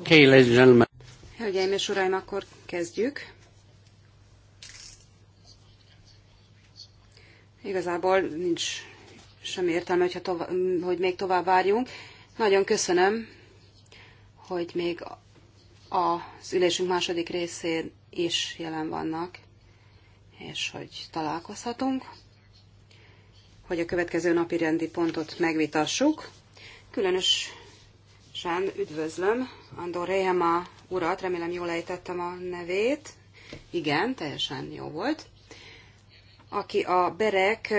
Okay, ladies and gentlemen. Hölgyeim és uraim, akkor kezdjük. Igazából nincs semmi értelme, hogyha tovább, hogy még tovább várjunk. Nagyon köszönöm, hogy még az ülésünk második részén is jelen vannak, és hogy találkozhatunk, hogy a következő napi rendi pontot megvitassuk. Különös szívesen üdvözlöm Andor Réma urat, remélem jól ejtettem a nevét. Igen, teljesen jó volt. Aki a Berek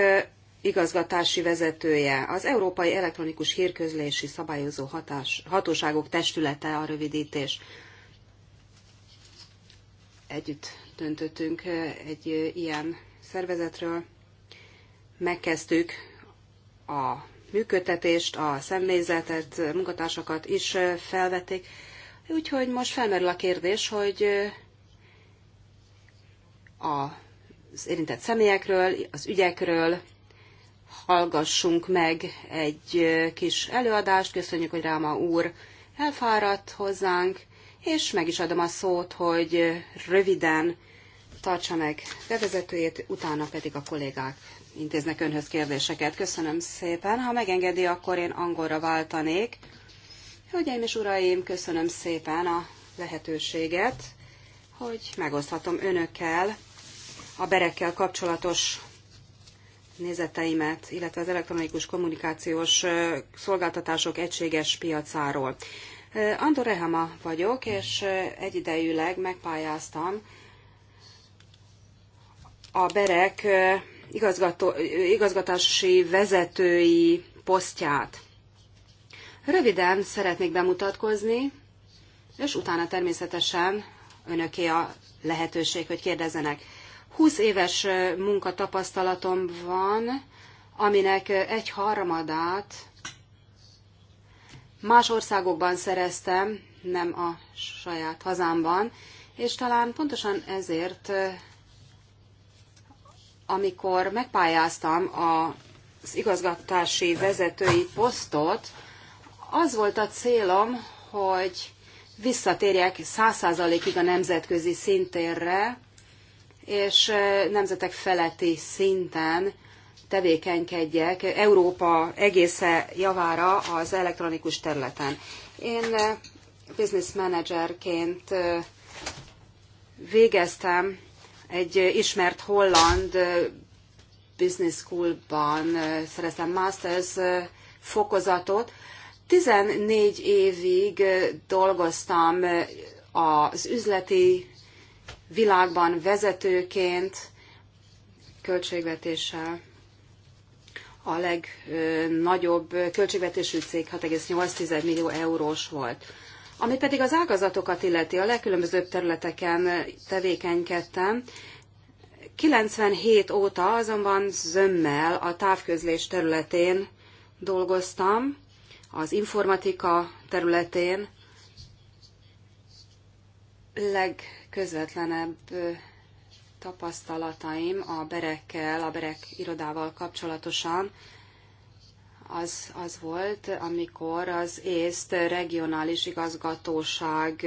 igazgatási vezetője, az Európai Elektronikus Hírközlési Szabályozó Hatás, Hatóságok Testülete a rövidítés. Együtt döntöttünk egy ilyen szervezetről. Megkezdtük a működtetést, a személyzetet, munkatársakat is felvették. Úgyhogy most felmerül a kérdés, hogy az érintett személyekről, az ügyekről hallgassunk meg egy kis előadást. Köszönjük, hogy Ráma úr elfáradt hozzánk, és meg is adom a szót, hogy röviden tartsa meg bevezetőjét, utána pedig a kollégák intéznek önhöz kérdéseket. Köszönöm szépen. Ha megengedi, akkor én angolra váltanék. Hölgyeim és uraim, köszönöm szépen a lehetőséget, hogy megoszthatom önökkel a berekkel kapcsolatos nézeteimet, illetve az elektronikus kommunikációs szolgáltatások egységes piacáról. Andor Rehama vagyok, és egyidejűleg megpályáztam a berek igazgató, igazgatási vezetői posztját. Röviden szeretnék bemutatkozni, és utána természetesen önöké a lehetőség, hogy kérdezzenek. 20 éves munkatapasztalatom van, aminek egy harmadát más országokban szereztem, nem a saját hazámban, és talán pontosan ezért amikor megpályáztam az igazgatási vezetői posztot, az volt a célom, hogy visszatérjek százszázalékig ig a nemzetközi szintérre, és nemzetek feletti szinten tevékenykedjek Európa egésze javára az elektronikus területen. Én business managerként végeztem egy ismert holland business schoolban szereztem masters fokozatot. 14 évig dolgoztam az üzleti világban vezetőként, költségvetéssel a legnagyobb költségvetésű cég 6,8 millió eurós volt. Ami pedig az ágazatokat illeti, a legkülönbözőbb területeken tevékenykedtem, 97 óta azonban zömmel a távközlés területén dolgoztam, az informatika területén legközvetlenebb tapasztalataim a berekkel, a berek irodával kapcsolatosan az, az volt, amikor az észt regionális igazgatóság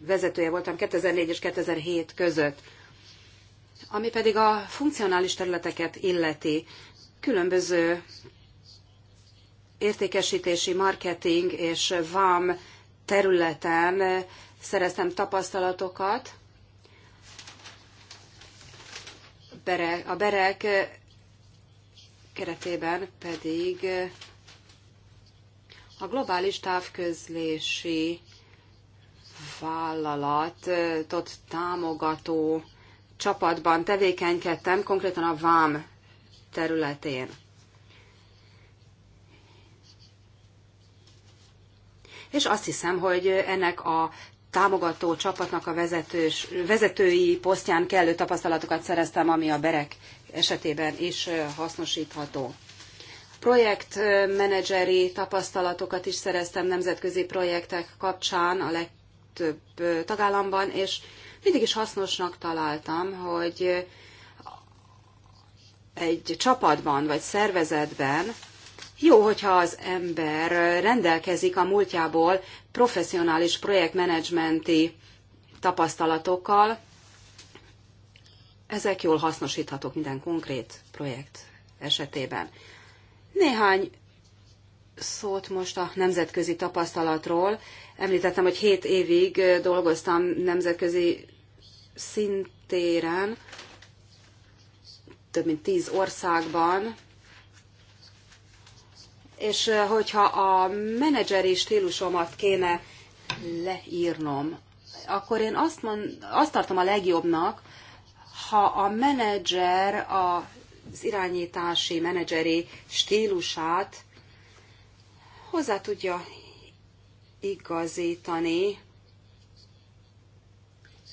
vezetője voltam 2004 és 2007 között. Ami pedig a funkcionális területeket illeti, különböző értékesítési, marketing és vám területen szereztem tapasztalatokat. A berek keretében pedig a globális távközlési vállalatot támogató csapatban tevékenykedtem, konkrétan a VÁM területén. És azt hiszem, hogy ennek a támogató csapatnak a vezetős, vezetői posztján kellő tapasztalatokat szereztem, ami a berek esetében is hasznosítható. Projektmenedzseri tapasztalatokat is szereztem nemzetközi projektek kapcsán a legtöbb tagállamban, és mindig is hasznosnak találtam, hogy egy csapatban vagy szervezetben jó, hogyha az ember rendelkezik a múltjából professzionális projektmenedzsmenti tapasztalatokkal, ezek jól hasznosíthatók minden konkrét projekt esetében. Néhány szót most a nemzetközi tapasztalatról. Említettem, hogy hét évig dolgoztam nemzetközi szintéren, több mint tíz országban, és eh, hogyha a menedzseri stílusomat kéne leírnom, akkor én azt, mond, azt tartom a legjobbnak, ha a menedzser az irányítási menedzseri stílusát hozzá tudja igazítani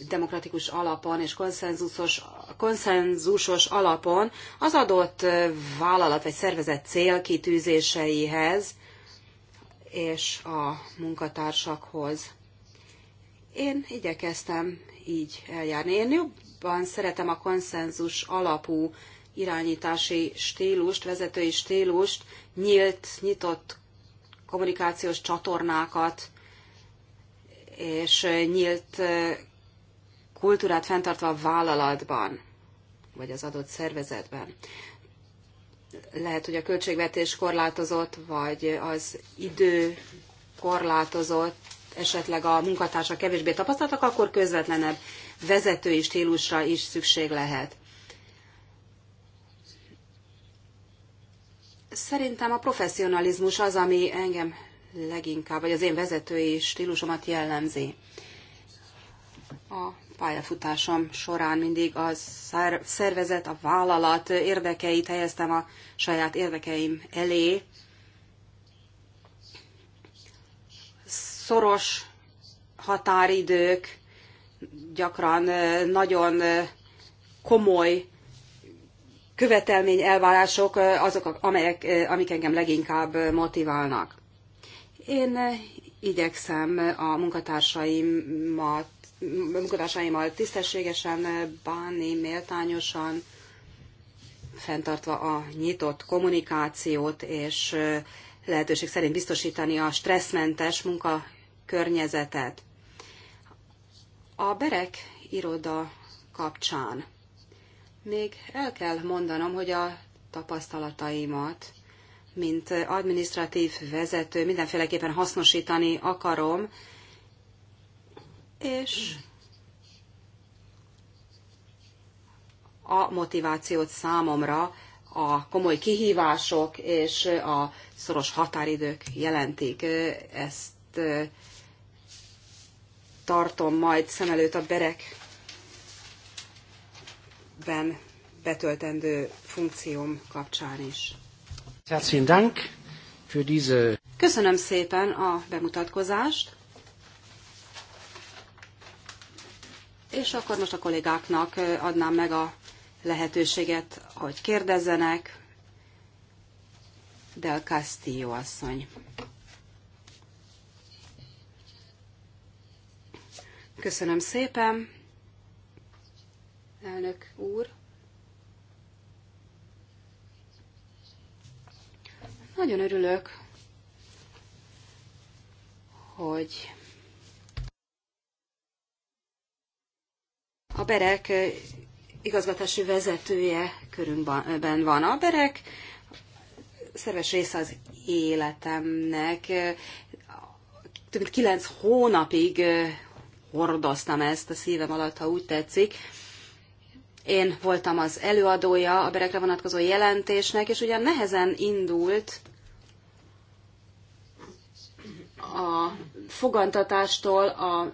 demokratikus alapon és konszenzusos konszenzusos alapon az adott vállalat vagy szervezet célkitűzéseihez és a munkatársakhoz. Én igyekeztem így eljárni. Én jobban szeretem a konszenzus alapú irányítási stílust, vezetői stílust, nyílt, nyitott kommunikációs csatornákat, és nyílt kultúrát fenntartva a vállalatban, vagy az adott szervezetben. Lehet, hogy a költségvetés korlátozott, vagy az idő korlátozott, esetleg a munkatársak kevésbé tapasztaltak, akkor közvetlenebb vezetői stílusra is szükség lehet. Szerintem a professzionalizmus az, ami engem leginkább, vagy az én vezetői stílusomat jellemzi. A pályafutásom során mindig a szervezet, a vállalat érdekeit helyeztem a saját érdekeim elé. Szoros határidők, gyakran nagyon komoly követelmény elvárások azok, amelyek, amik engem leginkább motiválnak. Én igyekszem a munkatársaimat munkatársaimmal tisztességesen bánni, méltányosan, fenntartva a nyitott kommunikációt, és lehetőség szerint biztosítani a stresszmentes munkakörnyezetet. A Berek iroda kapcsán még el kell mondanom, hogy a tapasztalataimat, mint administratív vezető mindenféleképpen hasznosítani akarom, és a motivációt számomra a komoly kihívások és a szoros határidők jelentik. Ezt tartom majd szem előtt a berekben betöltendő funkcióm kapcsán is. Herzlichen Dank für diese... Köszönöm szépen a bemutatkozást. És akkor most a kollégáknak adnám meg a lehetőséget, hogy kérdezzenek. Del Castillo asszony. Köszönöm szépen, elnök úr. Nagyon örülök, hogy A berek igazgatási vezetője körünkben van. A berek szerves része az életemnek. Több mint kilenc hónapig hordoztam ezt a szívem alatt, ha úgy tetszik. Én voltam az előadója a berekre vonatkozó jelentésnek, és ugyan nehezen indult a fogantatástól a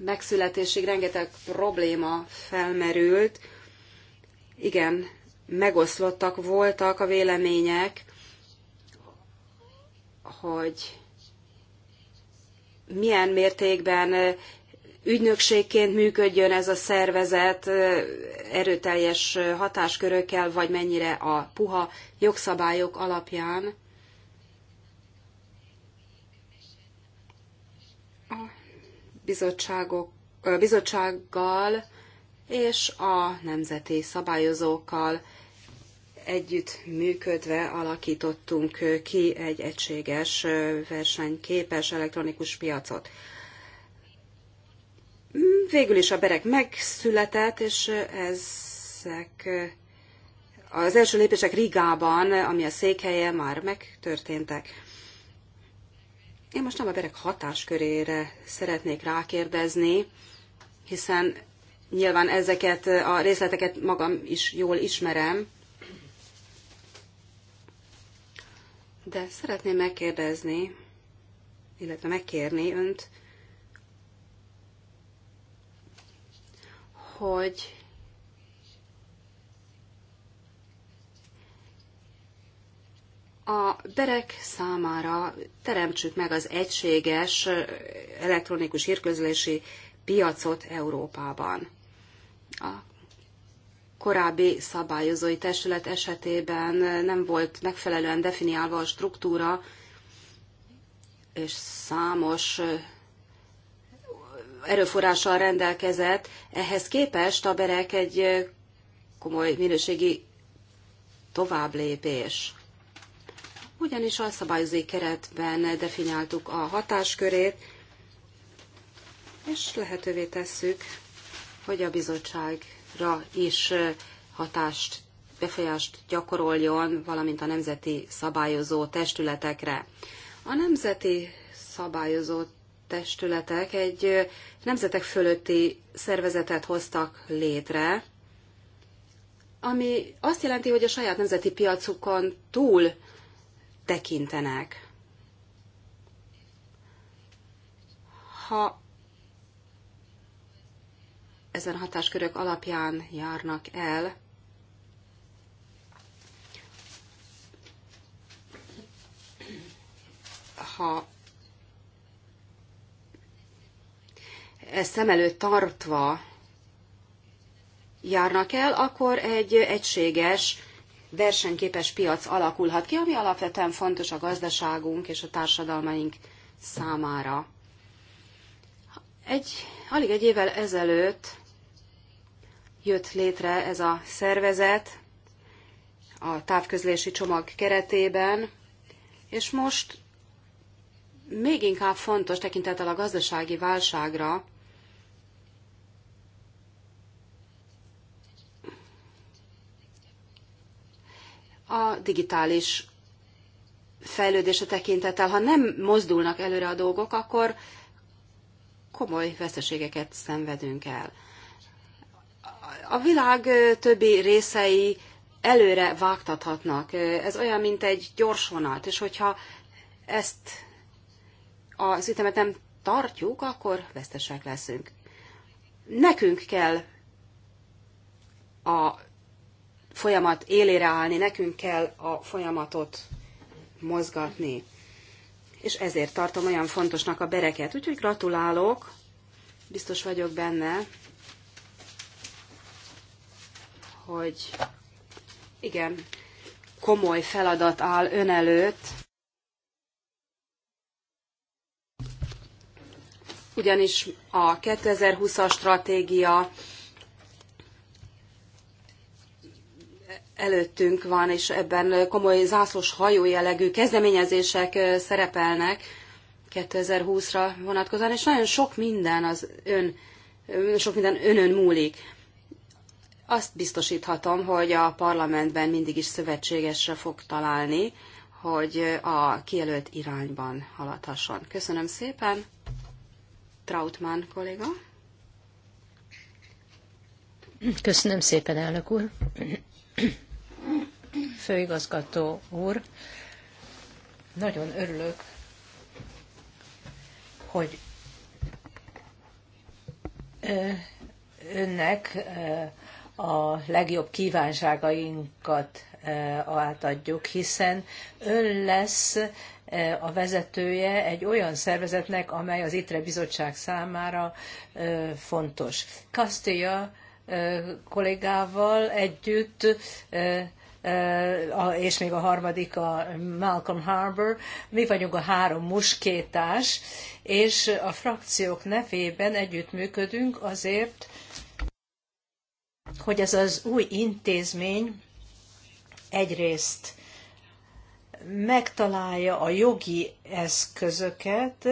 megszületésig rengeteg probléma felmerült. Igen, megoszlottak voltak a vélemények, hogy milyen mértékben ügynökségként működjön ez a szervezet erőteljes hatáskörökkel, vagy mennyire a puha jogszabályok alapján. bizottságok, bizottsággal és a nemzeti szabályozókkal együtt működve alakítottunk ki egy egységes versenyképes elektronikus piacot. Mm, végül is a berek megszületett, és ezek az első lépések Rigában, ami a székhelye, már megtörténtek. Én most nem a berek hatáskörére szeretnék rákérdezni, hiszen nyilván ezeket a részleteket magam is jól ismerem, de szeretném megkérdezni, illetve megkérni önt, hogy a derek számára teremtsük meg az egységes elektronikus hírközlési piacot Európában. A korábbi szabályozói testület esetében nem volt megfelelően definiálva a struktúra, és számos erőforrással rendelkezett. Ehhez képest a berek egy komoly minőségi továbblépés ugyanis a szabályozói keretben definiáltuk a hatáskörét, és lehetővé tesszük, hogy a bizottságra is hatást, befolyást gyakoroljon, valamint a nemzeti szabályozó testületekre. A nemzeti szabályozó testületek egy nemzetek fölötti szervezetet hoztak létre, ami azt jelenti, hogy a saját nemzeti piacukon túl tekintenek. Ha ezen hatáskörök alapján járnak el, ha ezt szem előtt tartva járnak el, akkor egy egységes versenyképes piac alakulhat ki, ami alapvetően fontos a gazdaságunk és a társadalmaink számára. Egy, alig egy évvel ezelőtt jött létre ez a szervezet a távközlési csomag keretében, és most még inkább fontos tekintettel a gazdasági válságra, a digitális fejlődése tekintettel, ha nem mozdulnak előre a dolgok, akkor komoly veszteségeket szenvedünk el. A világ többi részei előre vágtathatnak. Ez olyan, mint egy gyors vonat, és hogyha ezt az ütemet nem tartjuk, akkor vesztesek leszünk. Nekünk kell a folyamat élére állni, nekünk kell a folyamatot mozgatni. És ezért tartom olyan fontosnak a bereket. Úgyhogy gratulálok, biztos vagyok benne, hogy igen, komoly feladat áll ön előtt. Ugyanis a 2020-as stratégia előttünk van, és ebben komoly zászlós hajó jellegű kezdeményezések szerepelnek 2020-ra vonatkozóan, és nagyon sok minden az ön, sok minden önön múlik. Azt biztosíthatom, hogy a parlamentben mindig is szövetségesre fog találni, hogy a kijelölt irányban haladhasson. Köszönöm szépen, Trautmann kolléga. Köszönöm szépen, elnök úr főigazgató úr. Nagyon örülök, hogy önnek a legjobb kívánságainkat átadjuk, hiszen ön lesz a vezetője egy olyan szervezetnek, amely az ITRE bizottság számára fontos. Castilla kollégával együtt Eh, és még a harmadik a Malcolm Harbour. Mi vagyunk a három muskétás, és a frakciók nevében együttműködünk azért, hogy ez az új intézmény egyrészt megtalálja a jogi eszközöket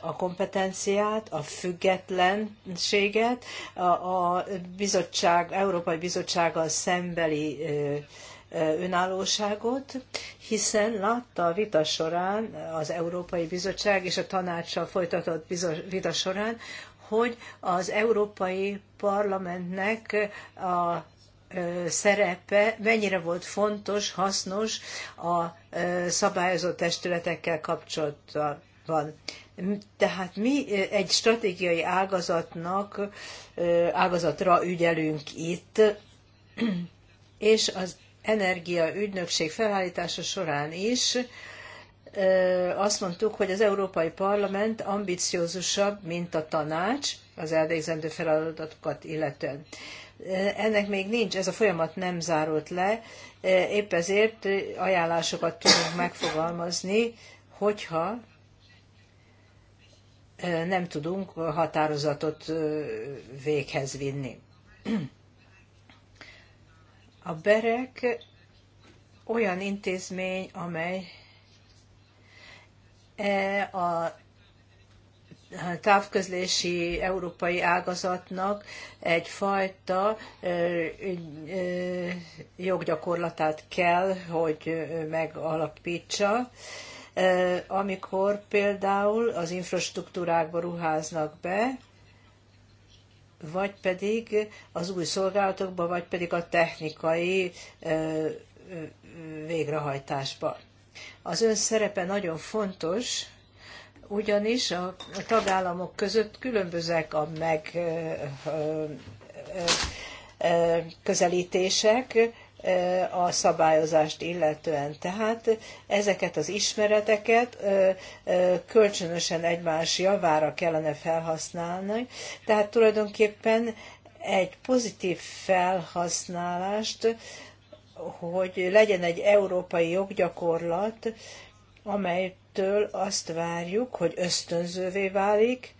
a kompetenciát, a függetlenséget, a bizottság, Európai Bizottsággal szembeli önállóságot, hiszen látta a vita során, az Európai Bizottság és a tanácssal folytatott vita során, hogy az Európai Parlamentnek a szerepe mennyire volt fontos, hasznos a szabályozó testületekkel kapcsolatban van. Tehát mi egy stratégiai ágazatnak, ágazatra ügyelünk itt, és az energia ügynökség felállítása során is azt mondtuk, hogy az Európai Parlament ambiciózusabb, mint a tanács az elvégzendő feladatokat illetően. Ennek még nincs, ez a folyamat nem zárult le, épp ezért ajánlásokat tudunk megfogalmazni, hogyha nem tudunk határozatot véghez vinni. A BEREK olyan intézmény, amely e a távközlési európai ágazatnak egyfajta joggyakorlatát kell, hogy megalapítsa, amikor például az infrastruktúrákba ruháznak be, vagy pedig az új szolgálatokba, vagy pedig a technikai végrehajtásba. Az ön szerepe nagyon fontos, ugyanis a tagállamok között különbözőek a megközelítések, a szabályozást illetően. Tehát ezeket az ismereteket kölcsönösen egymás javára kellene felhasználni, tehát tulajdonképpen egy pozitív felhasználást, hogy legyen egy európai joggyakorlat, amelytől azt várjuk, hogy ösztönzővé válik,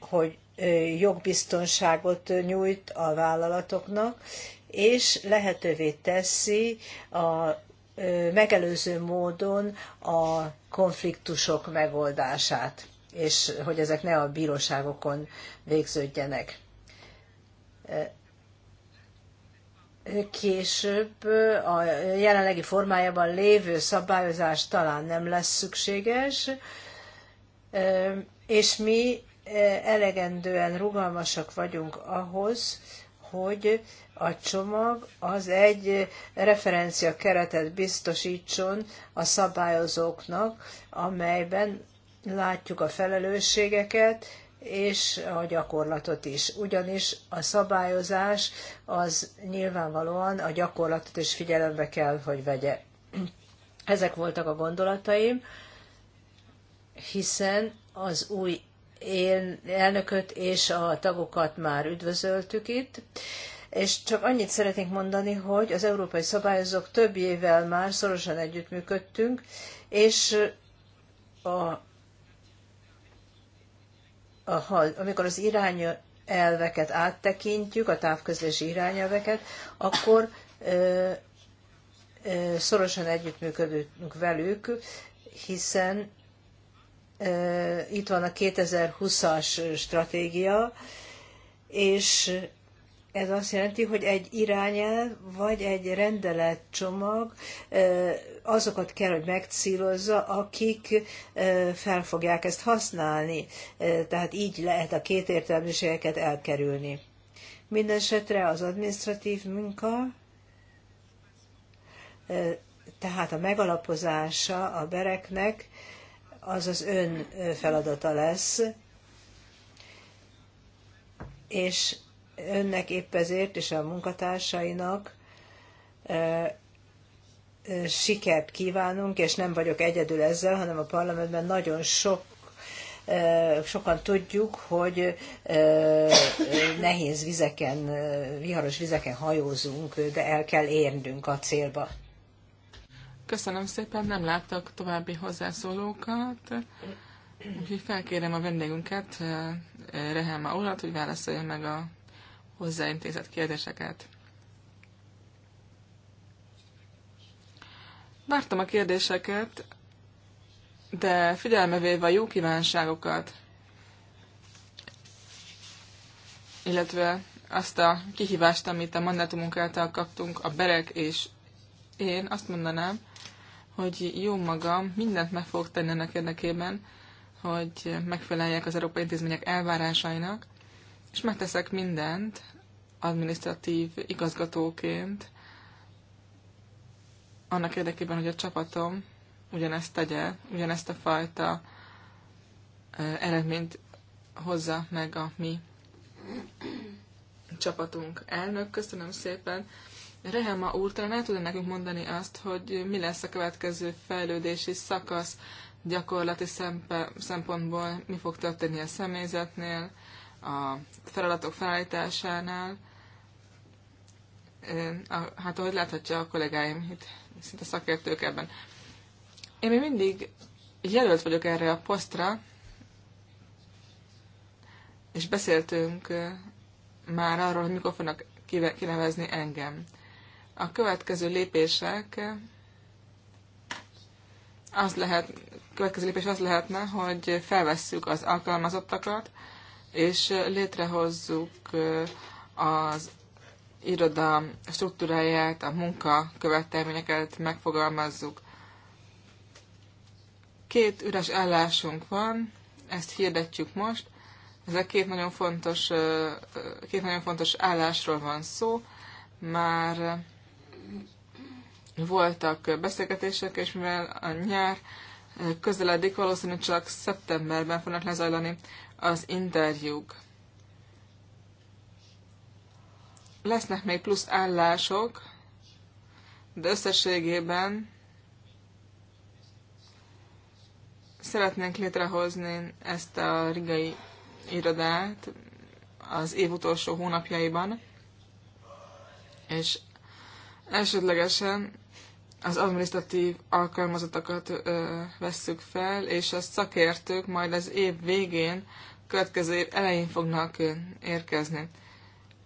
hogy jogbiztonságot nyújt a vállalatoknak, és lehetővé teszi a megelőző módon a konfliktusok megoldását, és hogy ezek ne a bíróságokon végződjenek. Később a jelenlegi formájában lévő szabályozás talán nem lesz szükséges, és mi elegendően rugalmasak vagyunk ahhoz, hogy a csomag az egy referencia keretet biztosítson a szabályozóknak, amelyben látjuk a felelősségeket, és a gyakorlatot is. Ugyanis a szabályozás az nyilvánvalóan a gyakorlatot is figyelembe kell, hogy vegye. Ezek voltak a gondolataim, hiszen az új elnököt és a tagokat már üdvözöltük itt. És csak annyit szeretnénk mondani, hogy az európai szabályozók több évvel már szorosan együttműködtünk, és a ha, amikor az irányelveket áttekintjük, a távközlési irányelveket, akkor ö, ö, szorosan együttműködünk velük, hiszen itt van a 2020-as stratégia, és ez azt jelenti, hogy egy irányelv vagy egy rendeletcsomag azokat kell, hogy megcélozza, akik fel fogják ezt használni. Tehát így lehet a két értelmiségeket elkerülni. Mindenesetre az administratív munka, tehát a megalapozása a bereknek, az az ön feladata lesz, és önnek épp ezért, és a munkatársainak sikert kívánunk, és nem vagyok egyedül ezzel, hanem a parlamentben nagyon sok sokan tudjuk, hogy nehéz vizeken, viharos vizeken hajózunk, de el kell érnünk a célba. Köszönöm szépen, nem láttak további hozzászólókat, úgyhogy felkérem a vendégünket, eh, Rehelma urat, hogy válaszolja meg a hozzáintézett kérdéseket. Vártam a kérdéseket, de figyelme véve a jó kívánságokat, illetve azt a kihívást, amit a mandátumunk által kaptunk, a berek és én azt mondanám, hogy jó magam mindent meg fogok tenni ennek érdekében, hogy megfeleljek az európai intézmények elvárásainak, és megteszek mindent administratív igazgatóként annak érdekében, hogy a csapatom ugyanezt tegye, ugyanezt a fajta eredményt hozza meg a mi csapatunk elnök. Köszönöm szépen Rehema úr talán el tudja nekünk mondani azt, hogy mi lesz a következő fejlődési szakasz gyakorlati szempontból, mi fog történni a személyzetnél, a feladatok felállításánál. Hát ahogy láthatja a kollégáim itt szinte szakértők ebben. Én még mindig jelölt vagyok erre a posztra, és beszéltünk eh, már arról, hogy mikor fognak kinevezni engem. A következő lépések az lehet, következő lépés az lehetne, hogy felvesszük az alkalmazottakat, és létrehozzuk az iroda struktúráját, a munka követelményeket megfogalmazzuk. Két üres állásunk van, ezt hirdetjük most. Ez a két nagyon fontos, két nagyon fontos állásról van szó. Már voltak beszélgetések, és mivel a nyár közeledik, valószínűleg csak szeptemberben fognak lezajlani az interjúk. Lesznek még plusz állások, de összességében szeretnénk létrehozni ezt a rigai irodát az év utolsó hónapjaiban, és elsődlegesen az administratív alkalmazottakat ö, vesszük fel, és a szakértők majd az év végén, következő év elején fognak érkezni.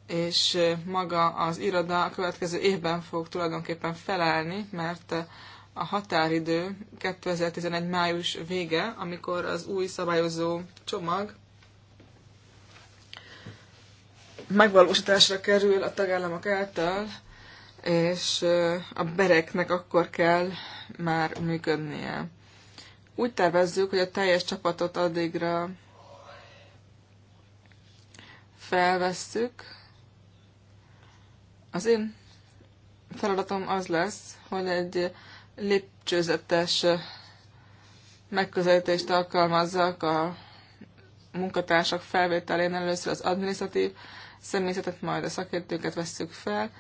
És maga az iroda a következő évben fog tulajdonképpen felelni, mert a határidő 2011. május vége, amikor az új szabályozó csomag megvalósításra kerül a tagállamok által, és a bereknek akkor kell már működnie. Úgy tervezzük, hogy a teljes csapatot addigra felvesszük. Az én feladatom az lesz, hogy egy lépcsőzetes megközelítést alkalmazzak a munkatársak felvételén. Először az adminisztratív személyzetet, majd a szakértőket vesszük fel,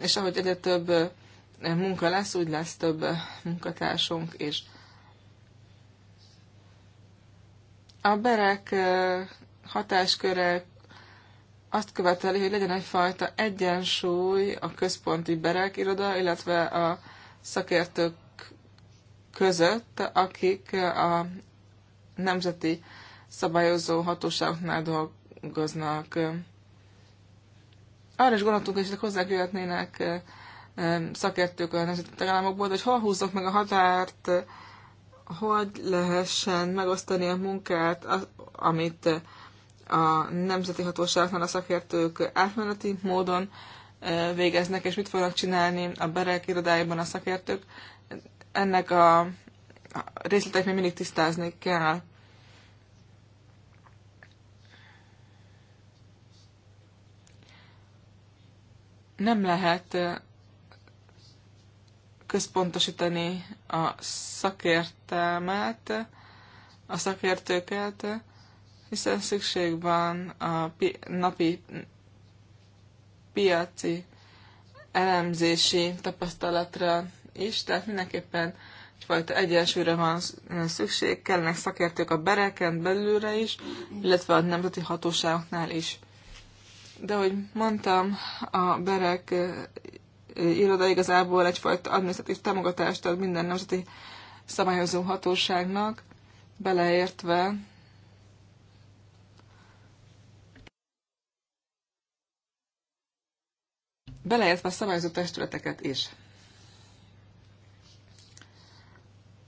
és ahogy egyre több munka lesz, úgy lesz több munkatársunk és A berek hatásköre azt követeli, hogy legyen egyfajta egyensúly a központi berek iroda, illetve a szakértők között, akik a nemzeti szabályozó hatóságoknál dolgoznak arra is gondoltunk, hogy jöhetnének szakértők a nemzeti tagállamokból, hogy hol húzzak meg a határt, hogy lehessen megosztani a munkát, az, amit a nemzeti hatóságnál a szakértők átmeneti módon végeznek, és mit fognak csinálni a berek irodájában a szakértők. Ennek a részletek még mindig tisztázni kell. nem lehet központosítani a szakértelmet, a szakértőket, hiszen szükség van a napi piaci elemzési tapasztalatra is, tehát mindenképpen egyfajta egyensúlyra van szükség, kellnek szakértők a bereken belülre is, illetve a nemzeti hatóságoknál is. De ahogy mondtam, a Berek eh, iroda igazából egyfajta adminisztratív támogatást ad minden nemzeti szabályozó hatóságnak, beleértve beleértve a szabályozó testületeket is.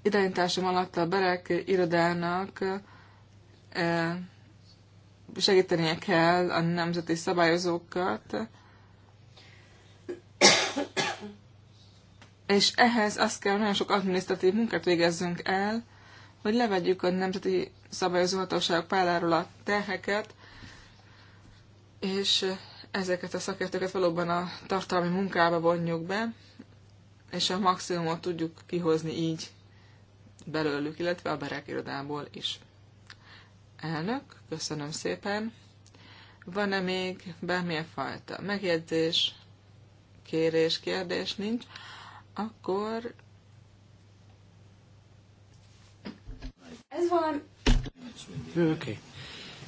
Idejéntásom alatt a Berek irodának eh, segítenie kell a nemzeti szabályozókat, és ehhez azt kell, nagyon sok adminisztratív munkát végezzünk el, hogy levegyük a nemzeti szabályozó hatóságok páláról a terheket, és ezeket a szakértőket valóban a tartalmi munkába vonjuk be, és a maximumot tudjuk kihozni így belőlük, illetve a berek irodából is. Elnök, köszönöm szépen. Van-e még bármilyen fajta megjegyzés, kérés, kérdés nincs, akkor ez van Okay.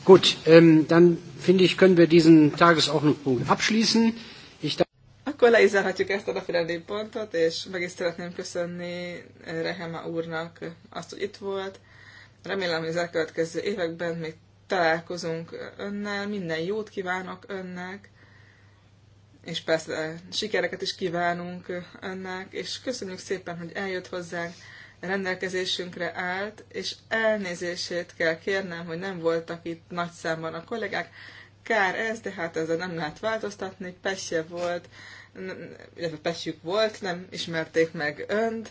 Gut, ähm, dann finde ich, können wir diesen Tagesordnungspunkt abschließen. Ich akkor le is zárhatjuk ezt a napirendi pontot, és meg is szeretném köszönni Rehema úrnak azt, hogy itt volt. Remélem, hogy az elkövetkező években még találkozunk önnel, minden jót kívánok önnek, és persze sikereket is kívánunk önnek, és köszönjük szépen, hogy eljött hozzánk, rendelkezésünkre állt, és elnézését kell kérnem, hogy nem voltak itt nagy számban a kollégák. Kár ez, de hát ezzel nem lehet változtatni, pesje volt, illetve pesjük volt, nem ismerték meg önt,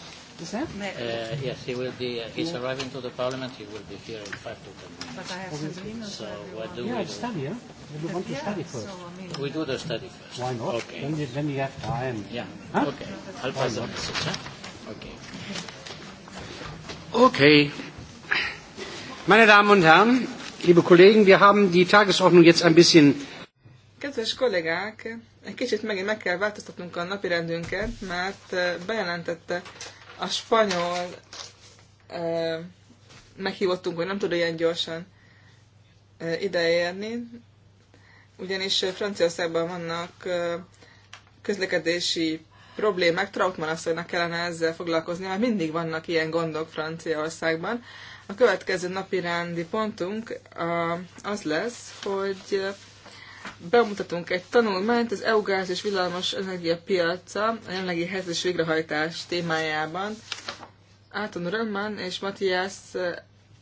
Is Uh, eh, yes, he will be. Uh, he's yeah. arriving to the parliament. He will be here in five to ten minutes. But I have something So what do yeah, we do? study, yeah? We want to yeah, study first. So, I mean, we do the uh, study first. Why not? Okay. Then you, then you have time. Yeah. Huh? Okay. I'll pass the message. Huh? Okay. Okay. Meine Damen und Herren, liebe Kollegen, wir haben die Tagesordnung jetzt ein bisschen. Kedves kollégák, egy kicsit megint meg kell változtatnunk a napirendünket, mert eh, bejelentette a spanyol ö, meghívottunk, hogy nem tud ilyen gyorsan ö, ideérni, ugyanis Franciaországban vannak ö, közlekedési problémák, Trautmann asszonynak kellene ezzel foglalkozni, mert mindig vannak ilyen gondok Franciaországban. A következő napi rendi pontunk az lesz, hogy bemutatunk egy tanulmányt az EU-gáz és villamos energiapiaca a jelenlegi helyzet és végrehajtás témájában. Áton Römmann és Matthias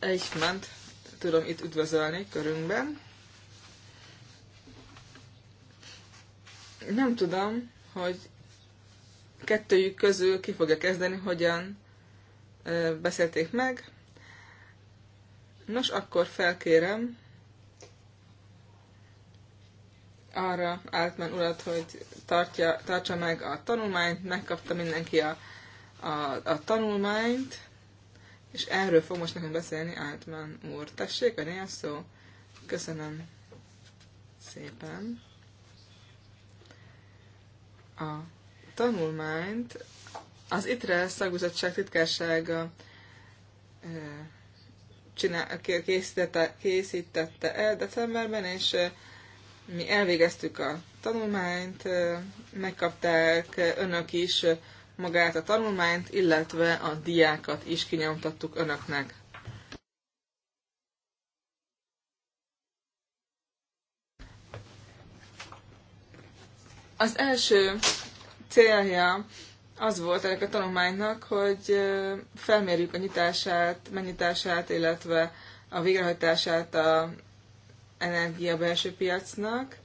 Eichmann tudom itt üdvözölni körünkben. Nem tudom, hogy kettőjük közül ki fogja kezdeni, hogyan beszélték meg. Nos, akkor felkérem arra Altman urat, hogy tartja, tartsa meg a tanulmányt, megkapta mindenki a, a, a tanulmányt, és erről fog most nekünk beszélni Altman úr. Tessék, a néhány szó. Köszönöm szépen. A tanulmányt az ITRE szakbizottság titkársága csinál, készítette, készítette el decemberben, és mi elvégeztük a tanulmányt, megkapták önök is magát a tanulmányt, illetve a diákat is kinyomtattuk önöknek. Az első célja az volt ennek a tanulmánynak, hogy felmérjük a nyitását, megnyitását, illetve a végrehajtását a energia belső piacnak,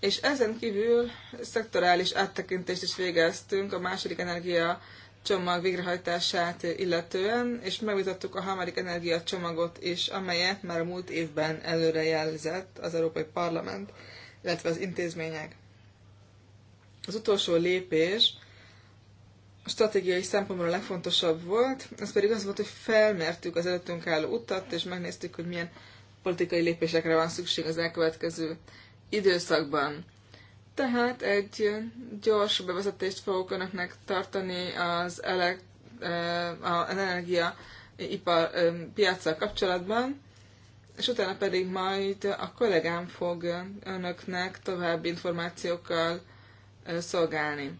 és ezen kívül szektorális áttekintést is végeztünk a második energia csomag végrehajtását illetően, és megvitattuk a harmadik energia csomagot is, amelyet már a múlt évben előre jelzett az Európai Parlament, illetve az intézmények. Az utolsó lépés a stratégiai szempontból a legfontosabb volt, ez pedig az volt, hogy felmértük az előttünk álló utat, és megnéztük, hogy milyen politikai lépésekre van szükség az elkövetkező időszakban. Tehát egy gyors bevezetést fogok önöknek tartani az, elek, eh, az energia ipar eh, piacsal kapcsolatban, és utána pedig majd a kollégám fog önöknek további információkkal eh, szolgálni.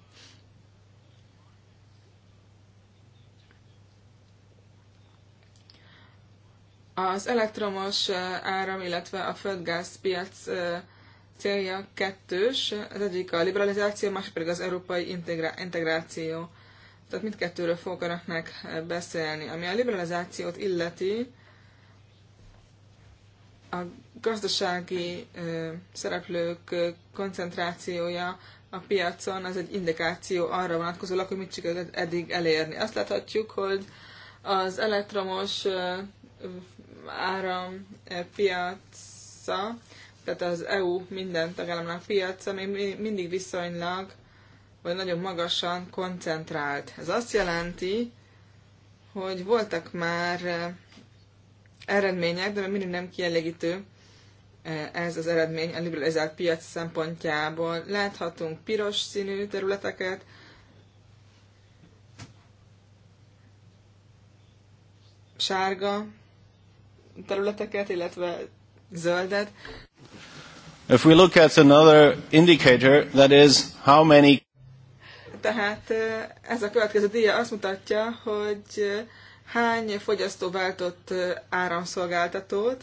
Az elektromos áram, illetve a földgáz piac célja kettős, az egyik a liberalizáció, más pedig az európai integrá- integráció. Tehát mindkettőről fogok önöknek beszélni. Ami a liberalizációt illeti, a gazdasági szereplők koncentrációja a piacon az egy indikáció arra vonatkozólag, hogy mit sikerült eddig elérni. Azt láthatjuk, hogy az elektromos E, piaca, tehát az EU minden tagállamnak piaca még mindig viszonylag, vagy nagyon magasan koncentrált. Ez azt jelenti, hogy voltak már e, eredmények, de még mindig nem kielégítő e, ez az eredmény a liberalizált piac szempontjából. Láthatunk piros színű területeket, sárga területeket, illetve zöldet. If we look at another indicator, that is how many tehát ez a következő díja azt mutatja, hogy hány fogyasztó váltott áramszolgáltatót,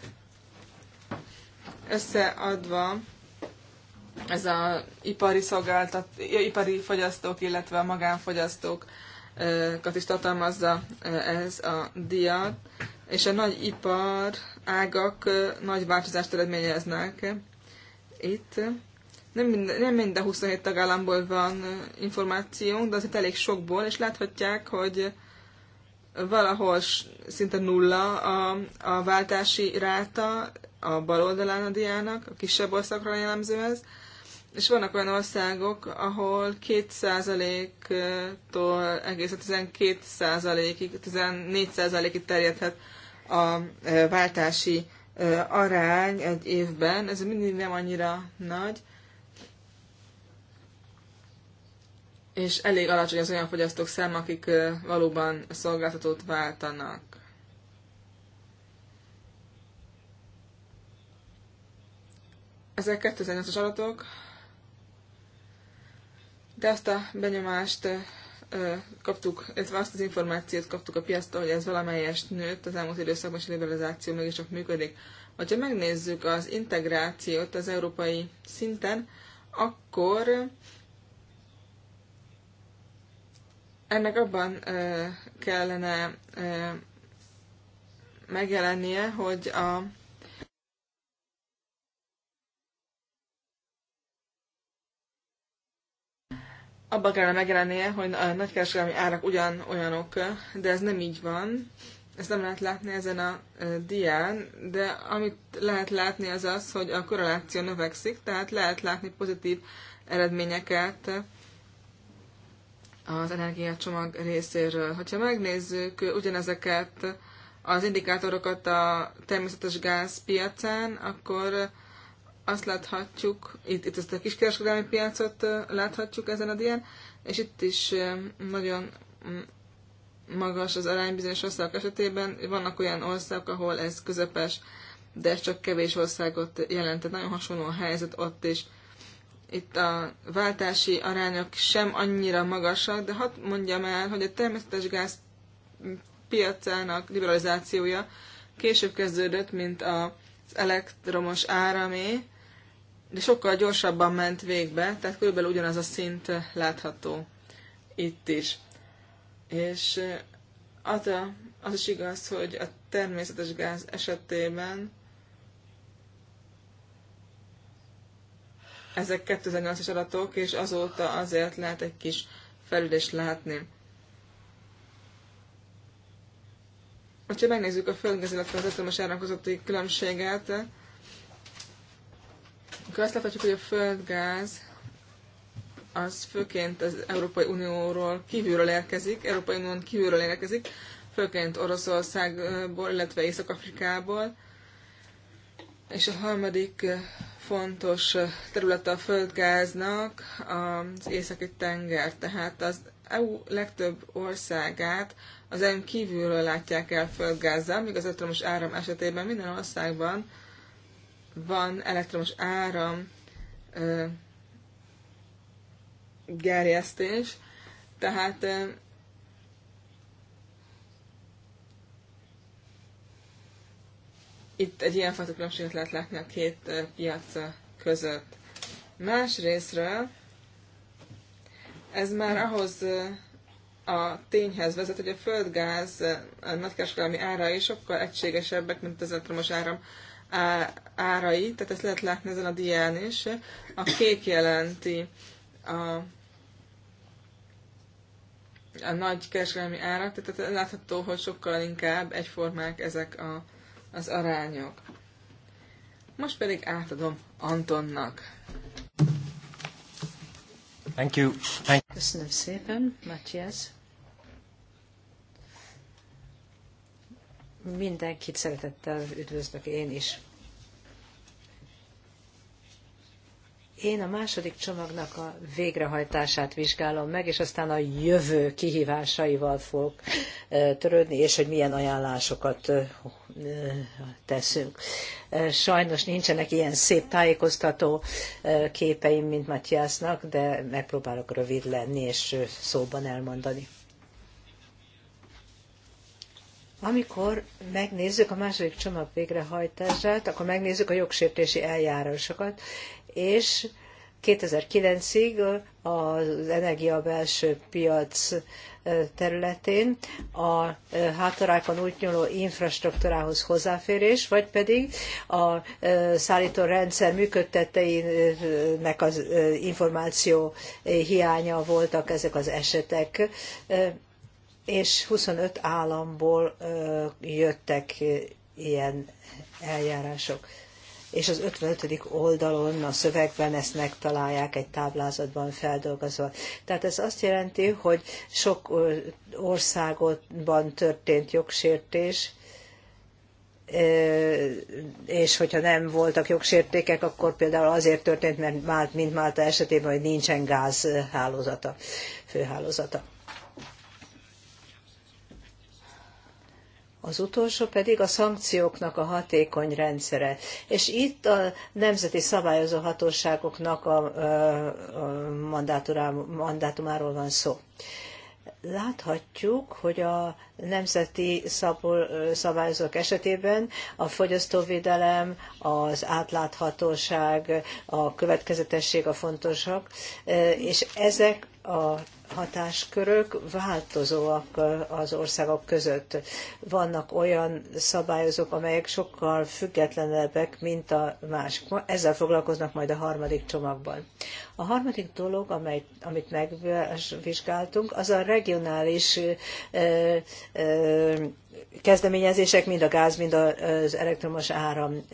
összeadva ez a ipari, ipari fogyasztók, illetve a magánfogyasztók kat is tartalmazza ez a diát, és a nagy ipar ágak nagy változást eredményeznek itt. Nem minden, nem minden 27 tagállamból van információnk, de azért elég sokból, és láthatják, hogy valahol szinte nulla a, a váltási ráta a bal oldalán a diának, a kisebb országra jellemző ez, és vannak olyan országok, ahol 2%-tól egészen 12%-ig, 14%-ig terjedhet a e, váltási e, arány egy évben. Ez mindig nem annyira nagy, és elég alacsony az olyan fogyasztók száma, akik e, valóban szolgáltatót váltanak. Ezek 2008-as adatok, de azt a benyomást kaptuk, illetve azt az információt kaptuk a piasztól, hogy ez valamelyest nőtt az elmúlt időszakban, és a liberalizáció csak működik. Ha megnézzük az integrációt az európai szinten, akkor ennek abban kellene megjelennie, hogy a abban kellene megjelennie, hogy a nagykereskedelmi árak ugyan olyanok, de ez nem így van. Ezt nem lehet látni ezen a dián, de amit lehet látni az az, hogy a korreláció növekszik, tehát lehet látni pozitív eredményeket az energiacsomag részéről. Hogyha megnézzük ugyanezeket az indikátorokat a természetes gáz piacán, akkor azt láthatjuk, itt, itt ezt a kiskereskedelmi piacot láthatjuk ezen a dián, és itt is nagyon magas az arány bizonyos országok esetében. Vannak olyan országok, ahol ez közepes, de ez csak kevés országot jelentett. nagyon hasonló a helyzet ott is. Itt a váltási arányok sem annyira magasak, de hadd mondjam el, hogy a természetes gáz piacának liberalizációja később kezdődött, mint az elektromos áramé, de sokkal gyorsabban ment végbe, tehát körülbelül ugyanaz a szint látható itt is. És eh, az, a, az is igaz, hogy a természetes gáz esetében ezek 2008-as adatok, és azóta azért lehet egy kis felülést látni. Ha megnézzük a földgáz, az atomos különbséget, akkor azt láthatjuk, hogy a földgáz az főként az Európai Unióról kívülről érkezik, Európai Unión kívülről érkezik, főként Oroszországból, illetve Észak-Afrikából. És a harmadik fontos területe a földgáznak az északi tenger, tehát az EU legtöbb országát az EU kívülről látják el földgázzal, míg az elektromos áram esetében minden országban van elektromos áram ö, gerjesztés, tehát ö, itt egy fajta különbséget lehet látni a két piac között. Más részre ez már ahhoz a tényhez vezet, hogy a földgáz a nagykereskedelmi árai sokkal egységesebbek, mint az elektromos áram árai, tehát ezt lehet látni ezen a dián is. A kék jelenti a, a nagy kereskedelmi árak, tehát látható, hogy sokkal inkább egyformák ezek a, az arányok. Most pedig átadom Antonnak. Thank you. Thank you. Köszönöm szépen, Matthias. Mindenkit szeretettel üdvözlök én is. Én a második csomagnak a végrehajtását vizsgálom meg, és aztán a jövő kihívásaival fogok törődni, és hogy milyen ajánlásokat teszünk. Sajnos nincsenek ilyen szép tájékoztató képeim, mint Matyásznak, de megpróbálok rövid lenni és szóban elmondani. Amikor megnézzük a második csomag végrehajtását, akkor megnézzük a jogsértési eljárásokat, és 2009-ig az energia belső piac területén a hátorákon útnyúló infrastruktúrához hozzáférés, vagy pedig a szállító rendszer az információ hiánya voltak ezek az esetek, és 25 államból jöttek ilyen eljárások és az 55. oldalon a szövegben ezt megtalálják egy táblázatban feldolgozva. Tehát ez azt jelenti, hogy sok országban történt jogsértés, és hogyha nem voltak jogsértékek, akkor például azért történt, mert mint Málta esetében, hogy nincsen gázhálózata, főhálózata. Az utolsó pedig a szankcióknak a hatékony rendszere. És itt a nemzeti szabályozó hatóságoknak a, a mandátumáról van szó. Láthatjuk, hogy a nemzeti szabályozók esetében a fogyasztóvédelem, az átláthatóság, a következetesség a fontosak, és ezek a hatáskörök változóak az országok között. Vannak olyan szabályozók, amelyek sokkal függetlenebbek, mint a másik. Ezzel foglalkoznak majd a harmadik csomagban. A harmadik dolog, amely, amit megvizsgáltunk, az a regionális ö, ö, kezdeményezések, mind a gáz, mind az elektromos áram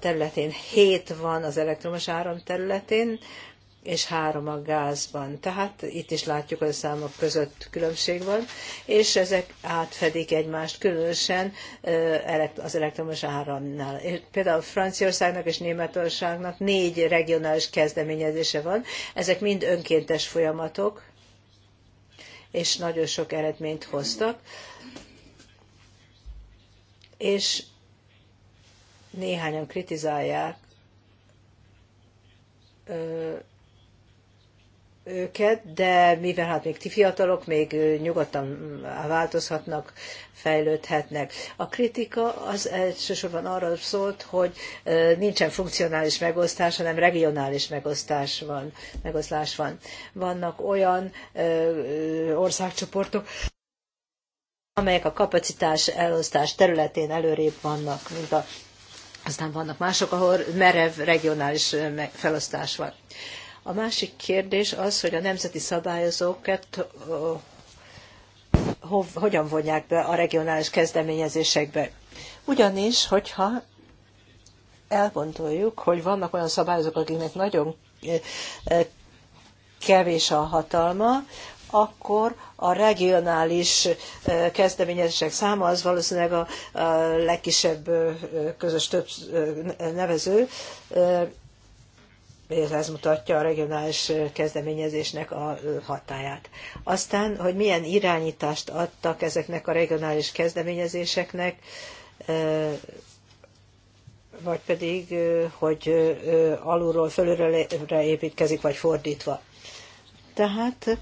területén. Hét van az elektromos áram területén, és három a gázban. Tehát itt is látjuk, hogy a számok között különbség van, és ezek átfedik egymást, különösen az elektromos áramnál. Például Franciaországnak és Németországnak négy regionális kezdeményezése van, ezek mind önkéntes folyamatok, és nagyon sok eredményt hoztak. És néhányan kritizálják őket, de mivel hát még ti fiatalok, még nyugodtan mm, változhatnak, fejlődhetnek. A kritika az elsősorban arra szólt, hogy nincsen funkcionális megosztás, hanem regionális megosztás van, megoszlás van. Vannak olyan országcsoportok, amelyek a kapacitás elosztás területén előrébb vannak, mint a aztán vannak mások, ahol merev regionális felosztás van. A másik kérdés az, hogy a nemzeti szabályozókat hogyan vonják be a regionális kezdeményezésekbe. Ugyanis, hogyha elgondoljuk, hogy vannak olyan szabályozók, akiknek nagyon kevés a hatalma, akkor a regionális kezdeményezések száma az valószínűleg a legkisebb közös több nevező, és ez mutatja a regionális kezdeményezésnek a hatáját. Aztán, hogy milyen irányítást adtak ezeknek a regionális kezdeményezéseknek, vagy pedig, hogy alulról fölülre építkezik, vagy fordítva. Tehát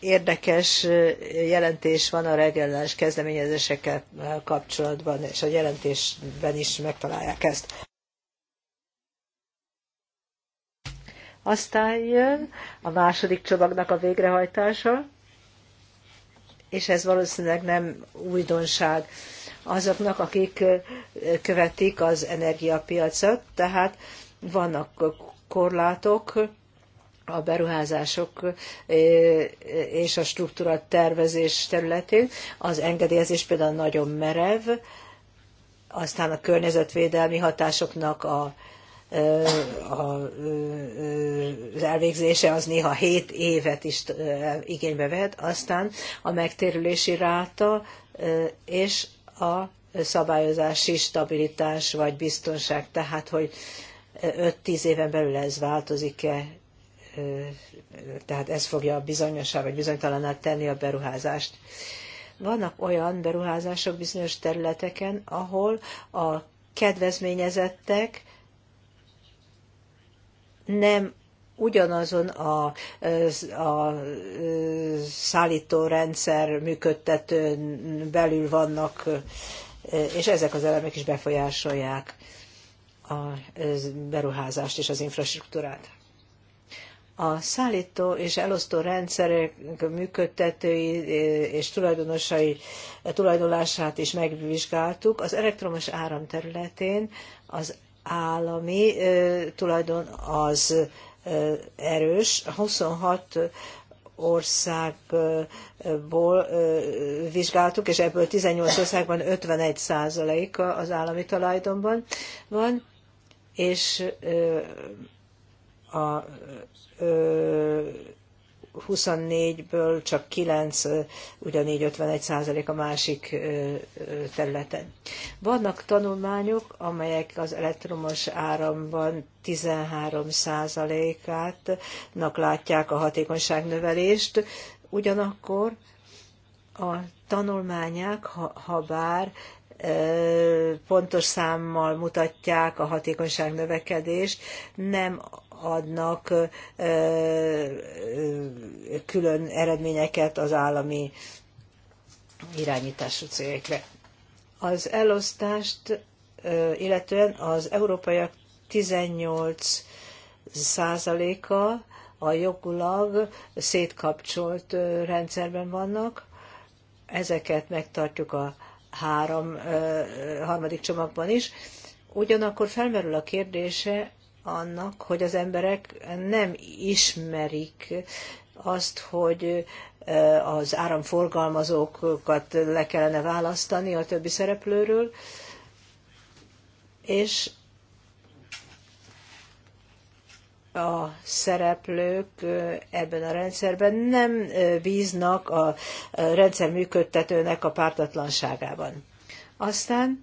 érdekes jelentés van a regionális kezdeményezésekkel kapcsolatban, és a jelentésben is megtalálják ezt. Aztán jön a második csomagnak a végrehajtása, és ez valószínűleg nem újdonság azoknak, akik követik az energiapiacot, tehát vannak korlátok, a beruházások és a struktúra tervezés területén. Az engedélyezés például nagyon merev, aztán a környezetvédelmi hatásoknak a az elvégzése az néha 7 évet is igénybe vehet, aztán a megtérülési ráta és a szabályozási stabilitás vagy biztonság, tehát hogy 5-10 éven belül ez változik-e, tehát ez fogja bizonyosá vagy bizonytalanná tenni a beruházást. Vannak olyan beruházások bizonyos területeken, ahol a kedvezményezettek nem ugyanazon a, a szállítórendszer működtetőn belül vannak, és ezek az elemek is befolyásolják a beruházást és az infrastruktúrát. A szállító és elosztó rendszerek működtetői e, és tulajdonosai e, tulajdonlását is megvizsgáltuk. Az elektromos áram területén az állami tulajdon az erős. 26 országból vizsgáltuk, és ebből 18 országban 51 százalék az állami tulajdonban van, és a 24-ből csak 9, ugyanígy 51 százalék a másik területen. Vannak tanulmányok, amelyek az elektromos áramban 13 százalékátnak látják a hatékonyságnövelést, ugyanakkor a tanulmányák, ha, ha bár pontos számmal mutatják a hatékonyság növekedést, nem adnak külön eredményeket az állami irányítású cégekre. Az elosztást illetően az európaiak 18 százaléka a jogulag szétkapcsolt rendszerben vannak. Ezeket megtartjuk a három, harmadik csomagban is. Ugyanakkor felmerül a kérdése, annak, hogy az emberek nem ismerik azt, hogy az áramforgalmazókat le kellene választani a többi szereplőről, és a szereplők ebben a rendszerben nem bíznak a rendszer működtetőnek a pártatlanságában. Aztán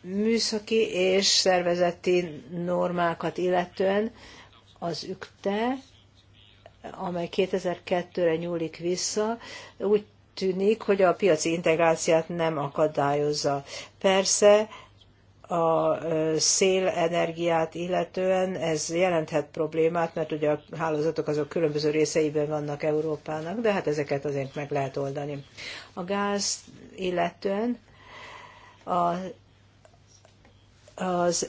műszaki és szervezeti normákat illetően az ÜKTE, amely 2002-re nyúlik vissza, úgy tűnik, hogy a piaci integráciát nem akadályozza. Persze a szélenergiát illetően ez jelenthet problémát, mert ugye a hálózatok azok különböző részeiben vannak Európának, de hát ezeket azért meg lehet oldani. A gáz illetően a az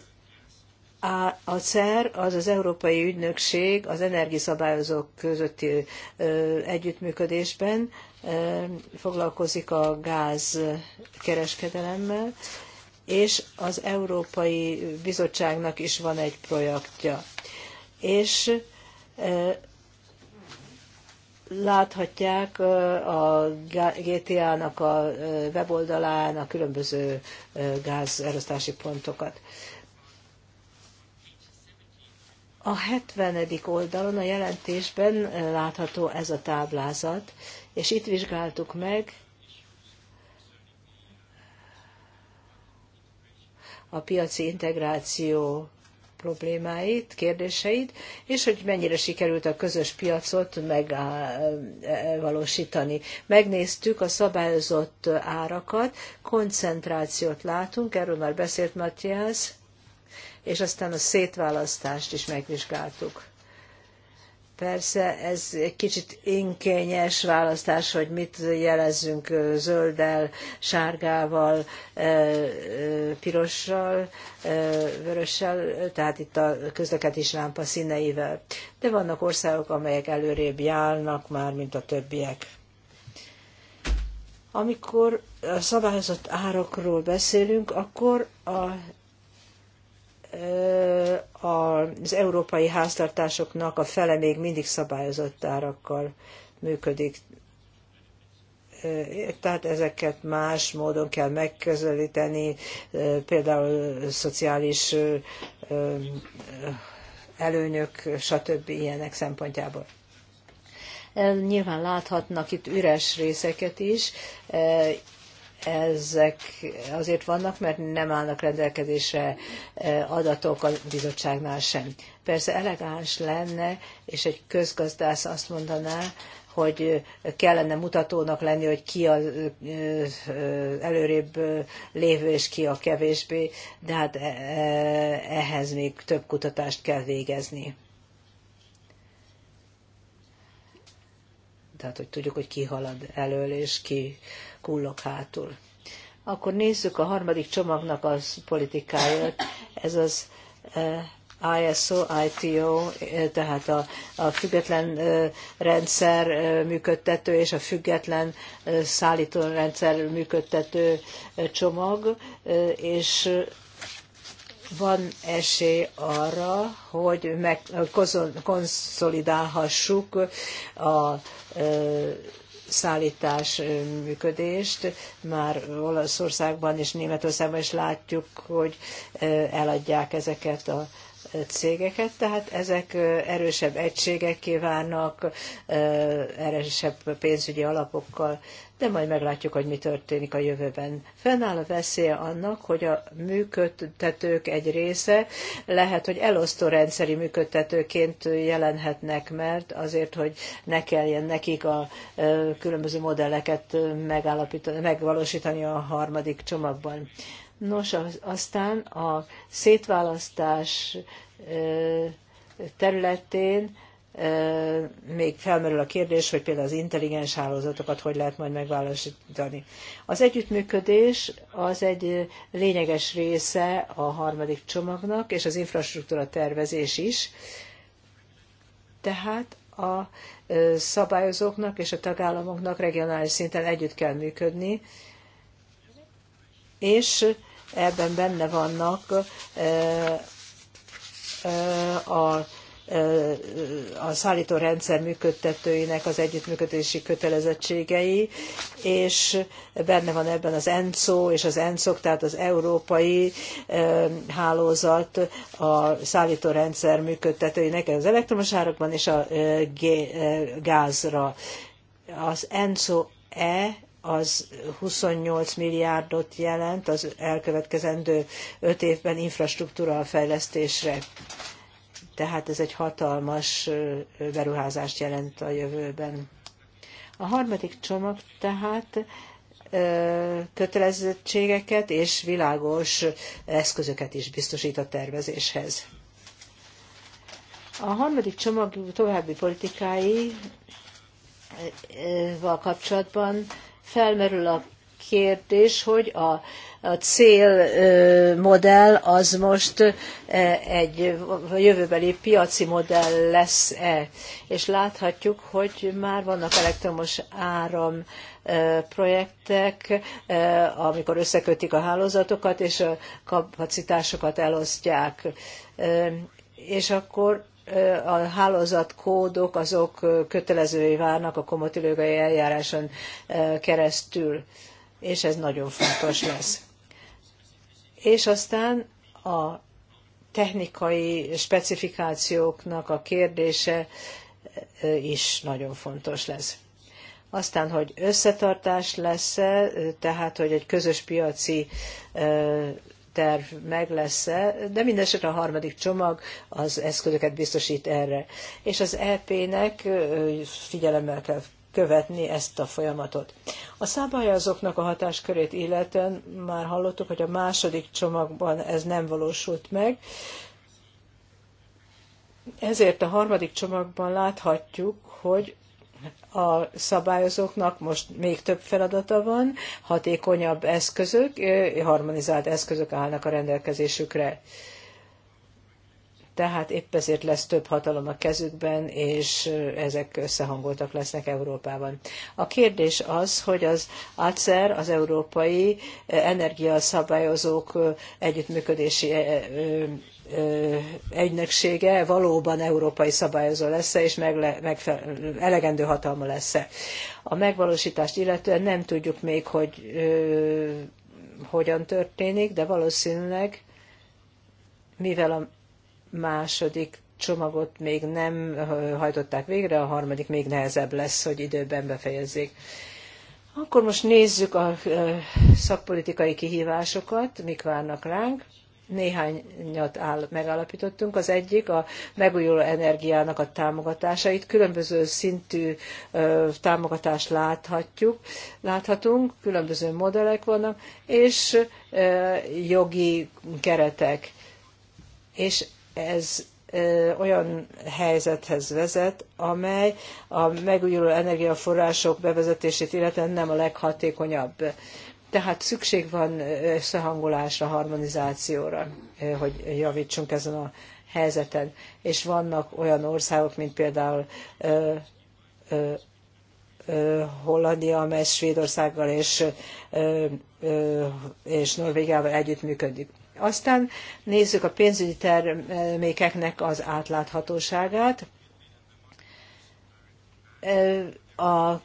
a CER, az az Európai Ügynökség az energiaszabályozók közötti együttműködésben foglalkozik a gázkereskedelemmel, és az Európai Bizottságnak is van egy projektja. És láthatják a GTA-nak a weboldalán a különböző gázelosztási pontokat. A 70. oldalon a jelentésben látható ez a táblázat, és itt vizsgáltuk meg a piaci integráció problémáit, kérdéseit, és hogy mennyire sikerült a közös piacot megvalósítani. E, Megnéztük a szabályozott árakat, koncentrációt látunk, erről már beszélt Matthias, és aztán a szétválasztást is megvizsgáltuk. Persze ez egy kicsit inkényes választás, hogy mit jelezzünk zölddel, sárgával, pirossal, vörössel, tehát itt a közlekedés lámpa színeivel. De vannak országok, amelyek előrébb járnak már, mint a többiek. Amikor a szabályozott árakról beszélünk, akkor a az európai háztartásoknak a fele még mindig szabályozott árakkal működik. Tehát ezeket más módon kell megközelíteni, például szociális előnyök, stb. ilyenek szempontjából. Nyilván láthatnak itt üres részeket is, ezek azért vannak, mert nem állnak rendelkezésre eh, adatok a bizottságnál sem. Persze elegáns lenne, és egy közgazdász azt mondaná, hogy kellene mutatónak lenni, hogy ki az eh, előrébb eh, lévő és ki a kevésbé, de hát ehhez még több kutatást kell végezni. Tehát, hogy tudjuk, hogy ki halad elől és ki kullog hátul. Akkor nézzük a harmadik csomagnak a politikáját. Ez az eh, ISO, ITO, eh, tehát a, a független eh, rendszer működtető és a független szállító rendszer működtető csomag, és van esély arra, hogy meg, konszolidálhassuk a szállítás működést. Már Olaszországban és Németországban is látjuk, hogy eladják ezeket a cégeket, tehát ezek erősebb egységek kívánnak, erősebb pénzügyi alapokkal de majd meglátjuk, hogy mi történik a jövőben. Fennáll a veszélye annak, hogy a működtetők egy része lehet, hogy elosztó rendszeri működtetőként jelenhetnek, mert azért, hogy ne kelljen nekik a különböző modelleket megvalósítani a harmadik csomagban. Nos, aztán a szétválasztás területén még felmerül a kérdés, hogy például az intelligens hálózatokat hogy lehet majd megválasítani. Az együttműködés az egy lényeges része a harmadik csomagnak, és az infrastruktúra tervezés is. Tehát a szabályozóknak és a tagállamoknak regionális szinten együtt kell működni, és ebben benne vannak a a szállító működtetőinek az együttműködési kötelezettségei, és benne van ebben az ENCO és az ENCOK, tehát az európai hálózat a szállító működtetőinek az elektromos árakban és a gázra. Az ENCO-E az 28 milliárdot jelent az elkövetkezendő öt évben infrastruktúra fejlesztésre. Tehát ez egy hatalmas beruházást jelent a jövőben. A harmadik csomag tehát kötelezettségeket és világos eszközöket is biztosít a tervezéshez. A harmadik csomag további politikáival kapcsolatban felmerül a kérdés, hogy a, a célmodell az most egy jövőbeli piaci modell lesz-e. És láthatjuk, hogy már vannak elektromos áram projektek, amikor összekötik a hálózatokat és a kapacitásokat elosztják. És akkor a hálózatkódok azok kötelezővé válnak a komotilógai eljáráson keresztül és ez nagyon fontos lesz. És aztán a technikai specifikációknak a kérdése is nagyon fontos lesz. Aztán, hogy összetartás lesz -e, tehát, hogy egy közös piaci terv meg lesz -e, de mindesetre a harmadik csomag az eszközöket biztosít erre. És az EP-nek figyelemmel kell követni ezt a folyamatot. A szabályozóknak a hatáskörét illetően már hallottuk, hogy a második csomagban ez nem valósult meg, ezért a harmadik csomagban láthatjuk, hogy a szabályozóknak most még több feladata van, hatékonyabb eszközök, eh, harmonizált eszközök állnak a rendelkezésükre tehát épp ezért lesz több hatalom a kezükben, és ezek összehangoltak lesznek Európában. A kérdés az, hogy az ACER, az Európai Energiaszabályozók Együttműködési egynöksége valóban európai szabályozó lesz -e, és megle, megfe, elegendő hatalma lesz -e. A megvalósítást illetően nem tudjuk még, hogy ö, hogyan történik, de valószínűleg, mivel a második csomagot még nem hajtották végre, a harmadik még nehezebb lesz, hogy időben befejezzék. Akkor most nézzük a szakpolitikai kihívásokat, mik várnak ránk. Néhányat áll, megállapítottunk. Az egyik a megújuló energiának a támogatása. Itt különböző szintű ö, támogatást láthatjuk, láthatunk, különböző modellek vannak, és ö, jogi keretek. És ez olyan helyzethez vezet, amely a megújuló energiaforrások bevezetését illetően nem a leghatékonyabb. Tehát szükség van összehangolásra, harmonizációra, hogy javítsunk ezen a helyzeten. És vannak olyan országok, mint például ö, ö, ö, Hollandia, amely Svédországgal és, és Norvégiával együttműködik. Aztán nézzük a pénzügyi termékeknek az átláthatóságát. A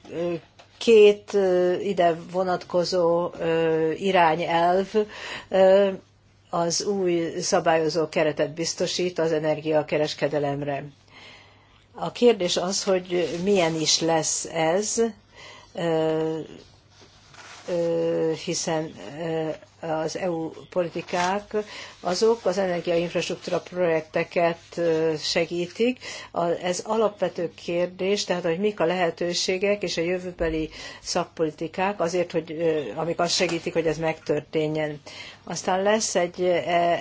két ide vonatkozó irányelv az új szabályozó keretet biztosít az energiakereskedelemre. A kérdés az, hogy milyen is lesz ez, hiszen az EU politikák azok az energiainfrastruktúra projekteket segítik. Ez alapvető kérdés, tehát hogy mik a lehetőségek és a jövőbeli szakpolitikák azért, hogy amik azt segítik, hogy ez megtörténjen. Aztán lesz egy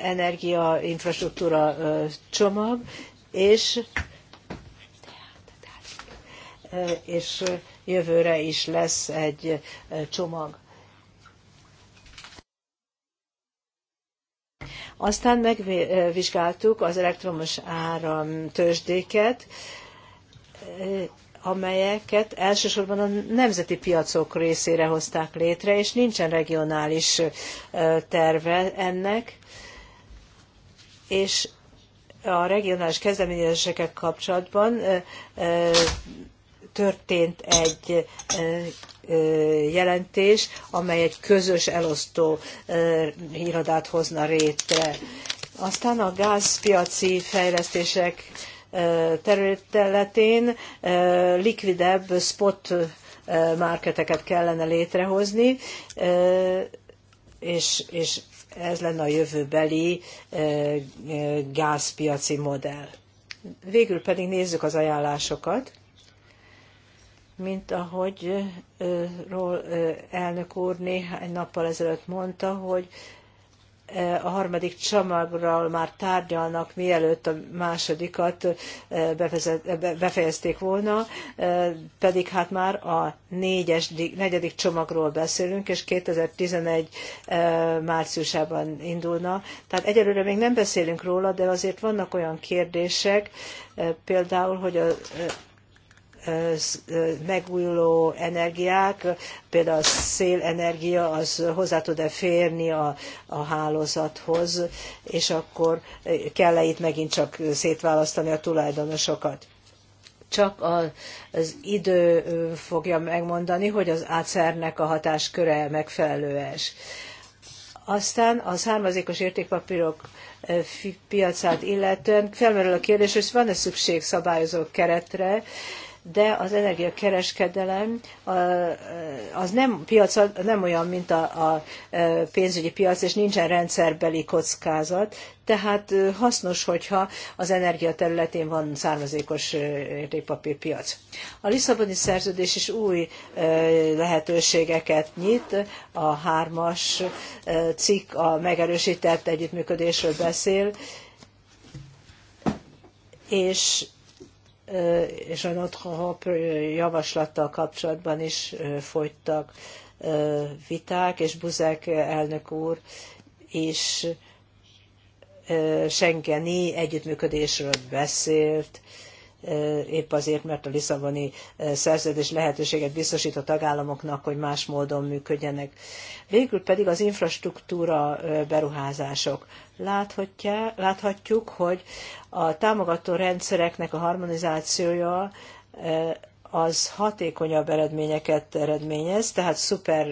energiainfrastruktúra csomag, és és jövőre is lesz egy eh, csomag. Aztán megvizsgáltuk az elektromos áram tőzsdéket, eh, amelyeket elsősorban a nemzeti piacok részére hozták létre, és nincsen regionális eh, terve ennek, és a regionális kezdeményezésekkel kapcsolatban történt egy jelentés, amely egy közös elosztó híradát hozna rétre. Aztán a gázpiaci fejlesztések területén likvidebb spot marketeket kellene létrehozni, és, és ez lenne a jövőbeli gázpiaci modell. Végül pedig nézzük az ajánlásokat mint ahogy ról elnök úr néhány nappal ezelőtt mondta, hogy a harmadik csomagról már tárgyalnak, mielőtt a másodikat befejezték volna, pedig hát már a négyes, negyedik csomagról beszélünk, és 2011 márciusában indulna. Tehát egyelőre még nem beszélünk róla, de azért vannak olyan kérdések, például, hogy a megújuló energiák, például a szélenergia, az hozzá tud-e férni a, a hálózathoz, és akkor kell-e itt megint csak szétválasztani a tulajdonosokat? csak az idő fogja megmondani, hogy az ACER-nek a hatásköre megfelelőes. Aztán a származékos értékpapírok piacát illetően felmerül a kérdés, hogy van-e szükség szabályozó keretre, de az energiakereskedelem az nem, piac, nem olyan, mint a, a e, pénzügyi piac, és nincsen rendszerbeli kockázat, tehát hasznos, hogyha az energia területén van származékos értékpapírpiac. A Lisszaboni szerződés is új lehetőségeket nyit, a hármas cikk a megerősített együttműködésről beszél, és és Notre Hope javaslattal kapcsolatban is folytak viták, és Buzek elnök úr is Schengeni együttműködésről beszélt, Eh, épp azért, mert a Lisszaboni eh, szerződés lehetőséget biztosít a tagállamoknak, hogy más módon működjenek. Végül pedig az infrastruktúra eh, beruházások. láthatjuk, hogy a támogató rendszereknek a harmonizációja az hatékonyabb eredményeket eredményez, tehát szuper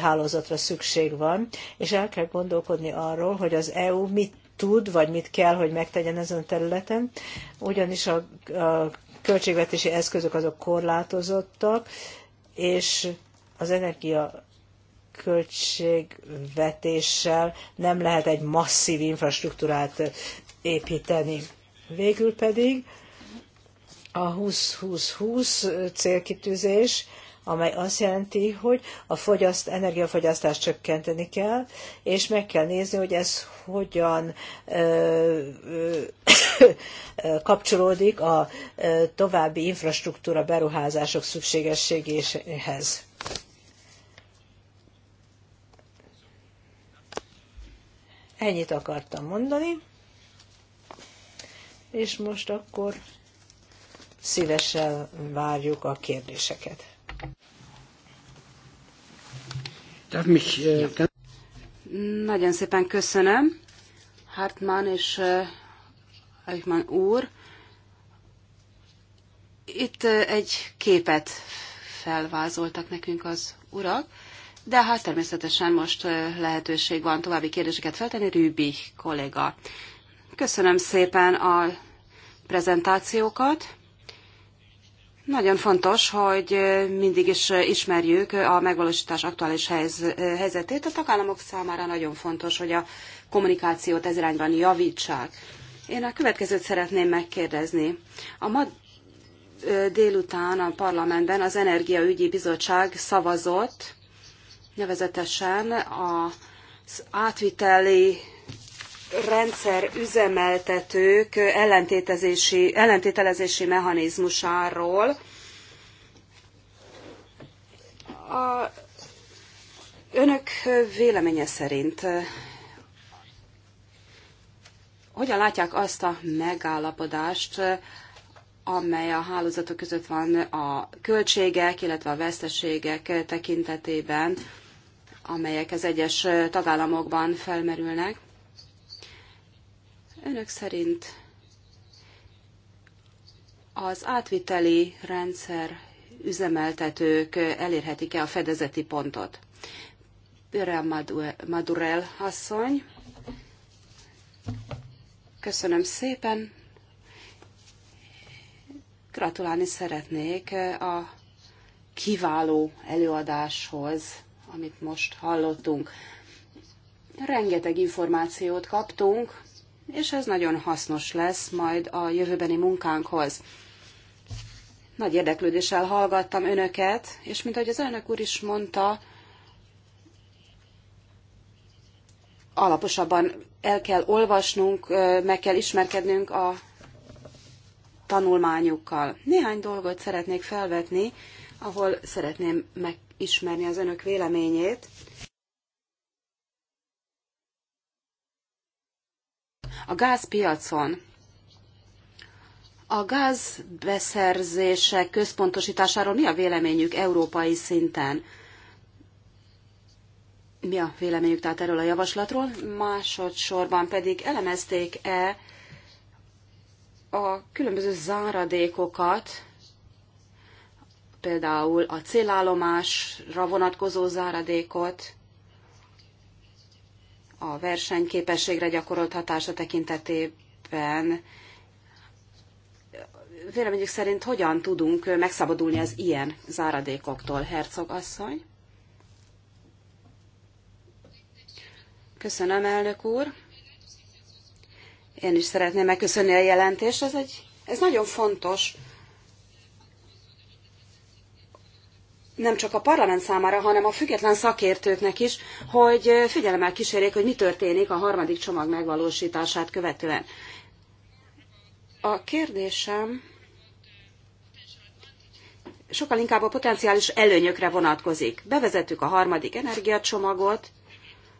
hálózatra szükség van, és el kell gondolkodni arról, hogy az EU mit tud, vagy mit kell, hogy megtegyen ezen a területen, ugyanis a, a költségvetési eszközök azok korlátozottak, és az energia költségvetéssel nem lehet egy masszív infrastruktúrát építeni. Végül pedig a 20-20-20 célkitűzés amely azt jelenti, hogy a fogyaszt, energiafogyasztást csökkenteni kell, és meg kell nézni, hogy ez hogyan ö, ö, kapcsolódik a további infrastruktúra beruházások szükségességéhez. Ennyit akartam mondani, és most akkor szívesen várjuk a kérdéseket. Äh, Nagyon szépen köszönöm. Hartmann és Eichmann úr. Itt egy képet felvázoltak nekünk az urak, de hát természetesen most lehetőség van további kérdéseket feltenni. Rübi kolléga. Köszönöm szépen a prezentációkat. Nagyon fontos, hogy mindig is ismerjük a megvalósítás aktuális helyzetét. A tagállamok számára nagyon fontos, hogy a kommunikációt ez irányban javítsák. Én a következőt szeretném megkérdezni. A ma délután a parlamentben az Energiaügyi Bizottság szavazott nevezetesen az átviteli rendszer üzemeltetők ellentétezési, ellentételezési mechanizmusáról. A önök véleménye szerint eh, hogyan látják azt a megállapodást, eh, amely a hálózatok között van a költségek, illetve a veszteségek tekintetében, amelyek az egyes eh, tagállamokban felmerülnek? Önök szerint az átviteli rendszer üzemeltetők elérhetik-e a fedezeti pontot? Örel Madurel asszony. Köszönöm szépen. Gratulálni szeretnék a kiváló előadáshoz, amit most hallottunk. Rengeteg információt kaptunk, és ez nagyon hasznos lesz majd a jövőbeni munkánkhoz. Nagy érdeklődéssel hallgattam önöket, és mint ahogy az önök úr is mondta, alaposabban el kell olvasnunk, meg kell ismerkednünk a tanulmányukkal. Néhány dolgot szeretnék felvetni, ahol szeretném megismerni az önök véleményét. a gázpiacon. A gázbeszerzések központosításáról mi a véleményük európai szinten? Mi a véleményük tehát erről a javaslatról? Másodszorban pedig elemezték-e a különböző záradékokat, például a célállomásra vonatkozó záradékot, a versenyképességre gyakorolt hatása tekintetében véleményük szerint hogyan tudunk megszabadulni az ilyen záradékoktól, Herzog asszony? Köszönöm, elnök úr. Én is szeretném megköszönni a jelentést. Ez, egy, ez nagyon fontos nem csak a parlament számára, hanem a független szakértőknek is, hogy figyelemmel kísérjék, hogy mi történik a harmadik csomag megvalósítását követően. A kérdésem sokkal inkább a potenciális előnyökre vonatkozik. Bevezettük a harmadik energiacsomagot,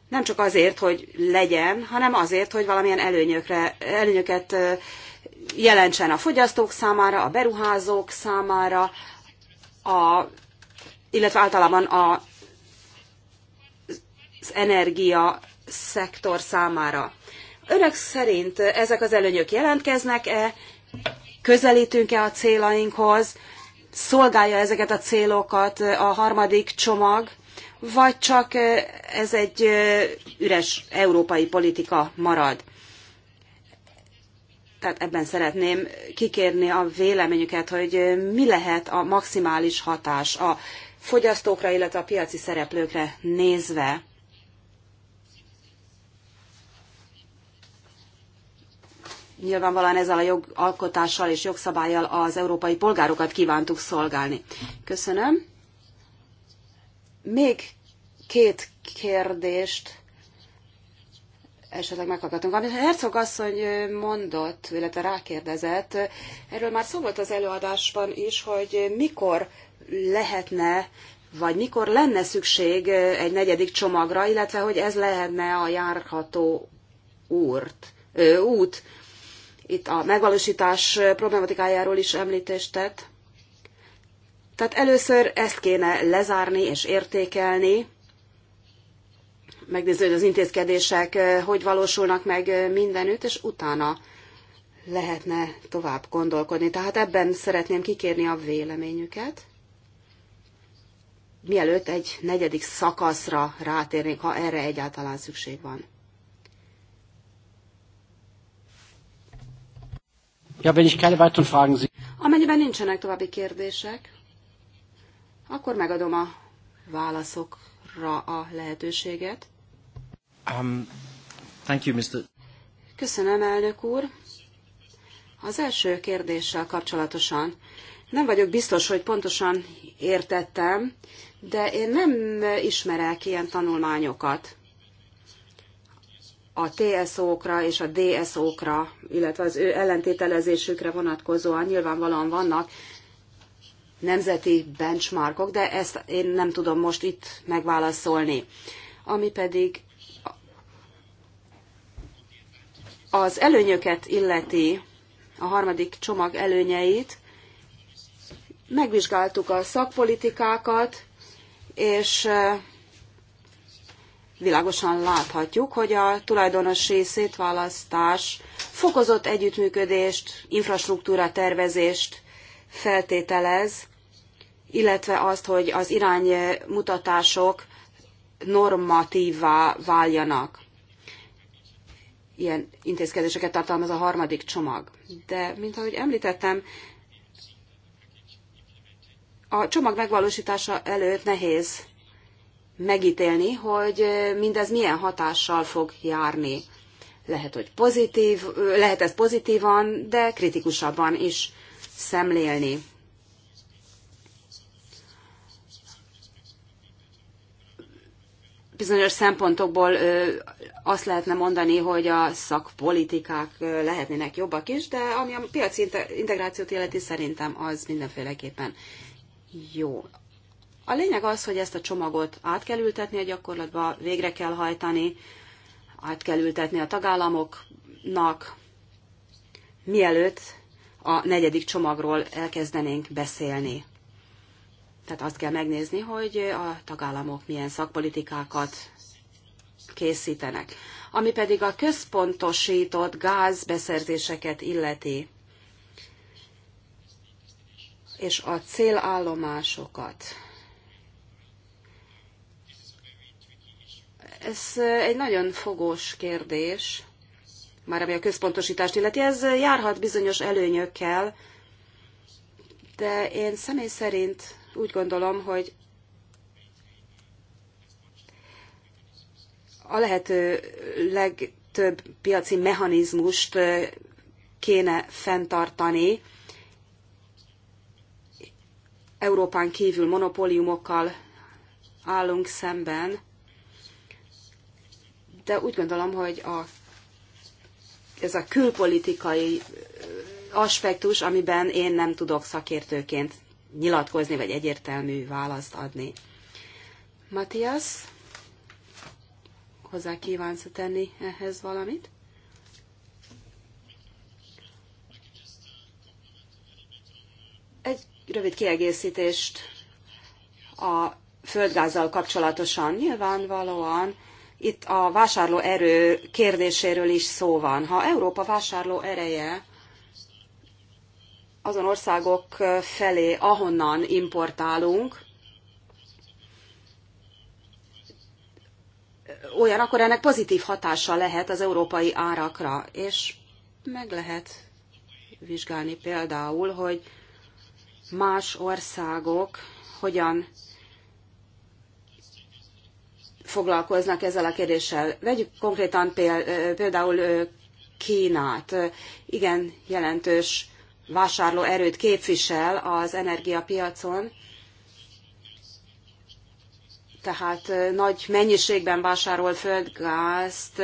nem csak azért, hogy legyen, hanem azért, hogy valamilyen előnyökre, előnyöket jelentsen a fogyasztók számára, a beruházók számára, a illetve általában a, az energia szektor számára. Önök szerint ezek az előnyök jelentkeznek-e, közelítünk-e a célainkhoz, szolgálja ezeket a célokat a harmadik csomag, vagy csak ez egy üres európai politika marad. Tehát ebben szeretném kikérni a véleményüket, hogy mi lehet a maximális hatás, a fogyasztókra, illetve a piaci szereplőkre nézve. Nyilvánvalóan ezzel a jogalkotással és jogszabályjal az európai polgárokat kívántuk szolgálni. Köszönöm. Még két kérdést esetleg meghallgatunk. Amit Herzog asszony mondott, illetve rákérdezett, erről már szó volt az előadásban is, hogy mikor lehetne, vagy mikor lenne szükség egy negyedik csomagra, illetve hogy ez lehetne a járható úrt, ö, út. Itt a megvalósítás problematikájáról is említést tett. Tehát először ezt kéne lezárni és értékelni, megnézni, hogy az intézkedések hogy valósulnak meg mindenütt, és utána lehetne tovább gondolkodni. Tehát ebben szeretném kikérni a véleményüket mielőtt egy negyedik szakaszra rátérnék, ha erre egyáltalán szükség van. Ja, wenn ich keine weiteren Fragen sehe. Amennyiben nincsenek további kérdések, akkor megadom a válaszokra a lehetőséget. Um, thank you, Mr. Köszönöm, elnök úr. Az első kérdéssel kapcsolatosan nem vagyok biztos, hogy pontosan értettem, de én nem ismerek ilyen tanulmányokat a TSO-kra és a DSO-kra, illetve az ő ellentételezésükre vonatkozóan nyilvánvalóan vannak nemzeti benchmarkok, de ezt én nem tudom most itt megválaszolni. Ami pedig az előnyöket illeti, a harmadik csomag előnyeit, megvizsgáltuk a szakpolitikákat, és világosan láthatjuk, hogy a tulajdonosi szétválasztás fokozott együttműködést, infrastruktúra tervezést feltételez, illetve azt, hogy az iránymutatások normatívvá váljanak. Ilyen intézkedéseket tartalmaz a harmadik csomag. De, mint ahogy említettem, a csomag megvalósítása előtt nehéz megítélni, hogy mindez milyen hatással fog járni. Lehet, hogy pozitív, lehet ez pozitívan, de kritikusabban is szemlélni. Bizonyos szempontokból azt lehetne mondani, hogy a szakpolitikák lehetnének jobbak is, de ami a piaci integrációt illeti, szerintem az mindenféleképpen jó. A lényeg az, hogy ezt a csomagot át kell ültetni a gyakorlatba, végre kell hajtani, át kell ültetni a tagállamoknak, mielőtt a negyedik csomagról elkezdenénk beszélni. Tehát azt kell megnézni, hogy a tagállamok milyen szakpolitikákat készítenek. Ami pedig a központosított gázbeszerzéseket illeti és a célállomásokat. Ez egy nagyon fogós kérdés, már ami a központosítást illeti. Ez járhat bizonyos előnyökkel, de én személy szerint úgy gondolom, hogy a lehető legtöbb piaci mechanizmust eh, kéne fenntartani, Európán kívül monopóliumokkal állunk szemben, de úgy gondolom, hogy a, ez a külpolitikai aspektus, amiben én nem tudok szakértőként nyilatkozni, vagy egyértelmű választ adni. Matthias, hozzá kívánsz tenni ehhez valamit? Egy rövid kiegészítést a földgázzal kapcsolatosan. Nyilvánvalóan itt a vásárlóerő kérdéséről is szó van. Ha Európa vásárló ereje azon országok felé, ahonnan importálunk, olyan, akkor ennek pozitív hatása lehet az európai árakra, és meg lehet vizsgálni például, hogy más országok hogyan foglalkoznak ezzel a kérdéssel. Vegyük konkrétan például Kínát. Igen, jelentős vásárlóerőt képvisel az energiapiacon, tehát nagy mennyiségben vásárol földgázt,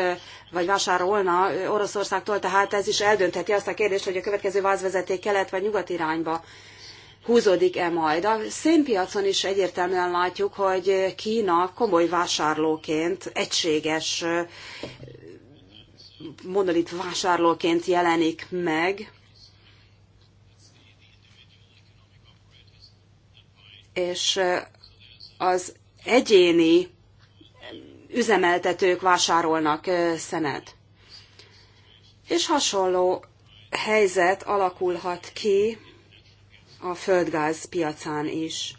vagy vásárolna Oroszországtól, tehát ez is eldöntheti azt a kérdést, hogy a következő vázvezeték kelet vagy nyugat irányba húzódik-e majd. A szénpiacon is egyértelműen látjuk, hogy Kína komoly vásárlóként, egységes monolit vásárlóként jelenik meg, és az egyéni üzemeltetők vásárolnak szenet. És hasonló helyzet alakulhat ki a földgáz piacán is.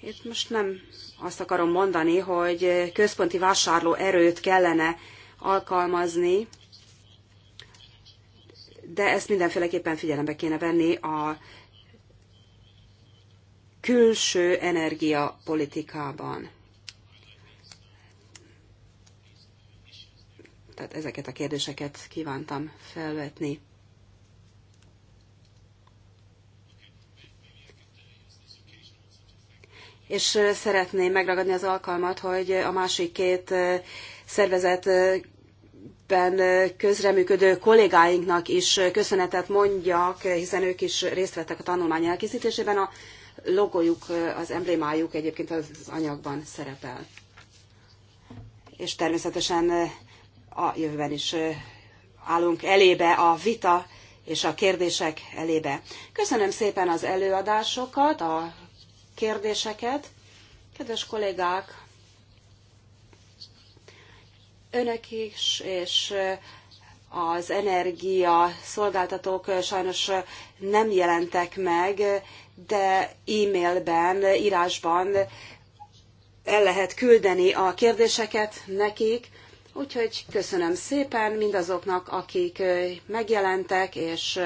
Itt most nem azt akarom mondani, hogy központi vásárló erőt kellene alkalmazni, de ezt mindenféleképpen figyelembe kéne venni a külső energiapolitikában. Tehát ezeket a kérdéseket kívántam felvetni. és szeretném megragadni az alkalmat, hogy a másik két szervezetben közreműködő kollégáinknak is köszönetet mondjak, hiszen ők is részt vettek a tanulmány elkészítésében. A logójuk, az emblémájuk egyébként az anyagban szerepel. És természetesen a jövőben is állunk elébe a vita és a kérdések elébe. Köszönöm szépen az előadásokat, a kérdéseket. Kedves kollégák, önök is, és eh, az energia szolgáltatók eh, sajnos eh, nem jelentek meg, de e-mailben, írásban el lehet küldeni a kérdéseket nekik. Úgyhogy köszönöm szépen mindazoknak, akik megjelentek, és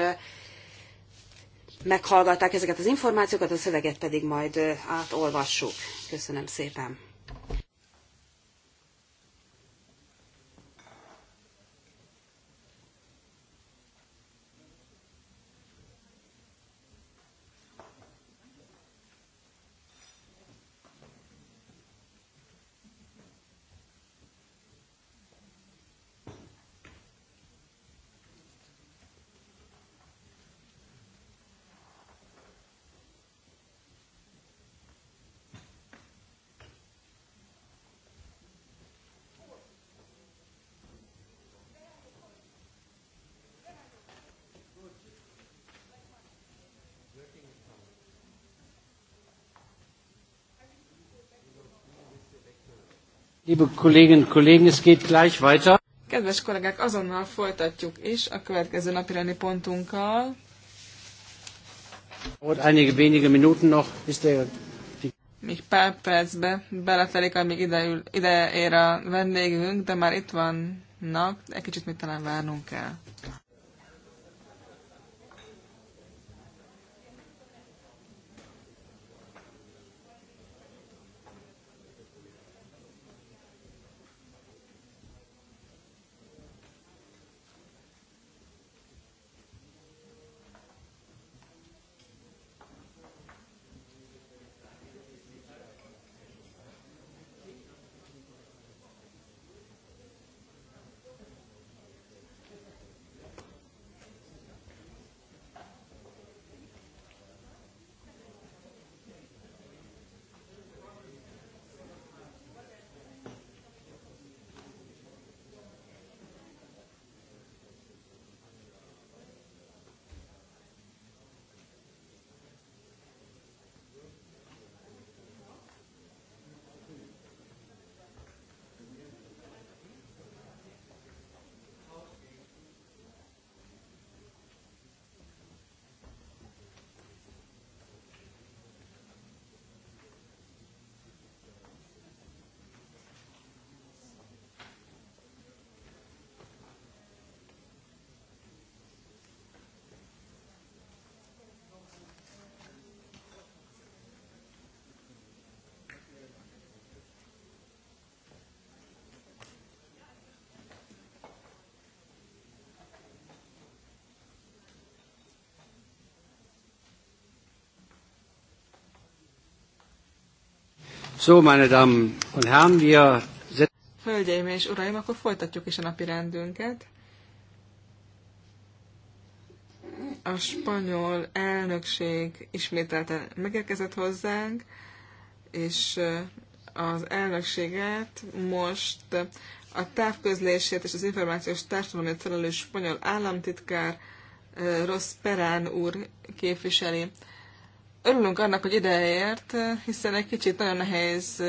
meghallgatták ezeket az információkat, a szöveget pedig majd átolvassuk. Köszönöm szépen. Liebe Kolleginnen und Kollegen, es geht gleich weiter. Kedves kollégák, azonnal folytatjuk is a következő napirendi pontunkkal. Ott einige wenige Minuten noch, bis der még pár percbe beletelik, amíg ide, ül, ide ér a vendégünk, de már itt vannak, egy kicsit mit talán várnunk kell. So, meine Damen und Herren, wir... Hölgyeim és uraim, akkor folytatjuk is a napi rendünket. A spanyol elnökség ismételten megérkezett hozzánk, és az elnökséget most a távközlését és az információs társadalomért felelős spanyol államtitkár Rossz Perán úr képviseli örülünk annak, hogy ideért, hiszen egy kicsit nagyon nehéz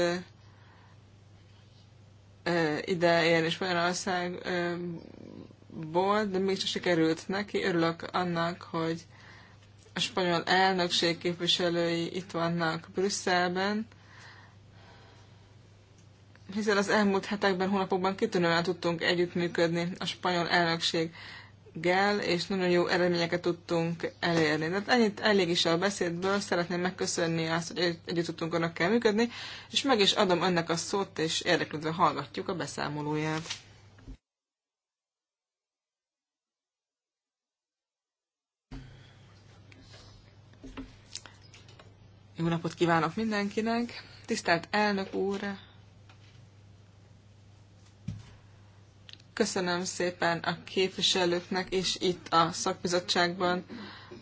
ideérni Spanyolországból, de mégis sikerült neki. Örülök annak, hogy a spanyol elnökség képviselői itt vannak Brüsszelben, hiszen az elmúlt hetekben, hónapokban kitűnően tudtunk együttműködni a spanyol elnökség Gel, és nagyon jó eredményeket tudtunk elérni. Tehát ennyit elég is a beszédből, szeretném megköszönni azt, hogy együtt tudtunk önökkel működni, és meg is adom önnek a szót, és érdeklődve hallgatjuk a beszámolóját. Jó napot kívánok mindenkinek! Tisztelt elnök úr, Köszönöm szépen a képviselőknek és itt a szakbizottságban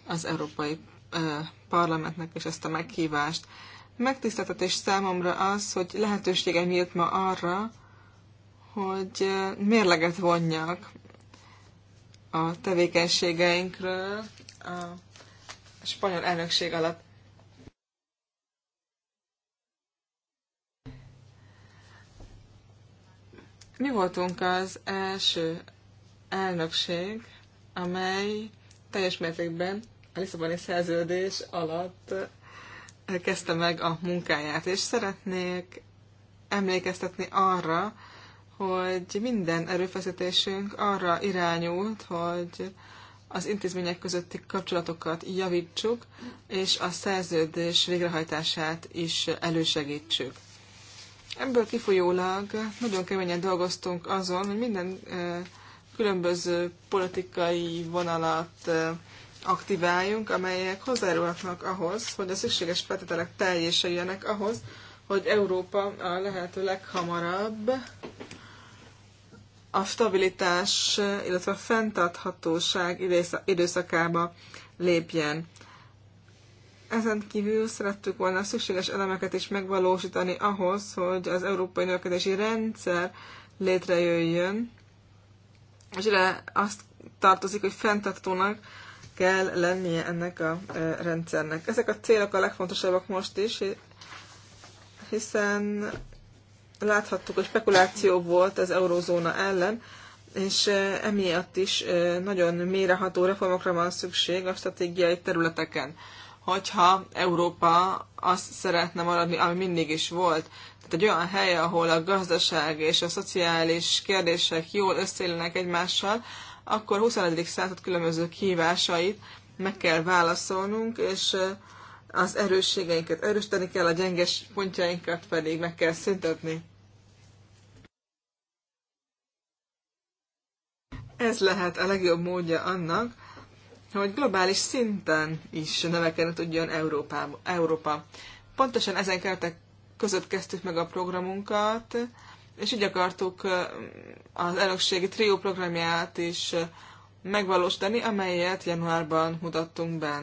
az Európai Parlamentnek is ezt a meghívást. Megtiszteltetés számomra az, hogy lehetőségem nyílt ma arra, hogy mérleget vonjak a tevékenységeinkről a spanyol elnökség alatt. Mi voltunk az első elnökség, amely teljes mértékben a Lisszaboni szerződés alatt kezdte meg a munkáját, és szeretnék emlékeztetni arra, hogy minden erőfeszítésünk arra irányult, hogy az intézmények közötti kapcsolatokat javítsuk, és a szerződés végrehajtását is elősegítsük. Ebből kifolyólag nagyon keményen dolgoztunk azon, hogy minden különböző politikai vonalat aktiváljunk, amelyek hozzájárulhatnak ahhoz, hogy a szükséges feltételek teljesüljenek ahhoz, hogy Európa a lehető leghamarabb a stabilitás, illetve a fenntarthatóság időszakába lépjen. Ezen kívül szerettük volna a szükséges elemeket is megvalósítani ahhoz, hogy az európai növekedési rendszer létrejöjjön, és erre azt tartozik, hogy fenntartónak kell lennie ennek a rendszernek. Ezek a célok a legfontosabbak most is, hiszen láthattuk, hogy spekuláció volt az eurózóna ellen, és emiatt is nagyon méreható reformokra van szükség a stratégiai területeken hogyha Európa azt szeretne maradni, ami mindig is volt. Tehát egy olyan hely, ahol a gazdaság és a szociális kérdések jól összeillenek egymással, akkor 21. század különböző kihívásait meg kell válaszolnunk, és az erősségeinket erősíteni kell, a gyenges pontjainkat pedig meg kell szüntetni. Ez lehet a legjobb módja annak, hogy globális szinten is növekedni tudjon Európa. Európa. Pontosan ezen keretek között kezdtük meg a programunkat, és így akartuk az elnökségi trió programját is megvalósítani, amelyet januárban mutattunk be.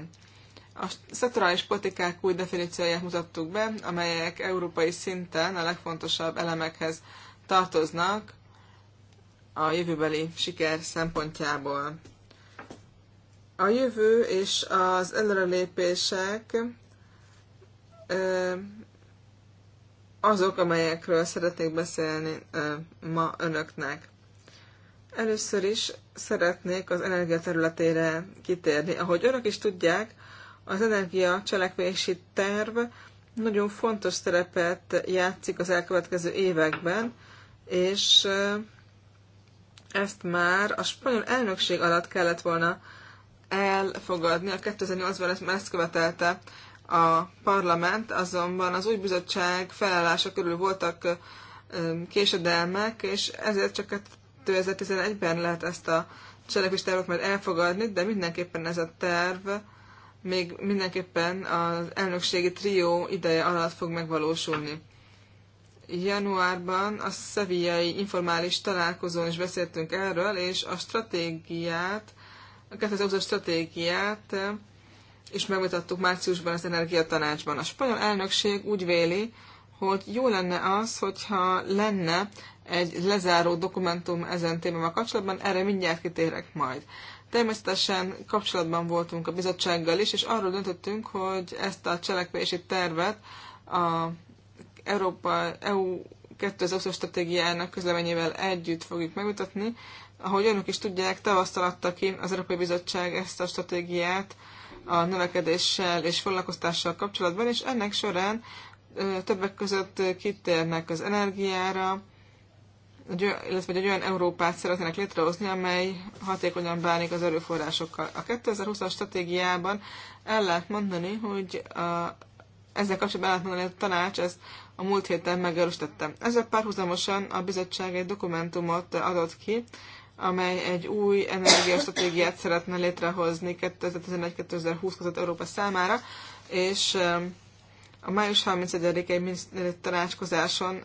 A szektorális politikák új definícióját mutattuk be, amelyek európai szinten a legfontosabb elemekhez tartoznak a jövőbeli siker szempontjából. A jövő és az előrelépések azok, amelyekről szeretnék beszélni ma önöknek. Először is szeretnék az energia területére kitérni. Ahogy önök is tudják, az energia cselekvési terv nagyon fontos szerepet játszik az elkövetkező években, és ezt már a spanyol elnökség alatt kellett volna elfogadni. A 2008-ban ezt ezt követelte a parlament, azonban az új bizottság felállása körül voltak késedelmek, és ezért csak 2011-ben lehet ezt a cselekvés tervet majd elfogadni, de mindenképpen ez a terv még mindenképpen az elnökségi trió ideje alatt fog megvalósulni. Januárban a szeviai informális találkozón is beszéltünk erről, és a stratégiát a 2020-as stratégiát és eh, megmutattuk márciusban az energiatanácsban. A spanyol elnökség úgy véli, hogy jó lenne az, hogyha lenne egy lezáró dokumentum ezen témával kapcsolatban, erre mindjárt kitérek majd. Természetesen kapcsolatban voltunk a bizottsággal is, és arról döntöttünk, hogy ezt a cselekvési tervet a Európa EU 2020 stratégiának közleményével együtt fogjuk megmutatni, ahogy önök is tudják, tavasztal adta ki az Európai Bizottság ezt a stratégiát a növekedéssel és foglalkoztással kapcsolatban, és ennek során többek között kitérnek az energiára, illetve egy olyan Európát szeretnének létrehozni, amely hatékonyan bánik az erőforrásokkal. A 2020-as stratégiában el lehet mondani, hogy a, ezzel kapcsolatban el lehet mondani, hogy a tanács ezt a múlt héten megerősítette. Ezzel párhuzamosan a bizottság egy dokumentumot adott ki, amely egy új energiastratégiát szeretne létrehozni 2011-2020 között Európa számára, és um, a május 31-i miniszteri tanácskozáson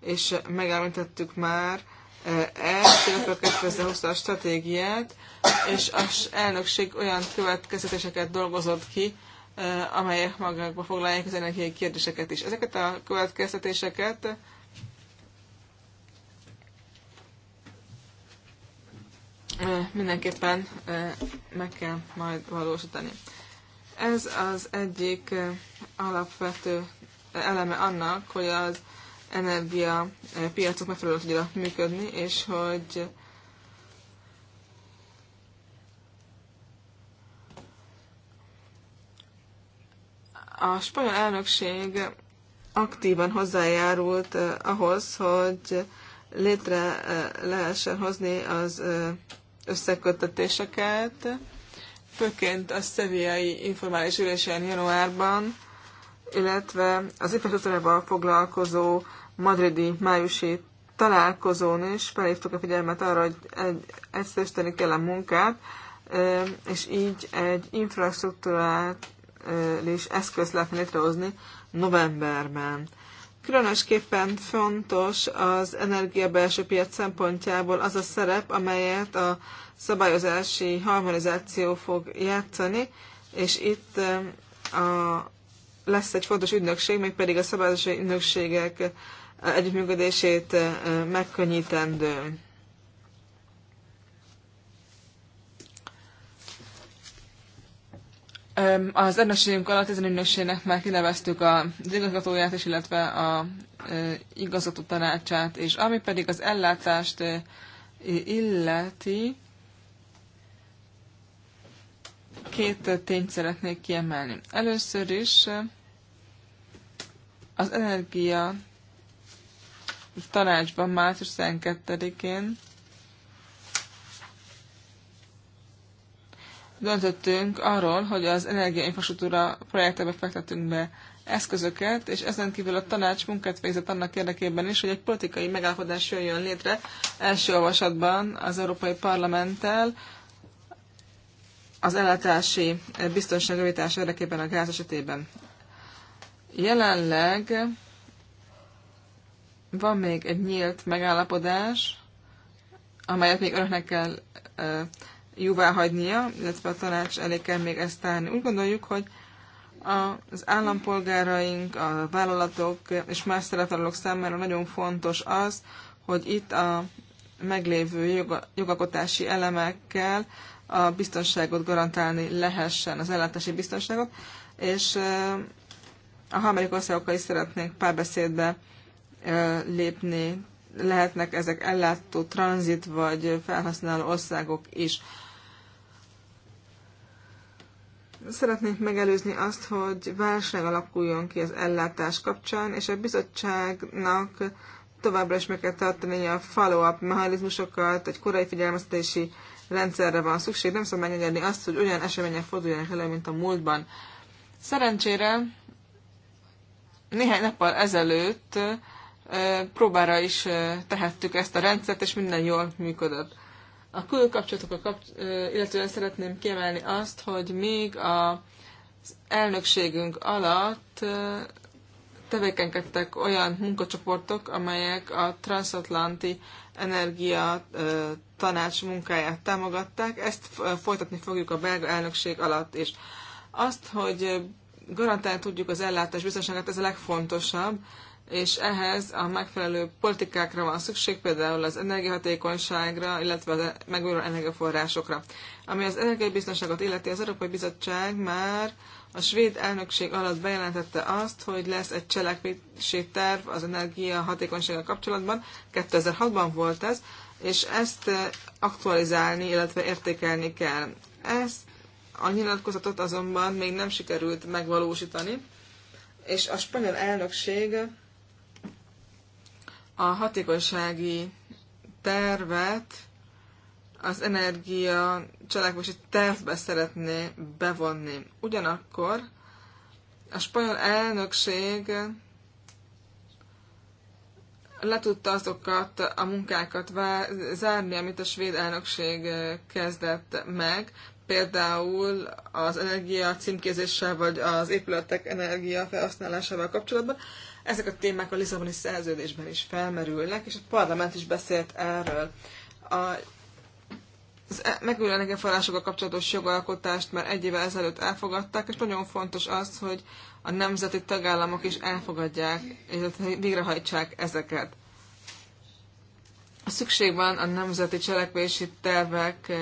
és megállítottuk már uh, ezt, illetve a 2020-as stratégiát, és az elnökség olyan következtetéseket dolgozott ki, uh, amelyek magukba foglalják az energiai kérdéseket is. Ezeket a következtetéseket mindenképpen meg kell majd valósítani. Ez az egyik alapvető eleme annak, hogy az energia piacok megfelelően tudjanak működni, és hogy a spanyol elnökség aktívan hozzájárult ahhoz, hogy létre lehessen hozni az összekötetéseket, főként a szeviai informális ülésen januárban, illetve az infrastruktúrával foglalkozó madridi májusi találkozón is felhívtuk a figyelmet arra, hogy egyszerűsíteni kell a munkát, és így egy infrastruktúrális eszköz lehet létrehozni novemberben. Különösképpen fontos az energia belső piac szempontjából az a szerep, amelyet a szabályozási harmonizáció fog játszani, és itt eh, a, lesz egy fontos ügynökség, mégpedig a szabályozási ügynökségek eh, együttműködését eh, megkönnyítendő. Az ennösségünk alatt ezen ügynökségnek már kineveztük az igazgatóját is, illetve a igazgató tanácsát, és ami pedig az ellátást illeti, két tényt szeretnék kiemelni. Először is az energia tanácsban március 12-én döntöttünk arról, hogy az energiainfrastruktúra projektbe fektetünk be eszközöket, és ezen kívül a tanács munkát végzett annak érdekében is, hogy egy politikai megállapodás jöjjön létre első olvasatban az Európai Parlamenttel az ellátási biztonságjavítás érdekében a gáz esetében. Jelenleg van még egy nyílt megállapodás, amelyet még önöknek kell jóvá hagynia, illetve a tanács elé kell még ezt tárni. Úgy gondoljuk, hogy az állampolgáraink, a vállalatok és más szeretalók számára nagyon fontos az, hogy itt a meglévő jogakotási elemekkel a biztonságot garantálni lehessen, az ellátási biztonságot, és a harmadik országokkal is szeretnénk párbeszédbe lépni lehetnek ezek ellátó tranzit vagy felhasználó országok is. Szeretnénk megelőzni azt, hogy válság alakuljon ki az ellátás kapcsán, és a bizottságnak továbbra is meg kell tartani a follow-up mechanizmusokat, egy korai figyelmeztetési rendszerre van szükség, nem szabad megengedni azt, hogy olyan események forduljanak elő, mint a múltban. Szerencsére néhány nappal ezelőtt próbára is tehettük ezt a rendszert, és minden jól működött. A külkapcsolatokkal kapcs- illetően szeretném kiemelni azt, hogy még a az elnökségünk alatt tevékenykedtek olyan munkacsoportok, amelyek a transatlanti energia tanács munkáját támogatták. Ezt folytatni fogjuk a belga elnökség alatt is. Azt, hogy garantálni tudjuk az ellátás biztonságát, ez a legfontosabb, és ehhez a megfelelő politikákra van szükség, például az energiahatékonyságra, illetve a megújuló energiaforrásokra. Ami az energiabiztonságot illeti, az Európai Bizottság már a svéd elnökség alatt bejelentette azt, hogy lesz egy cselekvési terv az energiahatékonysággal kapcsolatban, 2006-ban volt ez, és ezt eh, aktualizálni, illetve értékelni kell. Ezt a nyilatkozatot azonban még nem sikerült megvalósítani, és a spanyol elnökség a hatékonysági tervet az energia cselekvési tervbe szeretné bevonni. Ugyanakkor a spanyol elnökség le tudta azokat a munkákat zárni, amit a svéd elnökség kezdett meg, például az energia címkézéssel, vagy az épületek energia felhasználásával kapcsolatban, ezek a témák a Lisszaboni szerződésben is felmerülnek, és a parlament is beszélt erről. A, az e- megújuló forrásokkal kapcsolatos jogalkotást már egy évvel ezelőtt elfogadták, és nagyon fontos az, hogy a nemzeti tagállamok is elfogadják, és végrehajtsák ezeket. Szükség van a nemzeti cselekvési tervek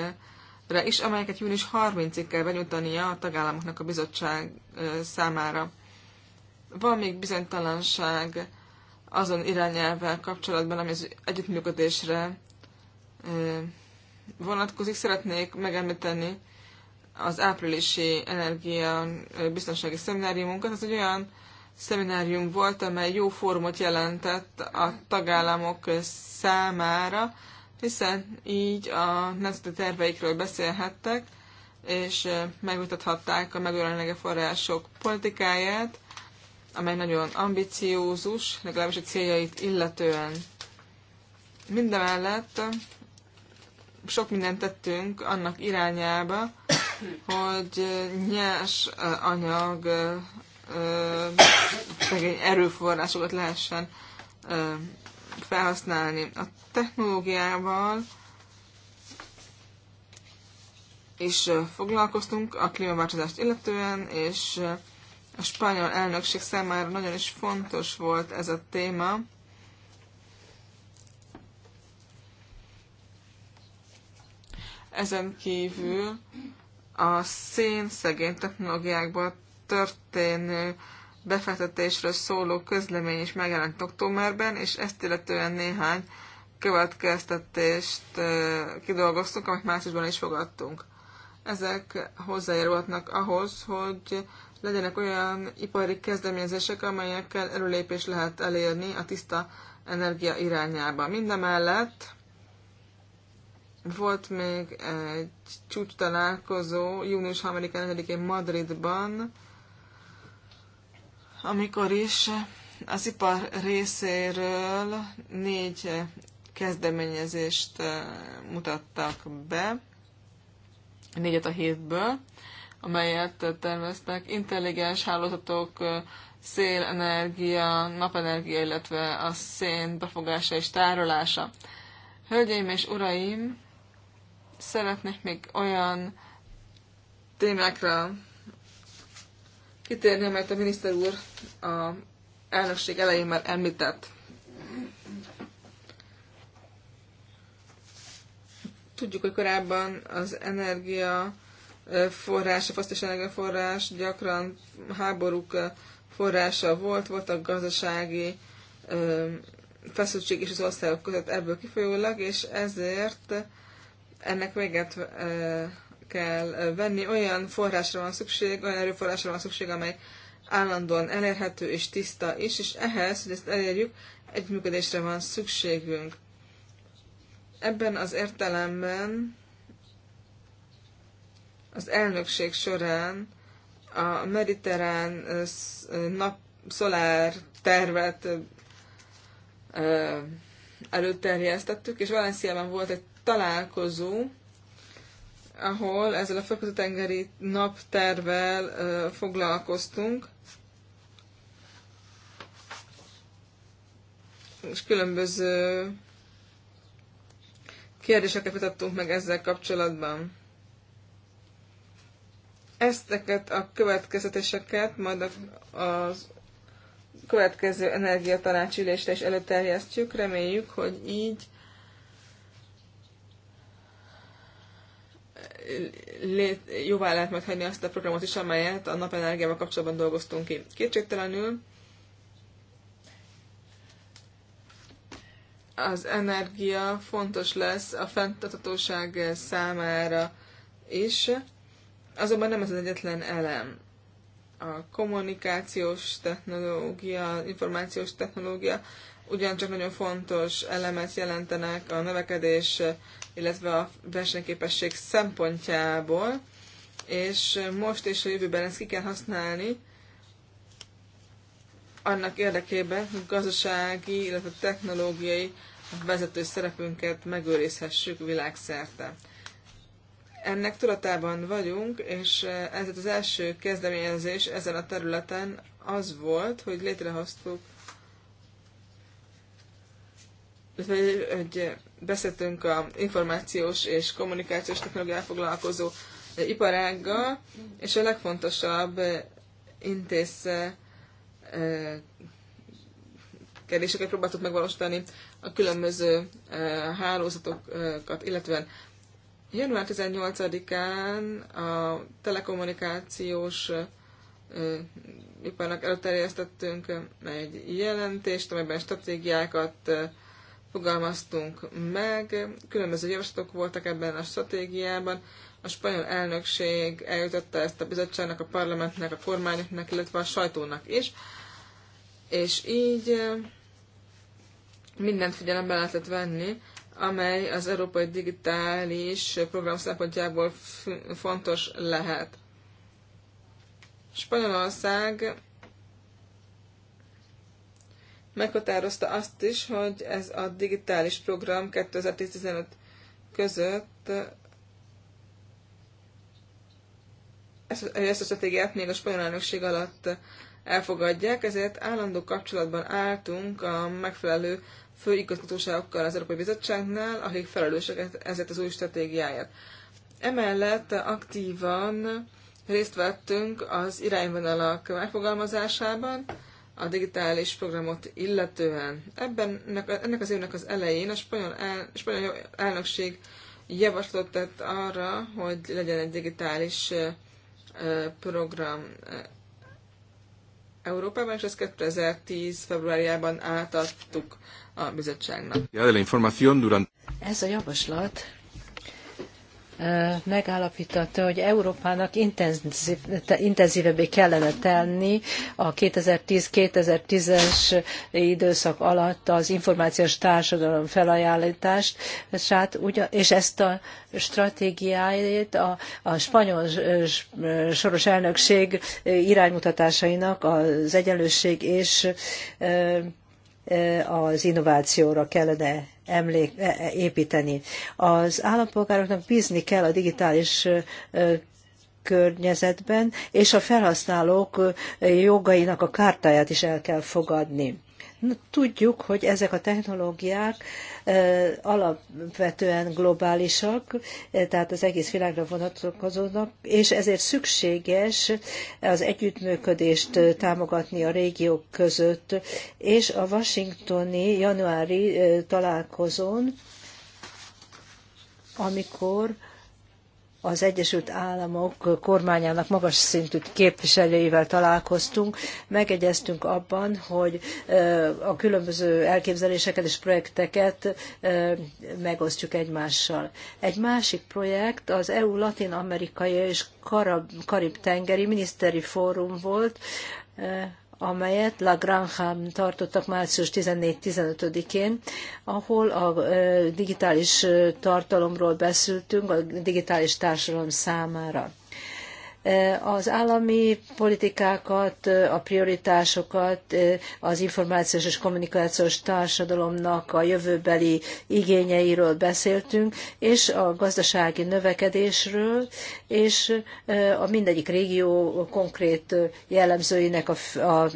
is, amelyeket június 30-ig kell benyújtania a tagállamoknak a bizottság számára. Van még bizonytalanság azon irányelvvel kapcsolatban, ami az együttműködésre vonatkozik. Szeretnék megemlíteni az áprilisi energia biztonsági szemináriumunkat. Ez egy olyan szeminárium volt, amely jó formot jelentett a tagállamok számára, hiszen így a nemzeti terveikről beszélhettek, és megmutathatták a megújuló források politikáját, amely nagyon ambiciózus, legalábbis a céljait illetően. Mindemellett sok mindent tettünk annak irányába, hogy nyers anyag szegény erőforrásokat lehessen felhasználni. A technológiával és foglalkoztunk a klímaváltozást illetően, és a spanyol elnökség számára nagyon is fontos volt ez a téma. Ezen kívül a szén szegény technológiákba történő befektetésről szóló közlemény is megjelent októberben, és ezt illetően néhány következtetést kidolgoztunk, amit másodban is fogadtunk. Ezek hozzájárulhatnak ahhoz, hogy legyenek olyan ipari kezdeményezések, amelyekkel előlépés lehet elérni a tiszta energia irányába. Mindemellett volt még egy csúcs találkozó június 3-4-én Madridban, amikor is az ipar részéről négy kezdeményezést eh, mutattak be, négyet a hétből, amelyet terveztek, intelligens hálózatok, szélenergia, napenergia, illetve a szén befogása és tárolása. Hölgyeim és uraim, szeretnék még olyan témákra kitérni, amelyet a miniszter úr a elnökség elején már említett. Tudjuk, hogy korábban az energia forrás, a fosztos energiaforrás gyakran háborúk forrása volt, voltak gazdasági feszültség is az országok között ebből kifolyólag, és ezért ennek véget kell venni. Olyan forrásra van szükség, olyan erőforrásra van szükség, amely állandóan elérhető és tiszta is, és ehhez, hogy ezt elérjük, együttműködésre van szükségünk. Ebben az értelemben az elnökség során a mediterrán nap tervet előterjesztettük, és Valenciában volt egy találkozó, ahol ezzel a fekete-tengeri naptervel foglalkoztunk, és különböző kérdéseket vitattunk meg ezzel kapcsolatban. Ezteket a következetéseket majd az következő energiatanácsülésre is előterjesztjük. Reméljük, hogy így lét, jóvá lehet majd hagyni azt a programot is, amelyet a napenergiával kapcsolatban dolgoztunk ki. Kétségtelenül az energia fontos lesz a fenntartatóság számára is. Azonban nem ez az egyetlen elem. A kommunikációs technológia, információs technológia ugyancsak nagyon fontos elemet jelentenek a növekedés, illetve a versenyképesség szempontjából, és most és a jövőben ezt ki kell használni, annak érdekében, hogy gazdasági, illetve technológiai vezető szerepünket megőrizhessük világszerte. Ennek tudatában vagyunk, és eh, ez az első kezdeményezés ezen a területen az volt, hogy létrehoztuk, vagy, hogy beszéltünk a információs és kommunikációs technológiával foglalkozó eh, iparággal, és a legfontosabb eh, kérdéseket próbáltuk megvalósítani a különböző hálózatokat, illetve Január 18-án a telekommunikációs iparnak előterjesztettünk egy jelentést, amelyben stratégiákat fogalmaztunk meg. Különböző javaslatok voltak ebben a stratégiában. A spanyol elnökség eljutotta ezt a bizottságnak, a parlamentnek, a kormányoknak, illetve a sajtónak is. És így mindent figyelembe lehetett venni, amely az európai digitális program szempontjából fontos lehet. Spanyolország meghatározta azt is, hogy ez a digitális program 2015 között ezt a stratégiát még a spanyol elnökség alatt elfogadják, ezért állandó kapcsolatban álltunk a megfelelő fő igazgatóságokkal az Európai Bizottságnál, akik felelősek ezért az új stratégiáját. Emellett aktívan részt vettünk az irányvonalak megfogalmazásában, a digitális programot illetően. Ebben ennek az évnek az elején a spanyol, el, spanyol elnökség javaslatot tett arra, hogy legyen egy digitális program. Európában, és ezt 2010. februárjában átadtuk a bizottságnak. Ez a javaslat megállapította, hogy Európának intenzív, intenzívebbé kellene tenni a 2010-2010-es időszak alatt az információs társadalom felajánlást, és ezt a stratégiáját a, a spanyol soros elnökség iránymutatásainak az egyenlőség és az innovációra kellene emlék, e, e, építeni. Az állampolgároknak bízni kell a digitális környezetben, és a felhasználók jogainak a kártáját is el kell fogadni. Tudjuk, hogy ezek a technológiák alapvetően globálisak, tehát az egész világra vonatkozónak, és ezért szükséges az együttműködést támogatni a régiók között, és a washingtoni januári találkozón, amikor az Egyesült Államok kormányának magas szintű képviselőivel találkoztunk, megegyeztünk abban, hogy a különböző elképzeléseket és projekteket megosztjuk egymással. Egy másik projekt az EU latin-amerikai és karib-tengeri miniszteri fórum volt, amelyet La Granham tartottak március 14-15-én, ahol a digitális tartalomról beszéltünk a digitális társadalom számára. Az állami politikákat, a prioritásokat, az információs és kommunikációs társadalomnak a jövőbeli igényeiről beszéltünk, és a gazdasági növekedésről, és a mindegyik régió konkrét jellemzőinek a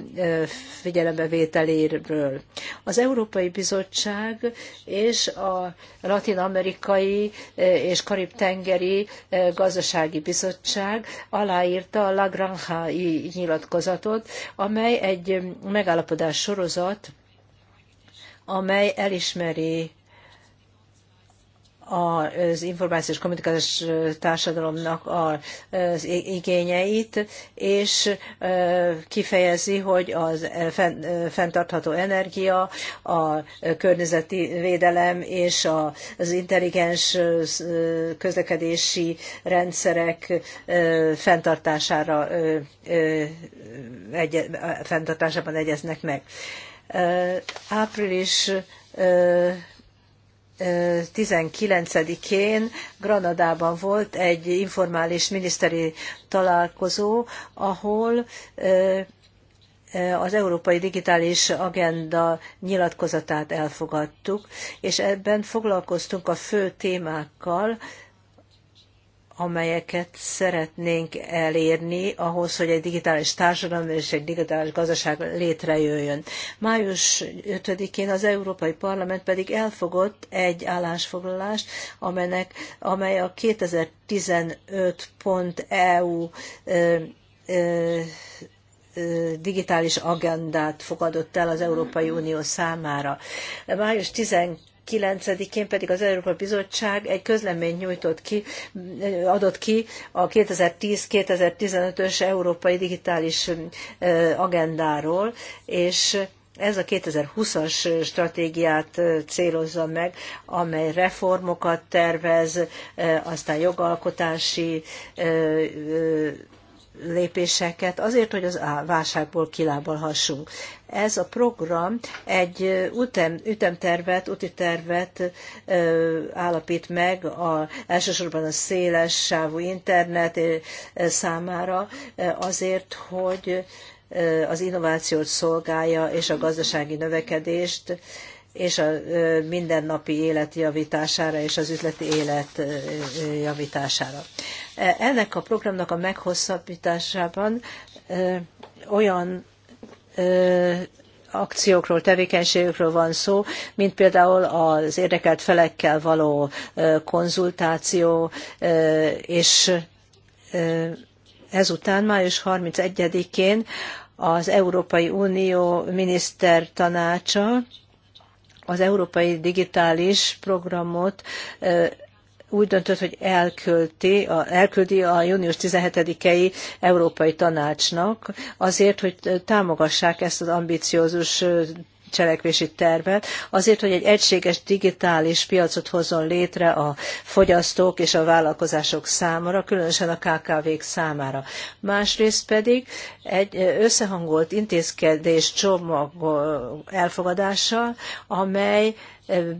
figyelembevételéről. Az Európai Bizottság és a latin-amerikai és karib-tengeri gazdasági bizottság aláírta a La Granja-i nyilatkozatot, amely egy megállapodás sorozat, amely elismeri az információs kommunikációs társadalomnak az igényeit, és kifejezi, hogy az fenntartható energia, a környezeti védelem és az intelligens közlekedési rendszerek fenntartására fenntartásában egyeznek meg. Április 19-én Granadában volt egy informális miniszteri találkozó, ahol az Európai Digitális Agenda nyilatkozatát elfogadtuk, és ebben foglalkoztunk a fő témákkal, amelyeket szeretnénk elérni ahhoz, hogy egy digitális társadalom és egy digitális gazdaság létrejöjjön. Május 5-én az Európai Parlament pedig elfogott egy állásfoglalást, amelynek, amely a 2015.eu e ö, ö, digitális agendát fogadott el az Európai Unió számára. Május 9-én pedig az Európai Bizottság egy közleményt nyújtott ki, adott ki a 2010-2015-ös Európai Digitális Agendáról, és ez a 2020-as stratégiát célozza meg, amely reformokat tervez, aztán jogalkotási lépéseket azért, hogy az válságból kilábalhassunk. Ez a program egy ütem, ütemtervet, úti tervet ö, állapít meg a, elsősorban a széles sávú internet számára azért, hogy az innovációt szolgálja és a gazdasági növekedést, és a mindennapi élet javítására és az üzleti élet javítására. E, ennek a programnak a meghosszabbításában olyan akciókról, tevékenységekről van szó, mint például az érdekelt felekkel való konzultáció, és ezután május 31-én az Európai Unió miniszter tanácsa az Európai Digitális Programot úgy döntött, hogy elküldi a, elküldi a június 17-i Európai Tanácsnak azért, hogy támogassák ezt az ambiciózus cselekvési tervet, azért, hogy egy egységes digitális piacot hozzon létre a fogyasztók és a vállalkozások számára, különösen a KKV-k számára. Másrészt pedig egy összehangolt intézkedés csomag elfogadása, amely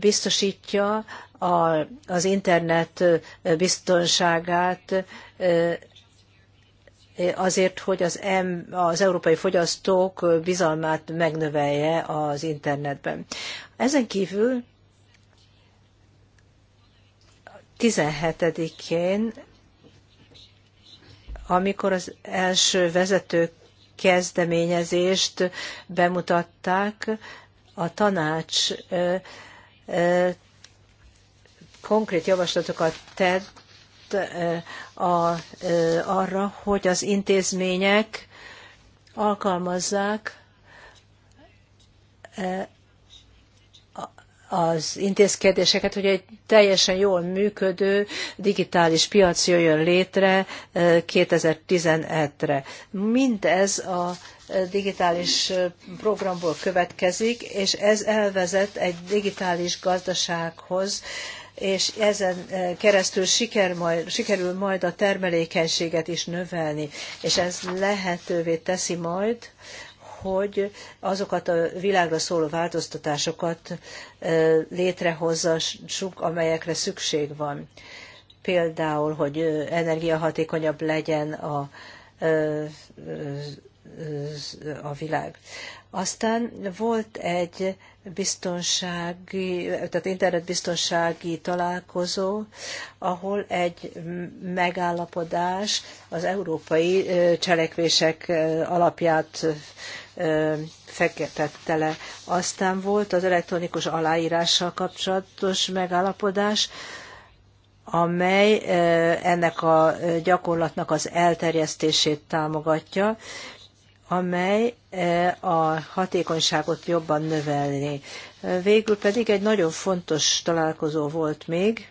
biztosítja az internet biztonságát azért, hogy az, M, az európai fogyasztók bizalmát megnövelje az internetben. Ezen kívül 17-én, amikor az első vezető kezdeményezést bemutatták, a tanács konkrét javaslatokat tett a, arra, hogy az intézmények alkalmazzák az intézkedéseket, hogy egy teljesen jól működő digitális piac jöjjön létre 2017-re. Mindez a digitális programból következik, és ez elvezet egy digitális gazdasághoz, és ezen eh, keresztül siker majd, sikerül majd a termelékenységet is növelni, és ez lehetővé teszi majd, hogy azokat a világra szóló változtatásokat eh, létrehozassuk, amelyekre szükség van. Például, hogy eh, energiahatékonyabb legyen a, a világ. Aztán volt egy biztonsági, tehát internetbiztonsági találkozó, ahol egy megállapodás az európai cselekvések alapját fektetette le. Aztán volt az elektronikus aláírással kapcsolatos megállapodás, amely ennek a gyakorlatnak az elterjesztését támogatja, amely e, a hatékonyságot jobban növelni. E, végül pedig egy nagyon fontos találkozó volt még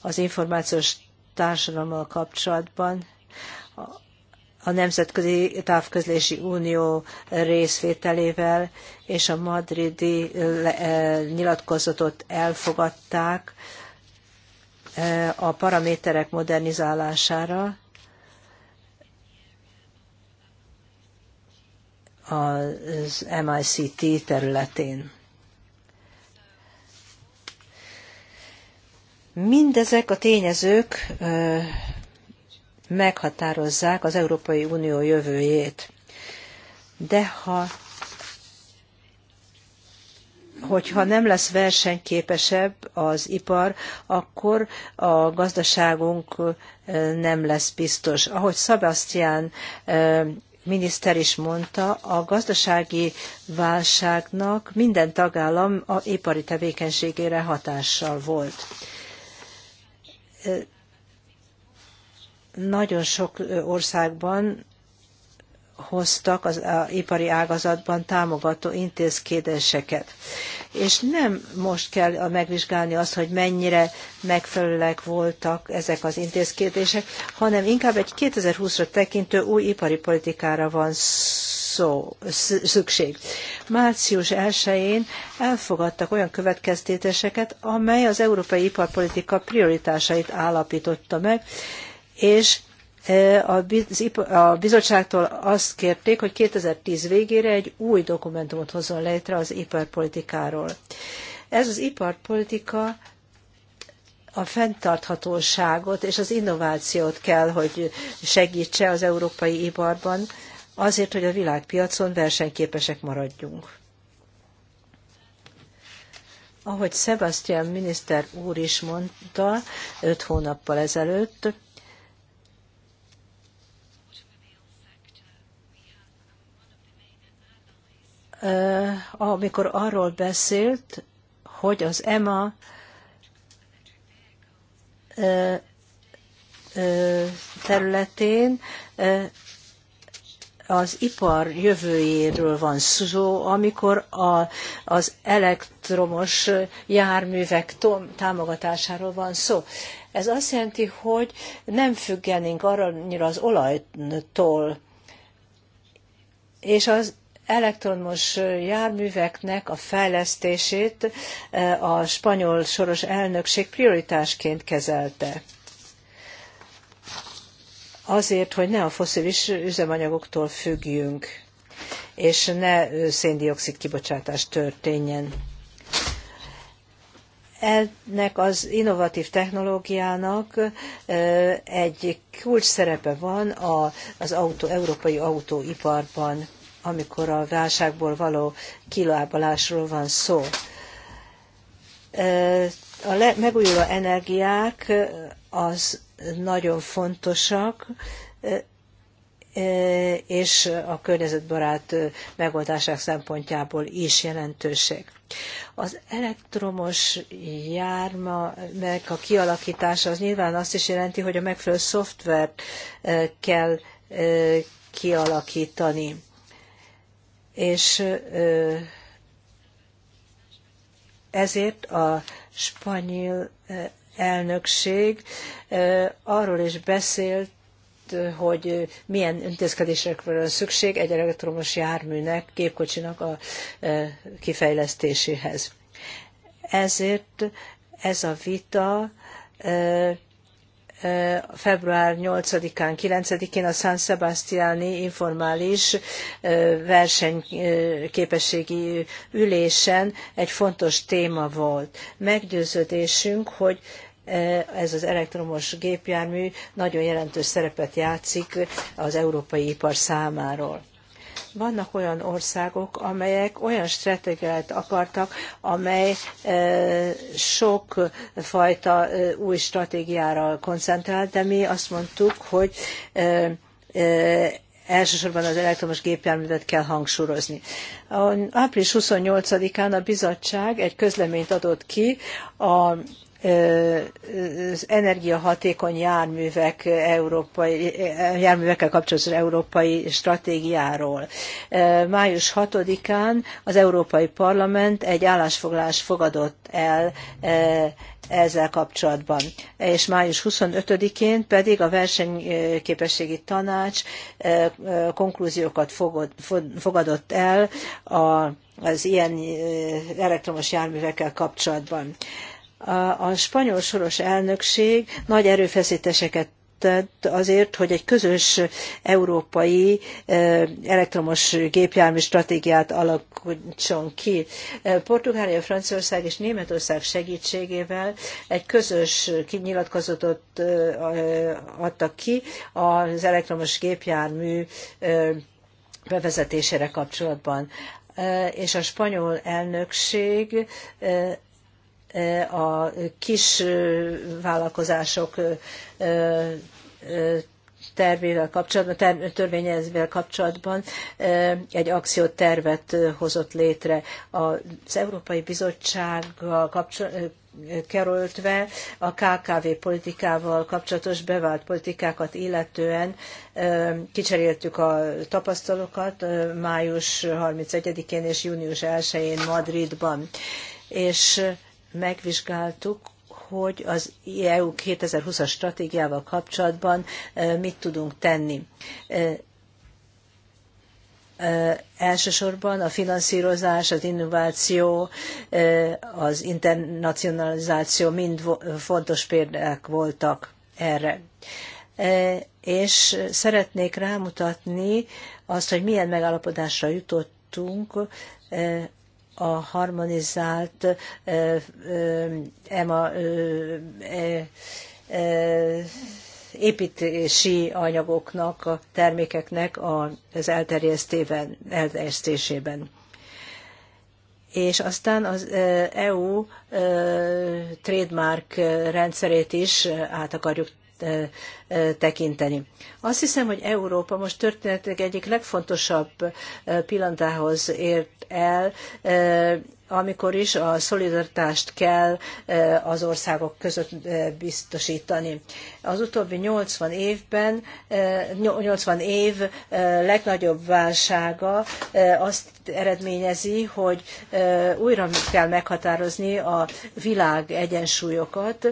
az információs társadalommal kapcsolatban, a Nemzetközi Távközlési Unió részvételével és a madridi e, nyilatkozatot elfogadták a paraméterek modernizálására, az MICT területén. Mindezek a tényezők meghatározzák az Európai Unió jövőjét. De ha hogyha nem lesz versenyképesebb az ipar, akkor a gazdaságunk nem lesz biztos. Ahogy Sebastian miniszter is mondta, a gazdasági válságnak minden tagállam a ipari tevékenységére hatással volt. Nagyon sok országban hoztak az ipari ágazatban támogató intézkedéseket. És nem most kell megvizsgálni azt, hogy mennyire megfelelőek voltak ezek az intézkedések, hanem inkább egy 2020-ra tekintő új ipari politikára van szó, szükség. Március 1-én elfogadtak olyan következtetéseket, amely az európai iparpolitika prioritásait állapította meg, és a bizottságtól azt kérték, hogy 2010 végére egy új dokumentumot hozzon létre az iparpolitikáról. Ez az iparpolitika a fenntarthatóságot és az innovációt kell, hogy segítse az európai iparban, azért, hogy a világpiacon versenyképesek maradjunk. Ahogy Sebastian miniszter úr is mondta öt hónappal ezelőtt, amikor arról beszélt, hogy az EMA területén az ipar jövőjéről van szó, amikor a, az elektromos járművek támogatásáról van szó. Ez azt jelenti, hogy nem függenénk arra annyira az olajtól, és az elektromos járműveknek a fejlesztését eh, a spanyol soros elnökség prioritásként kezelte. Azért, hogy ne a foszilis üzemanyagoktól függjünk, és ne széndiokszid kibocsátás történjen. Ennek az innovatív technológiának eh, egy kulcs szerepe van az autó, európai autóiparban amikor a válságból való kilábalásról van szó. A megújuló energiák az nagyon fontosak, és a környezetbarát megoldások szempontjából is jelentősek. Az elektromos jármák a kialakítása az nyilván azt is jelenti, hogy a megfelelő szoftvert kell kialakítani és ezért a spanyol elnökség arról is beszélt, hogy milyen intézkedésekre van szükség egy elektromos járműnek, képkocsinak a kifejlesztéséhez. Ezért ez a vita február 8-án, 9-én a San Sebastiani informális versenyképességi ülésen egy fontos téma volt. Meggyőződésünk, hogy ez az elektromos gépjármű nagyon jelentős szerepet játszik az európai ipar számáról. Vannak olyan országok, amelyek olyan stratégiát akartak, amely sok fajta új stratégiára koncentrál, de mi azt mondtuk, hogy elsősorban az elektromos gépjárművet kell hangsúlyozni. Április 28-án a bizottság egy közleményt adott ki a energiahatékony járművek európai, járművekkel kapcsolatos európai stratégiáról. Május 6-án az Európai Parlament egy állásfoglalás fogadott el ezzel kapcsolatban. És május 25-én pedig a versenyképességi tanács konklúziókat fogadott el az ilyen elektromos járművekkel kapcsolatban a spanyol soros elnökség nagy erőfeszítéseket tett azért, hogy egy közös európai eh, elektromos gépjármű stratégiát alakítson ki. Eh, Portugália, Franciaország és Németország segítségével egy közös nyilatkozatot eh, adtak ki az elektromos gépjármű bevezetésére kapcsolatban és a spanyol elnökség a kis vállalkozások tervével kapcsolatban, törvényezvel kapcsolatban egy akciótervet hozott létre az Európai Bizottsággal kapcsolatban kerültve a KKV politikával kapcsolatos bevált politikákat illetően kicseréltük a tapasztalokat május 31-én és június 1-én Madridban. És megvizsgáltuk, hogy az EU 2020-as stratégiával kapcsolatban mit tudunk tenni. Elsősorban a finanszírozás, az innováció, az internacionalizáció mind fontos példák voltak erre. És szeretnék rámutatni azt, hogy milyen megállapodásra jutottunk a harmonizált EMA építési anyagoknak, a termékeknek az elterjesztében, elterjesztésében. És aztán az EU trademark rendszerét is át akarjuk tekinteni. Azt hiszem, hogy Európa most történetek egyik legfontosabb pillanatához ért el, amikor is a szolidaritást kell az országok között biztosítani. Az utóbbi 80 évben, 80 év legnagyobb válsága azt eredményezi, hogy újra kell meghatározni a világ egyensúlyokat,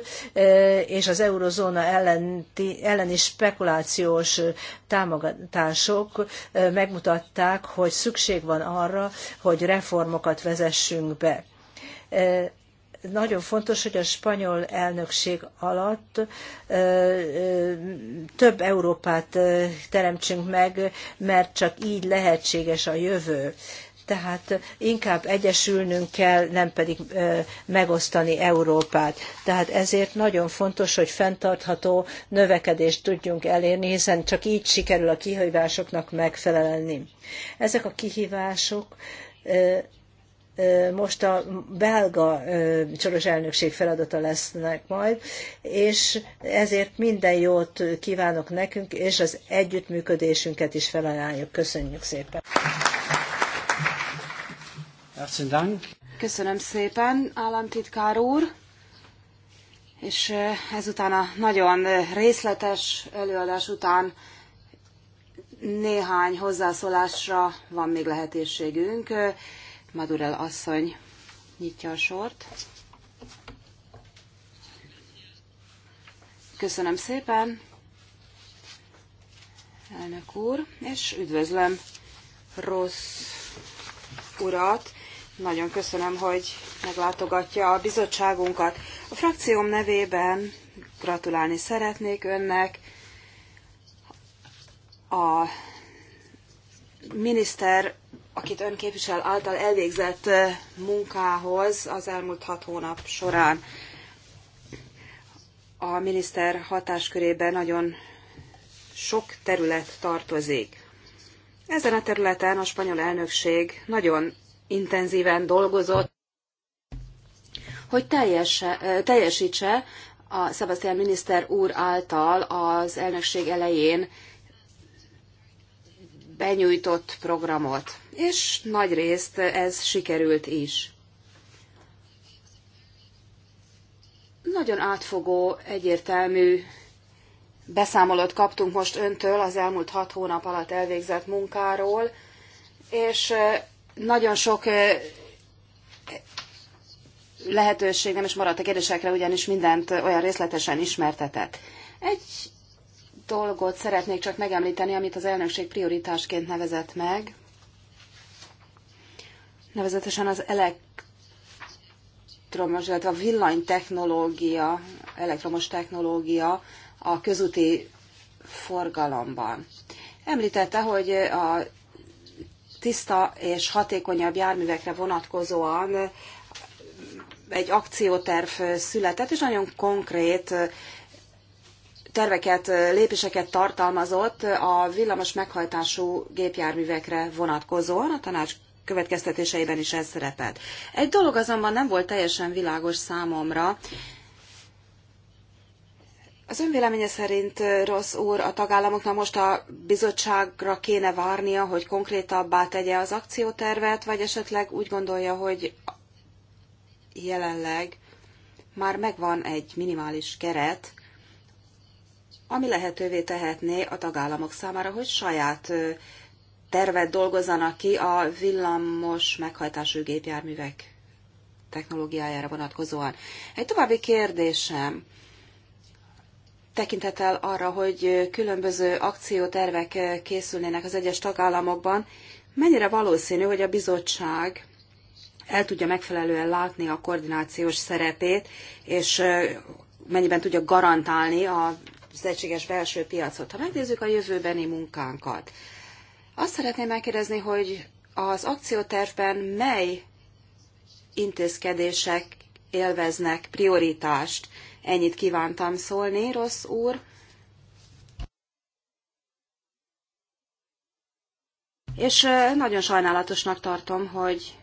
és az eurozóna ellenti, elleni spekulációs támogatások megmutatták, hogy szükség van arra, hogy reformokat vezessünk be nagyon fontos, hogy a spanyol elnökség alatt több Európát teremtsünk meg, mert csak így lehetséges a jövő tehát inkább egyesülnünk kell, nem pedig megosztani Európát. Tehát ezért nagyon fontos, hogy fenntartható növekedést tudjunk elérni, hiszen csak így sikerül a kihívásoknak megfelelni. Ezek a kihívások most a belga soros elnökség feladata lesznek majd, és ezért minden jót kívánok nekünk, és az együttműködésünket is felajánljuk. Köszönjük szépen! Köszönöm szépen, államtitkár úr, és ezután a nagyon részletes előadás után néhány hozzászólásra van még lehetőségünk. Madurel asszony nyitja a sort. Köszönöm szépen, elnök úr, és üdvözlöm Rossz urat. Nagyon köszönöm, hogy meglátogatja a bizottságunkat. A frakcióm nevében gratulálni szeretnék önnek. A miniszter, akit ön képvisel által elvégzett munkához az elmúlt hat hónap során. A miniszter hatáskörében nagyon sok terület tartozik. Ezen a területen a spanyol elnökség nagyon intenzíven dolgozott, hogy teljes, teljesítse a Sebastian miniszter úr által az elnökség elején benyújtott programot, és nagy részt ez sikerült is. Nagyon átfogó, egyértelmű beszámolót kaptunk most öntől az elmúlt hat hónap alatt elvégzett munkáról, és nagyon sok lehetőség nem is maradt a kérdésekre, ugyanis mindent olyan részletesen ismertetett. Egy dolgot szeretnék csak megemlíteni, amit az elnökség prioritásként nevezett meg, nevezetesen az elektromos, illetve a villanytechnológia, elektromos technológia a közúti forgalomban. Említette, hogy a tiszta és hatékonyabb járművekre vonatkozóan egy akcióterv született, és nagyon konkrét terveket, lépéseket tartalmazott a villamos meghajtású gépjárművekre vonatkozóan. A tanács következtetéseiben is ez szerepelt. Egy dolog azonban nem volt teljesen világos számomra, az ön véleménye szerint, Rossz úr, a tagállamoknak most a bizottságra kéne várnia, hogy konkrétabbá tegye az akciótervet, vagy esetleg úgy gondolja, hogy jelenleg már megvan egy minimális keret, ami lehetővé tehetné a tagállamok számára, hogy saját tervet dolgozzanak ki a villamos meghajtású gépjárművek technológiájára vonatkozóan. Egy további kérdésem tekintettel arra, hogy különböző akciótervek készülnének az egyes tagállamokban, mennyire valószínű, hogy a bizottság el tudja megfelelően látni a koordinációs szerepét, és mennyiben tudja garantálni az egységes belső piacot. Ha megnézzük a jövőbeni munkánkat, azt szeretném megkérdezni, hogy az akciótervben mely intézkedések élveznek prioritást, Ennyit kívántam szólni, rossz úr. És nagyon sajnálatosnak tartom, hogy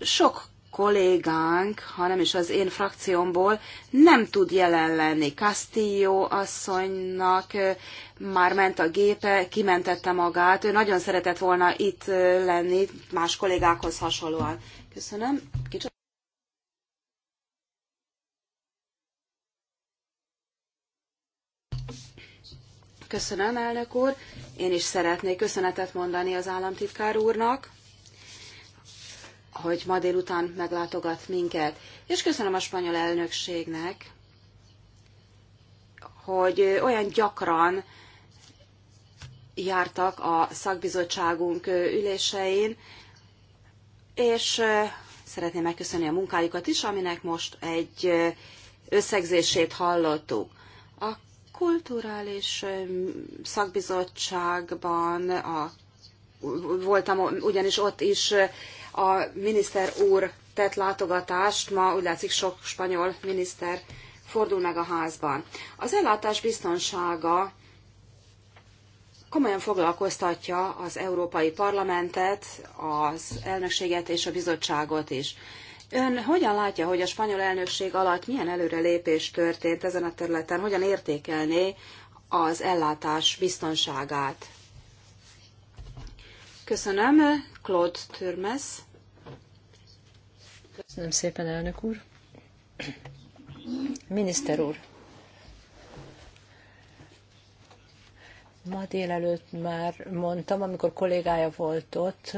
sok kollégánk, hanem is az én frakciómból nem tud jelen lenni. Castillo asszonynak már ment a gépe, kimentette magát. Ő nagyon szeretett volna itt lenni, más kollégákhoz hasonlóan. Köszönöm. Kicsit. Köszönöm, elnök úr. Én is szeretnék köszönetet mondani az államtitkár úrnak, hogy ma délután meglátogat minket. És köszönöm a spanyol elnökségnek, hogy olyan gyakran jártak a szakbizottságunk ülésein, és szeretném megköszönni a munkájukat is, aminek most egy összegzését hallottuk kulturális szakbizottságban a, voltam, ugyanis ott is a miniszter úr tett látogatást, ma úgy látszik sok spanyol miniszter fordul meg a házban. Az ellátás biztonsága komolyan foglalkoztatja az Európai Parlamentet, az elnökséget és a bizottságot is. Ön hogyan látja, hogy a spanyol elnökség alatt milyen előrelépés történt ezen a területen, hogyan értékelné az ellátás biztonságát? Köszönöm, Claude Törmes. Köszönöm szépen, elnök úr. Miniszter úr, ma délelőtt már mondtam, amikor kollégája volt ott,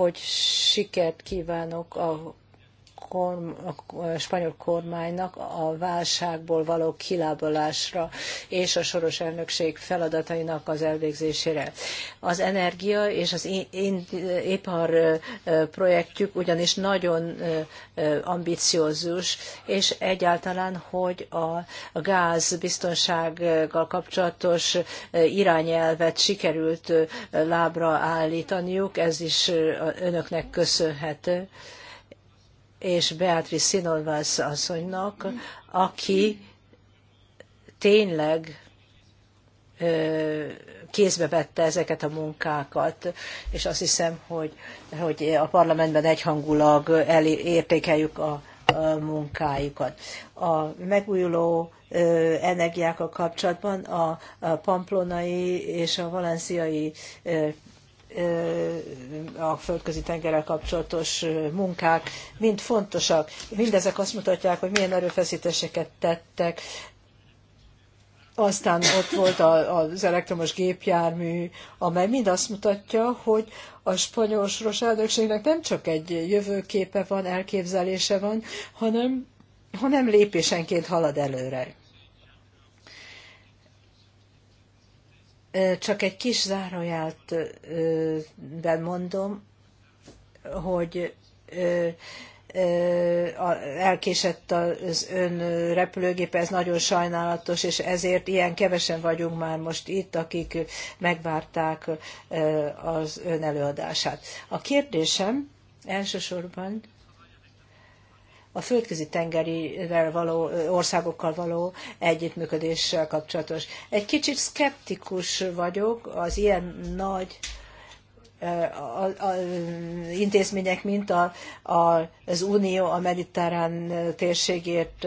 hogy sikert kívánok a korm, a spanyol kormánynak a válságból való kilábalásra és a soros elnökség feladatainak az elvégzésére. Az energia és az ipar projektjük ugyanis nagyon ambiciózus, és egyáltalán, hogy a gáz biztonsággal kapcsolatos irányelvet sikerült lábra állítaniuk, ez is önöknek köszönhető és Beatrice Sinolvász asszonynak, aki tényleg kézbe vette ezeket a munkákat, és azt hiszem, hogy, hogy a parlamentben egyhangulag értékeljük a, a munkájukat. A megújuló energiákkal kapcsolatban a, a pamplonai és a valenciai a földközi tengerrel kapcsolatos munkák, mind fontosak. Mindezek azt mutatják, hogy milyen erőfeszítéseket tettek. Aztán ott volt az elektromos gépjármű, amely mind azt mutatja, hogy a spanyol soros elnökségnek nem csak egy jövőképe van, elképzelése van, hanem, hanem lépésenként halad előre. Csak egy kis zárójelt mondom, hogy elkésett az ön repülőgépe, ez nagyon sajnálatos, és ezért ilyen kevesen vagyunk már most itt, akik megvárták az ön előadását. A kérdésem elsősorban a földközi tengerivel való országokkal való együttműködéssel kapcsolatos. Egy kicsit szkeptikus vagyok az ilyen nagy a, a, intézmények, mint a, a, az Unió a mediterrán térségért,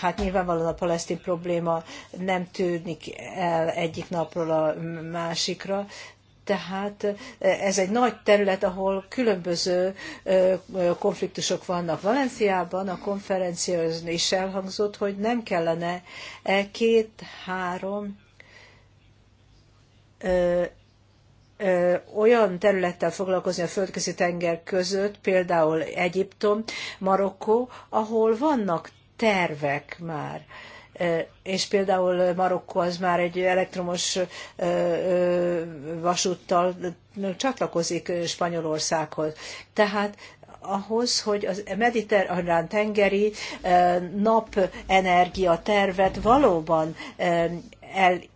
hát nyilvánvalóan a palesztin probléma nem tűnik el egyik napról a másikra, tehát eh, ez egy nagy terület, ahol különböző eh, konfliktusok vannak. Valenciában a konferencián is elhangzott, hogy nem kellene e két-három eh, olyan területtel foglalkozni a földközi tenger között, például Egyiptom, Marokkó, ahol vannak tervek már és például Marokkó az már egy elektromos vasúttal csatlakozik Spanyolországhoz. Tehát ahhoz, hogy a mediterrán tengeri napenergia tervet valóban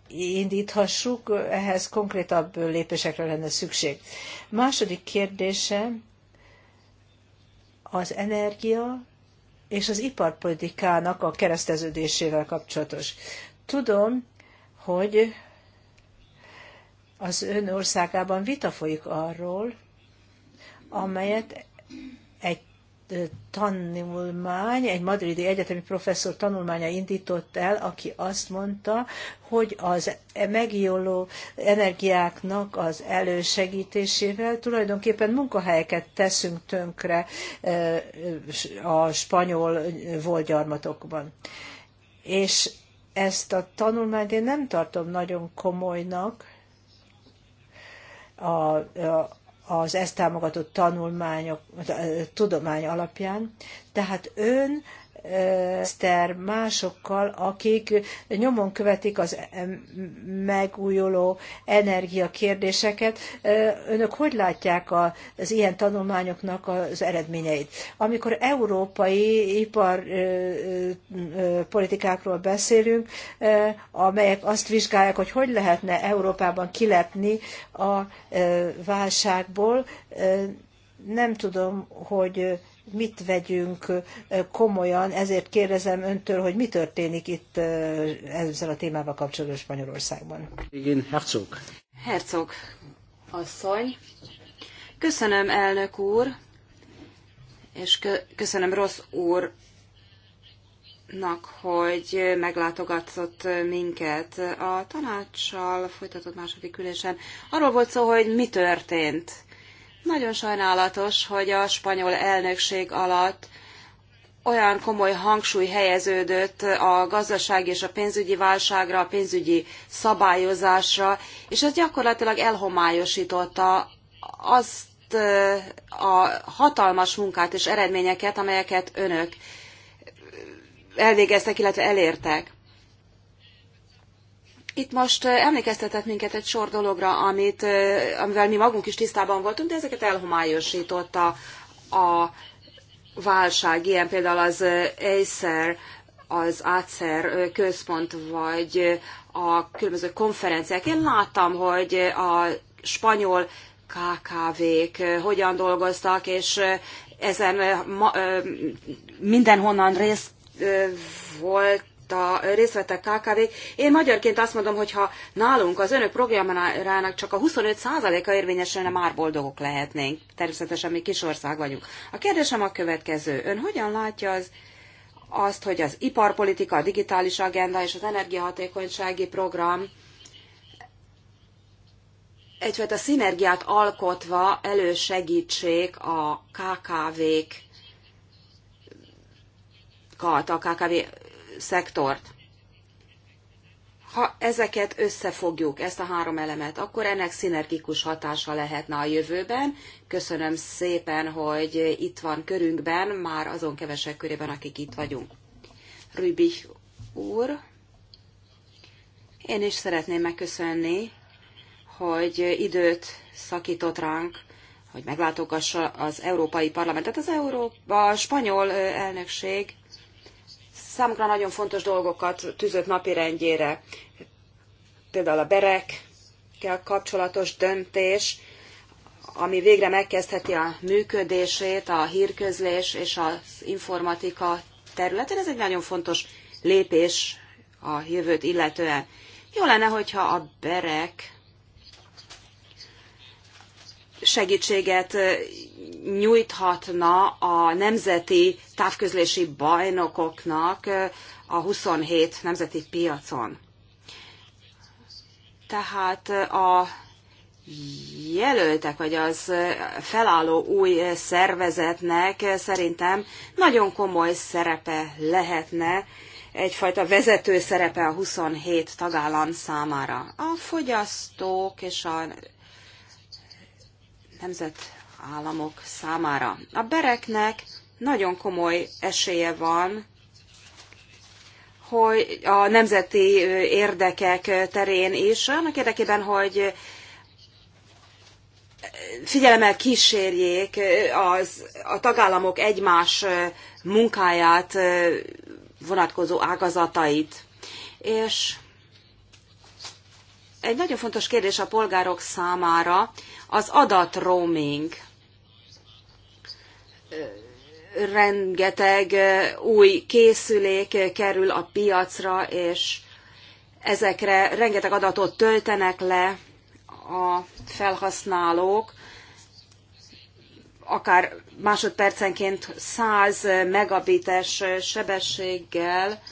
elindíthassuk, ehhez konkrétabb lépésekre lenne szükség. Második kérdése az energia és az iparpolitikának a kereszteződésével kapcsolatos. Tudom, hogy az ön országában vita folyik arról, amelyet tanulmány, egy madridi egyetemi professzor tanulmánya indított el, aki azt mondta, hogy az megjólló energiáknak az elősegítésével tulajdonképpen munkahelyeket teszünk tönkre a spanyol volgyarmatokban. És ezt a tanulmányt én nem tartom nagyon komolynak, a, a, az ezt támogatott tanulmányok, tudomány alapján. Tehát ön Eszter másokkal, akik nyomon követik az megújuló energia kérdéseket. Önök hogy látják az ilyen tanulmányoknak az eredményeit? Amikor európai iparpolitikákról beszélünk, amelyek azt vizsgálják, hogy hogy lehetne Európában kilepni a válságból, nem tudom, hogy mit vegyünk komolyan, ezért kérdezem öntől, hogy mi történik itt ezzel a témával kapcsolatban Spanyolországban. Igen, Herzog. Herzog asszony. Köszönöm, elnök úr, és köszönöm Rossz úr Nak, hogy meglátogatott minket a tanácssal folytatott második ülésen. Arról volt szó, hogy mi történt nagyon sajnálatos, hogy a spanyol elnökség alatt olyan komoly hangsúly helyeződött a gazdasági és a pénzügyi válságra, a pénzügyi szabályozásra, és ez gyakorlatilag elhomályosította azt a hatalmas munkát és eredményeket, amelyeket önök elvégeztek, illetve elértek. Itt most emlékeztetett minket egy sor dologra, amit, amivel mi magunk is tisztában voltunk, de ezeket elhomályosította a válság, ilyen például az Acer, az ACER központ, vagy a különböző konferenciák. Én láttam, hogy a spanyol KKV-k hogyan dolgoztak, és ezen mindenhonnan részt volt a, részt vettek KKV-k. Én magyarként azt mondom, hogy ha nálunk az önök programjának csak a 25%-a érvényesülne, már boldogok lehetnénk. Természetesen mi kis ország vagyunk. A kérdésem a következő. Ön hogyan látja az azt, hogy az iparpolitika, a digitális agenda és az energiahatékonysági program egyfajta szinergiát alkotva elősegítsék a kkv k a KKV szektort. Ha ezeket összefogjuk, ezt a három elemet, akkor ennek szinergikus hatása lehetne a jövőben. Köszönöm szépen, hogy itt van körünkben, már azon kevesek körében, akik itt vagyunk. Rübich úr, én is szeretném megköszönni, hogy időt szakított ránk, hogy meglátogassa az Európai Parlamentet. Az Európa a spanyol elnökség számukra nagyon fontos dolgokat tűzött napirendjére. Például a berekkel kapcsolatos döntés, ami végre megkezdheti a működését, a hírközlés és az informatika területen. Ez egy nagyon fontos lépés a jövőt illetően. Jó lenne, hogyha a berek segítséget nyújthatna a nemzeti távközlési bajnokoknak a 27 nemzeti piacon. Tehát a jelöltek, vagy az felálló új szervezetnek szerintem nagyon komoly szerepe lehetne, egyfajta vezető szerepe a 27 tagállam számára. A fogyasztók és a nemzetállamok számára. A bereknek nagyon komoly esélye van, hogy a nemzeti érdekek terén is, annak érdekében, hogy figyelemmel kísérjék az, a tagállamok egymás munkáját vonatkozó ágazatait. És egy nagyon fontos kérdés a polgárok számára, az adat roaming rengeteg új készülék kerül a piacra, és ezekre rengeteg adatot töltenek le a felhasználók, akár másodpercenként 100 megabites sebességgel,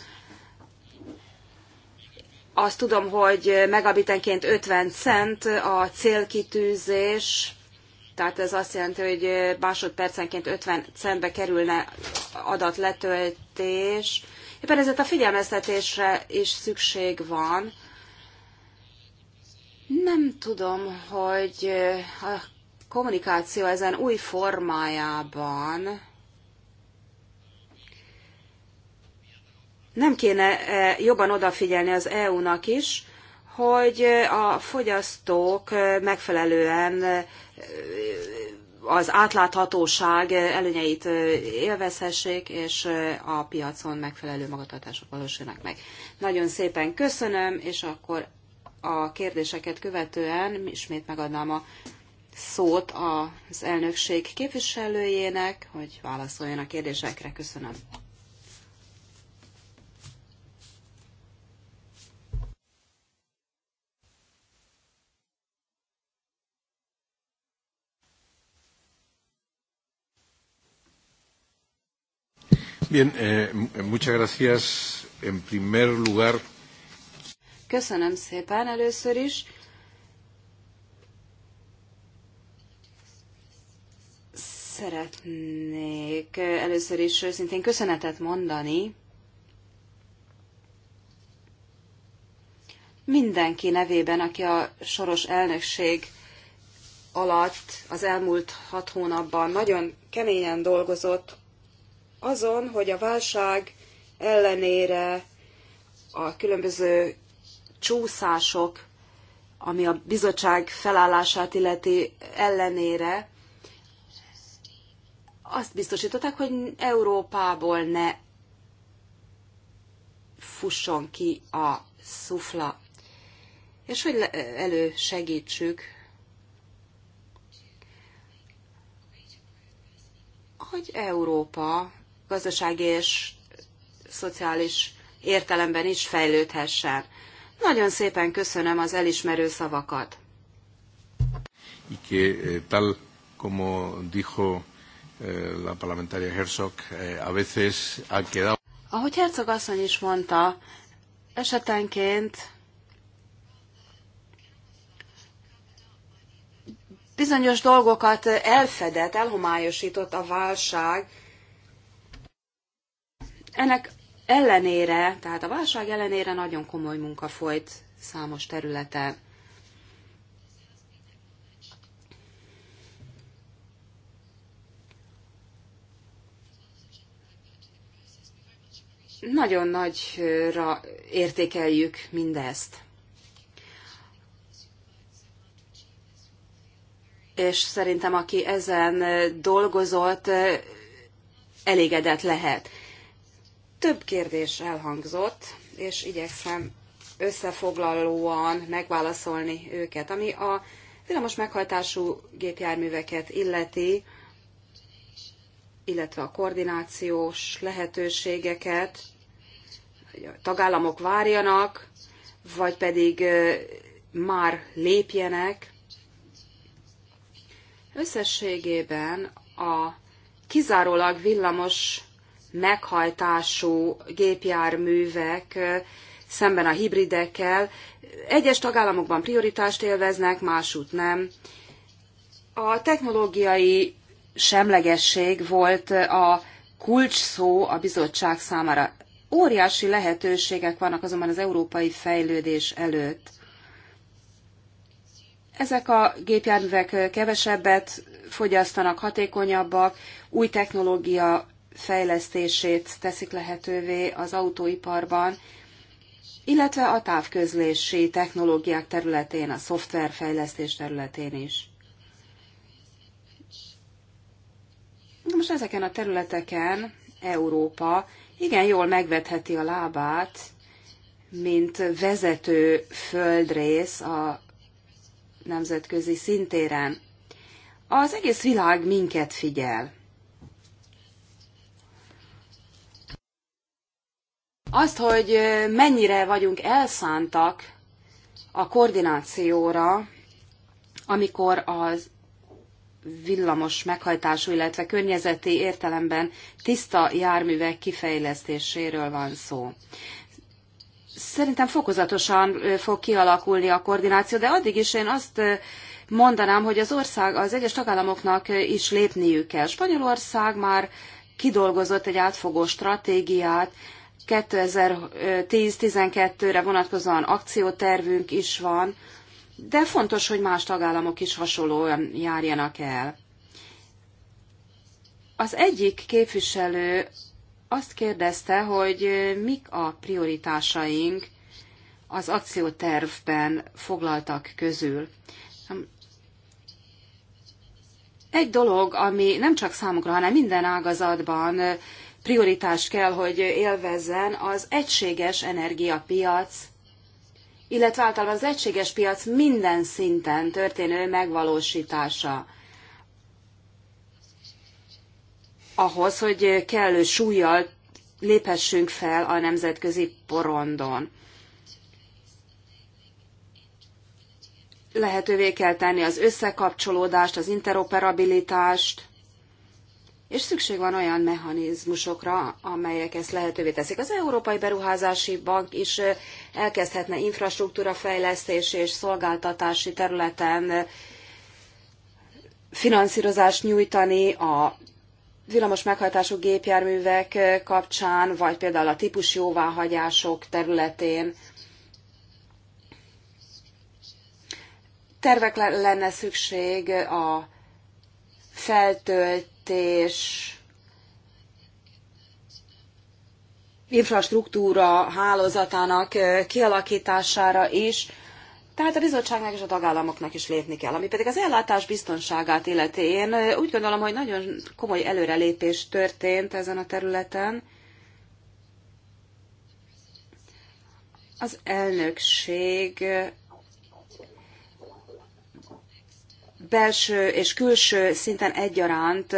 azt tudom, hogy megabitenként 50 cent a célkitűzés, tehát ez azt jelenti, hogy másodpercenként 50 centbe kerülne adat Éppen ezért a figyelmeztetésre is szükség van. Nem tudom, hogy a kommunikáció ezen új formájában nem kéne e, jobban odafigyelni az EU-nak is, hogy e, a fogyasztók e, megfelelően az átláthatóság előnyeit élvezhessék, és a piacon megfelelő magatartások valósulnak meg. Nagyon szépen köszönöm, és akkor a kérdéseket követően ismét megadnám a szót az elnökség képviselőjének, hogy válaszoljon a kérdésekre. Köszönöm. Bien, eh, muchas gracias. En primer lugar. Köszönöm szépen először is. Szeretnék eh, először is szintén köszönetet mondani mindenki nevében, aki a soros elnökség alatt az elmúlt hat hónapban nagyon keményen dolgozott azon, hogy a válság ellenére a különböző csúszások, ami a bizottság felállását illeti ellenére, azt biztosították, hogy Európából ne fusson ki a szufla, és hogy elősegítsük, hogy Európa gazdasági és szociális értelemben is fejlődhessen. Nagyon szépen köszönöm az elismerő szavakat. Y eh, tal como dijo eh, la parlamentaria Herzog, eh, a veces ha quedado... Ahogy Herzog asszony is mondta, esetenként bizonyos dolgokat elfedett, elhomályosított a válság, ennek ellenére, tehát a válság ellenére nagyon komoly munka folyt számos területen. Nagyon nagyra értékeljük mindezt. És szerintem, aki ezen dolgozott, elégedett lehet. Több kérdés elhangzott, és igyekszem összefoglalóan megválaszolni őket. Ami a villamos meghajtású gépjárműveket illeti, illetve a koordinációs lehetőségeket, hogy a tagállamok várjanak, vagy pedig már lépjenek. Összességében a kizárólag villamos meghajtású gépjárművek szemben a hibridekkel. Egyes tagállamokban prioritást élveznek, másút nem. A technológiai semlegesség volt a kulcs szó a bizottság számára. Óriási lehetőségek vannak azonban az európai fejlődés előtt. Ezek a gépjárművek kevesebbet fogyasztanak, hatékonyabbak, új technológia fejlesztését teszik lehetővé az autóiparban, illetve a távközlési technológiák területén, a szoftverfejlesztés területén is. Most ezeken a területeken Európa igen jól megvetheti a lábát, mint vezető földrész a nemzetközi szintéren. Az egész világ minket figyel. Azt, hogy mennyire vagyunk elszántak a koordinációra, amikor az villamos meghajtású, illetve környezeti értelemben tiszta járművek kifejlesztéséről van szó. Szerintem fokozatosan fog kialakulni a koordináció, de addig is én azt mondanám, hogy az ország, az egyes tagállamoknak is lépniük kell. Spanyolország már kidolgozott egy átfogó stratégiát, 2010-12-re vonatkozóan akciótervünk is van, de fontos, hogy más tagállamok is hasonlóan járjanak el. Az egyik képviselő azt kérdezte, hogy mik a prioritásaink az akciótervben foglaltak közül. Egy dolog, ami nem csak számukra, hanem minden ágazatban prioritást kell, hogy élvezzen az egységes energiapiac, illetve általában az egységes piac minden szinten történő megvalósítása. Ahhoz, hogy kellő súlyjal léphessünk fel a nemzetközi porondon. Lehetővé kell tenni az összekapcsolódást, az interoperabilitást, és szükség van olyan mechanizmusokra, amelyek ezt lehetővé teszik. Az Európai Beruházási Bank is elkezdhetne infrastruktúrafejlesztés és szolgáltatási területen finanszírozást nyújtani a villamos meghajtású gépjárművek kapcsán, vagy például a típus jóváhagyások területén. Tervek lenne szükség a feltölt fejlesztés, infrastruktúra hálózatának kialakítására is, tehát a bizottságnak és a tagállamoknak is lépni kell. Ami pedig az ellátás biztonságát illeti, én úgy gondolom, hogy nagyon komoly előrelépés történt ezen a területen. Az elnökség belső és külső szinten egyaránt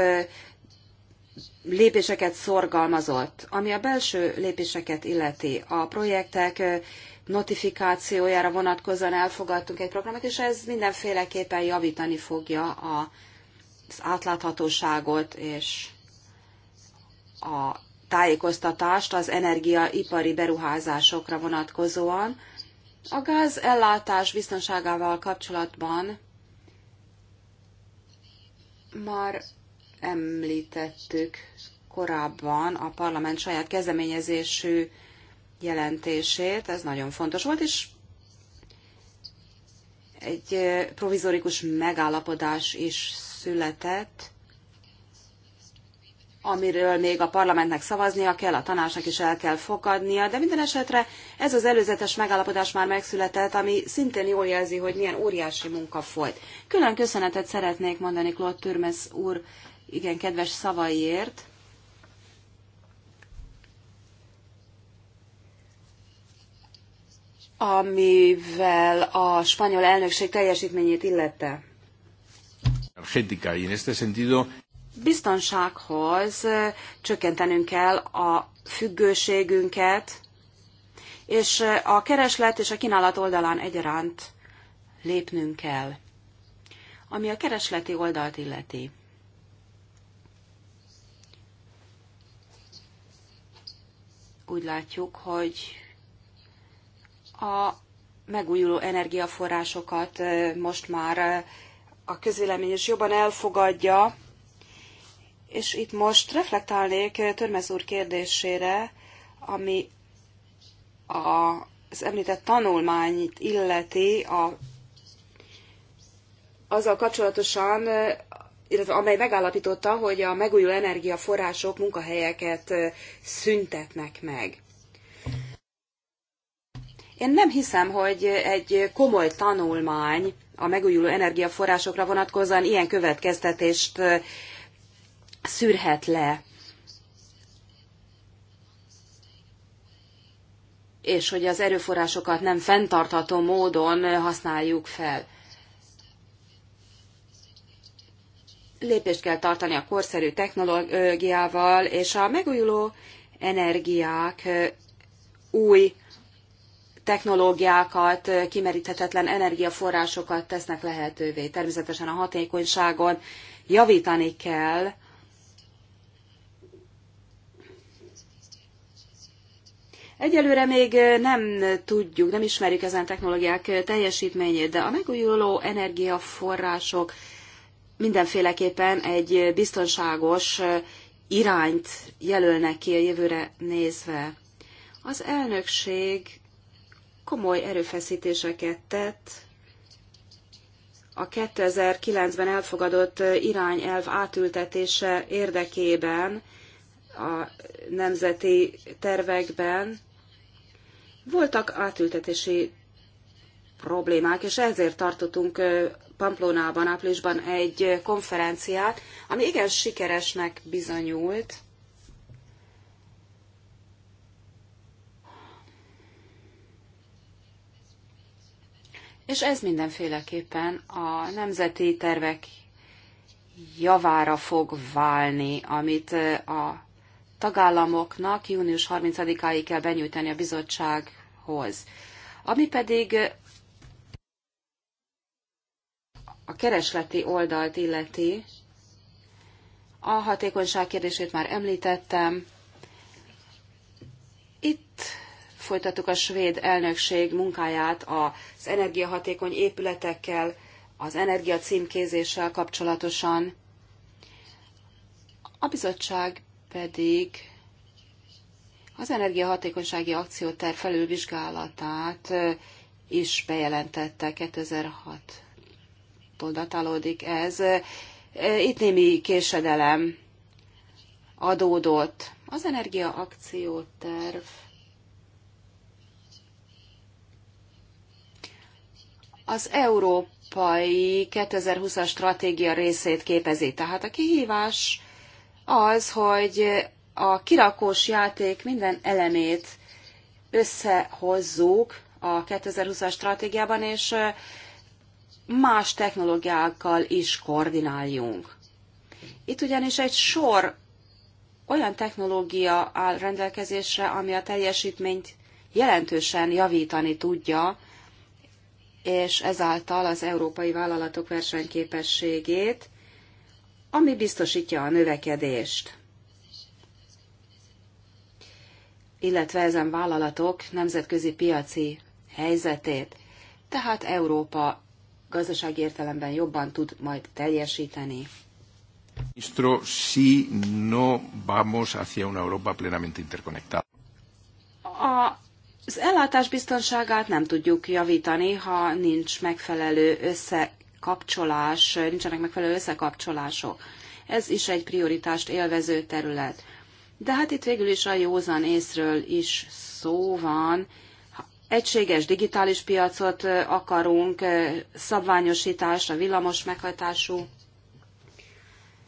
lépéseket szorgalmazott. Ami a belső lépéseket illeti, a projektek notifikációjára vonatkozóan elfogadtunk egy programot, és ez mindenféleképpen javítani fogja a, az átláthatóságot és a tájékoztatást az energiaipari beruházásokra vonatkozóan. A gázellátás biztonságával kapcsolatban már említettük korábban a parlament saját kezdeményezésű jelentését, ez nagyon fontos volt, és egy eh, provizorikus megállapodás is született amiről még a parlamentnek szavaznia kell, a tanácsnak is el kell fogadnia, de minden esetre ez az előzetes megállapodás már megszületett, ami szintén jól jelzi, hogy milyen óriási munka folyt. Külön köszönetet szeretnék mondani Claude Türmes úr igen kedves szavaiért. amivel a spanyol elnökség teljesítményét illette biztonsághoz csökkentenünk kell a függőségünket, és a kereslet és a kínálat oldalán egyaránt lépnünk kell. Ami a keresleti oldalt illeti. Úgy látjuk, hogy a megújuló energiaforrásokat most már a közvélemény is jobban elfogadja, és itt most reflektálnék Törmez úr kérdésére, ami a, az említett tanulmányt illeti a, azzal kapcsolatosan, illetve amely megállapította, hogy a megújuló energiaforrások munkahelyeket szüntetnek meg. Én nem hiszem, hogy egy komoly tanulmány a megújuló energiaforrásokra vonatkozóan ilyen következtetést szűrhet le, és hogy az erőforrásokat nem fenntartható módon használjuk fel. Lépést kell tartani a korszerű technológiával, és a megújuló energiák új technológiákat, kimeríthetetlen energiaforrásokat tesznek lehetővé. Természetesen a hatékonyságon javítani kell, Egyelőre még nem tudjuk, nem ismerjük ezen technológiák teljesítményét, de a megújuló energiaforrások mindenféleképpen egy biztonságos irányt jelölnek ki a jövőre nézve. Az elnökség komoly erőfeszítéseket tett a 2009-ben elfogadott irányelv átültetése érdekében a nemzeti tervekben, voltak átültetési problémák, és ezért tartottunk Pamplónában áprilisban egy konferenciát, ami igen sikeresnek bizonyult. És ez mindenféleképpen a nemzeti tervek javára fog válni, amit a tagállamoknak június 30-áig kell benyújtani a bizottsághoz. Ami pedig a keresleti oldalt illeti, a hatékonyság kérdését már említettem. Itt folytattuk a svéd elnökség munkáját az energiahatékony épületekkel, az energia kapcsolatosan. A bizottság pedig az energiahatékonysági akcióterv felülvizsgálatát is bejelentette 2006-tól datálódik ez. Itt némi késedelem adódott. Az energiaakcióterv az európai 2020-as stratégia részét képezi. Tehát a kihívás az, hogy a kirakós játék minden elemét összehozzuk a 2020-as stratégiában, és más technológiákkal is koordináljunk. Itt ugyanis egy sor olyan technológia áll rendelkezésre, ami a teljesítményt jelentősen javítani tudja, és ezáltal az európai vállalatok versenyképességét, ami biztosítja a növekedést. Illetve ezen vállalatok nemzetközi piaci helyzetét, tehát Európa gazdasági értelemben jobban tud majd teljesíteni. Ministro, si no vamos hacia una Europa plenamente interconectada. A az ellátás biztonságát nem tudjuk javítani, ha nincs megfelelő össze kapcsolás, nincsenek megfelelő összekapcsolások. Ez is egy prioritást élvező terület. De hát itt végül is a józan észről is szó van. Egységes digitális piacot akarunk, szabványosítást a villamos meghajtású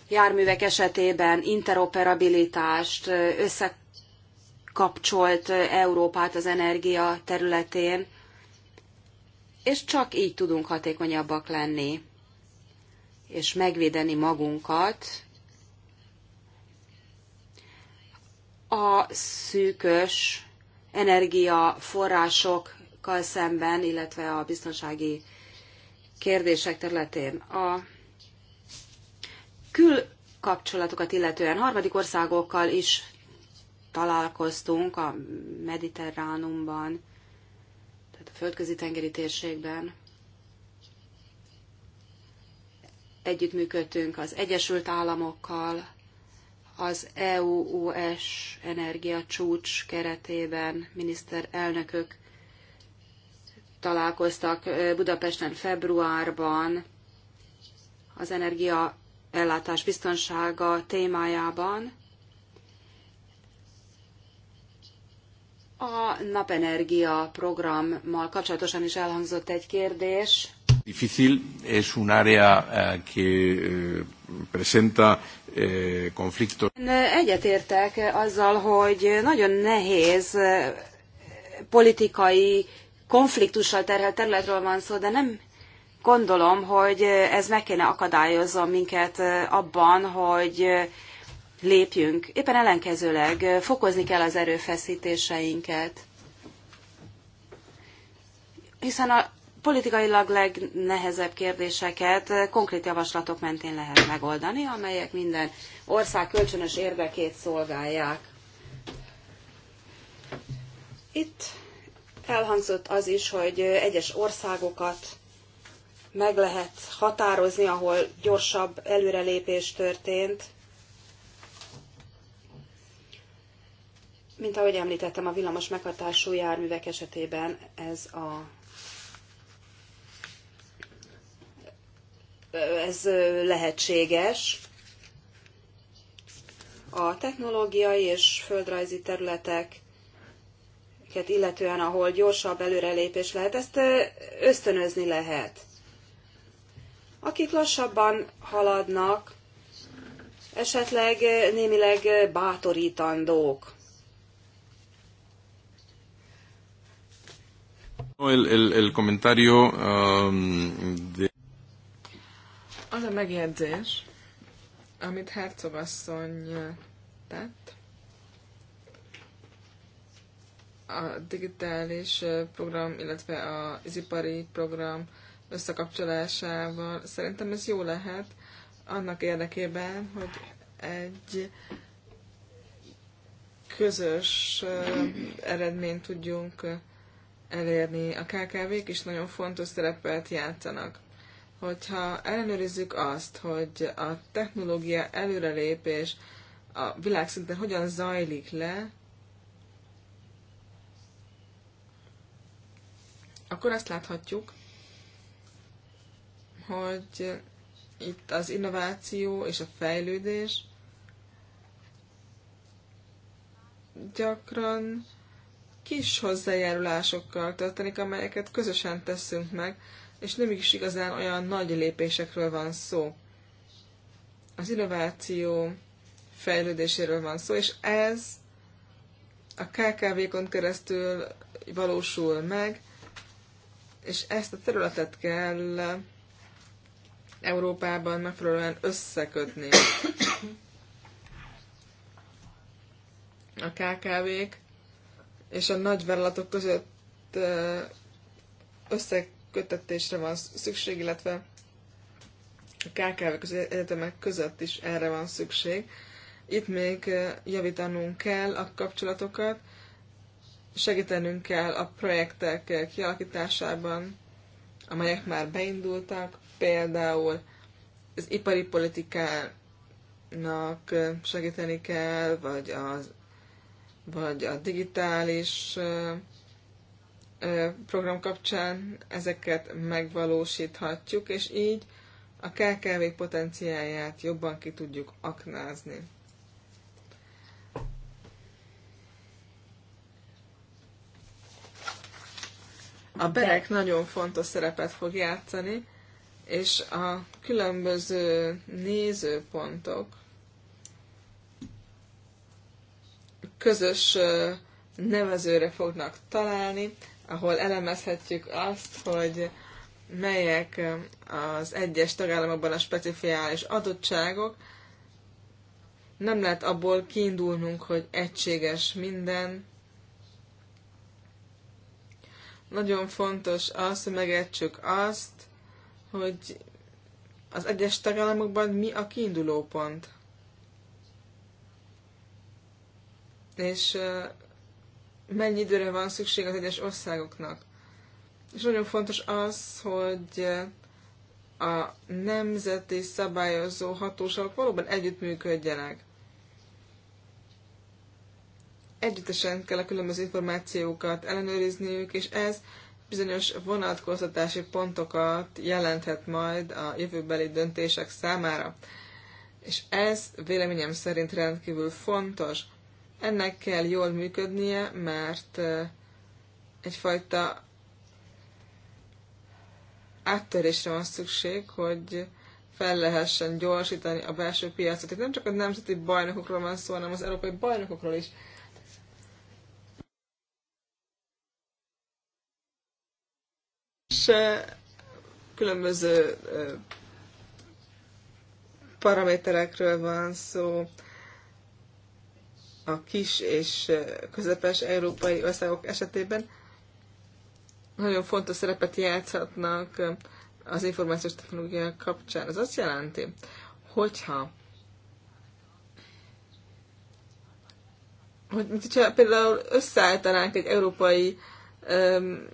járművek esetében, interoperabilitást, összekapcsolt Európát az energia területén és csak így tudunk hatékonyabbak lenni, és megvédeni magunkat a szűkös energiaforrásokkal szemben, illetve a biztonsági kérdések területén. A külkapcsolatokat illetően harmadik országokkal is találkoztunk a Mediterránumban, földközi tengeri térségben. Együttműködtünk az Egyesült Államokkal, az EU-US energia csúcs keretében miniszterelnökök találkoztak Budapesten februárban az energia ellátás biztonsága témájában, A napenergia programmal kapcsolatosan is elhangzott egy kérdés. Difícil, es un área eh, que eh, presenta eh, conflictos. Egyetértek azzal, hogy nagyon nehéz politikai konfliktussal terhelt területről van szó, de nem gondolom, hogy ez meg kéne akadályozza minket abban, hogy lépjünk. Éppen ellenkezőleg fokozni kell az erőfeszítéseinket, hiszen a politikailag legnehezebb kérdéseket konkrét javaslatok mentén lehet megoldani, amelyek minden ország kölcsönös érdekét szolgálják. Itt elhangzott az is, hogy egyes országokat meg lehet határozni, ahol gyorsabb előrelépés történt, Mint ahogy említettem, a villamos meghatású járművek esetében ez a ez lehetséges. A technológiai és földrajzi területek illetően, ahol gyorsabb előrelépés lehet, ezt ösztönözni lehet. Akik lassabban haladnak, esetleg némileg bátorítandók. El, el, el comentario, um, de... Az a megjegyzés, amit Herzog asszony uh, tett, a digitális uh, program, illetve az ipari program összekapcsolásával. Szerintem ez jó lehet annak érdekében, hogy egy közös uh, eredményt tudjunk elérni. A KKV-k is nagyon fontos szerepet játszanak. Hogyha ellenőrizzük azt, hogy a technológia előrelépés a világszinten hogyan zajlik le, akkor azt láthatjuk, hogy itt az innováció és a fejlődés gyakran kis hozzájárulásokkal történik, amelyeket közösen teszünk meg, és nem is igazán olyan nagy lépésekről van szó. Az innováció fejlődéséről van szó, és ez a KKV-kon keresztül valósul meg, és ezt a területet kell Európában megfelelően összekötni. A KKV-k és a nagyvállalatok között összekötetésre van szükség, illetve a KKV között, egyetemek között is erre van szükség. Itt még javítanunk kell a kapcsolatokat, segítenünk kell a projektek kialakításában, amelyek már beindultak, például az ipari politikának segíteni kell, vagy az vagy a digitális program kapcsán ezeket megvalósíthatjuk, és így a KKV potenciáját jobban ki tudjuk aknázni. A berek nagyon fontos szerepet fog játszani, és a különböző nézőpontok közös nevezőre fognak találni, ahol elemezhetjük azt, hogy melyek az egyes tagállamokban a specifiális adottságok. Nem lehet abból kiindulnunk, hogy egységes minden. Nagyon fontos az, hogy megértsük azt, hogy az egyes tagállamokban mi a kiinduló pont. és mennyi időre van szükség az egyes országoknak. És nagyon fontos az, hogy a nemzeti szabályozó hatóságok valóban együttműködjenek. Együttesen kell a különböző információkat ellenőrizniük, és ez bizonyos vonatkoztatási pontokat jelenthet majd a jövőbeli döntések számára. És ez véleményem szerint rendkívül fontos. Ennek kell jól működnie, mert egyfajta áttörésre van szükség, hogy fel lehessen gyorsítani a belső piacot. Itt nem csak a nemzeti bajnokokról van szó, hanem az európai bajnokokról is. És különböző paraméterekről van szó, a kis és közepes európai országok esetében nagyon fontos szerepet játszhatnak az információs technológia kapcsán. Ez azt jelenti, hogyha hogy mint hogyha például összeállítanánk egy európai öm,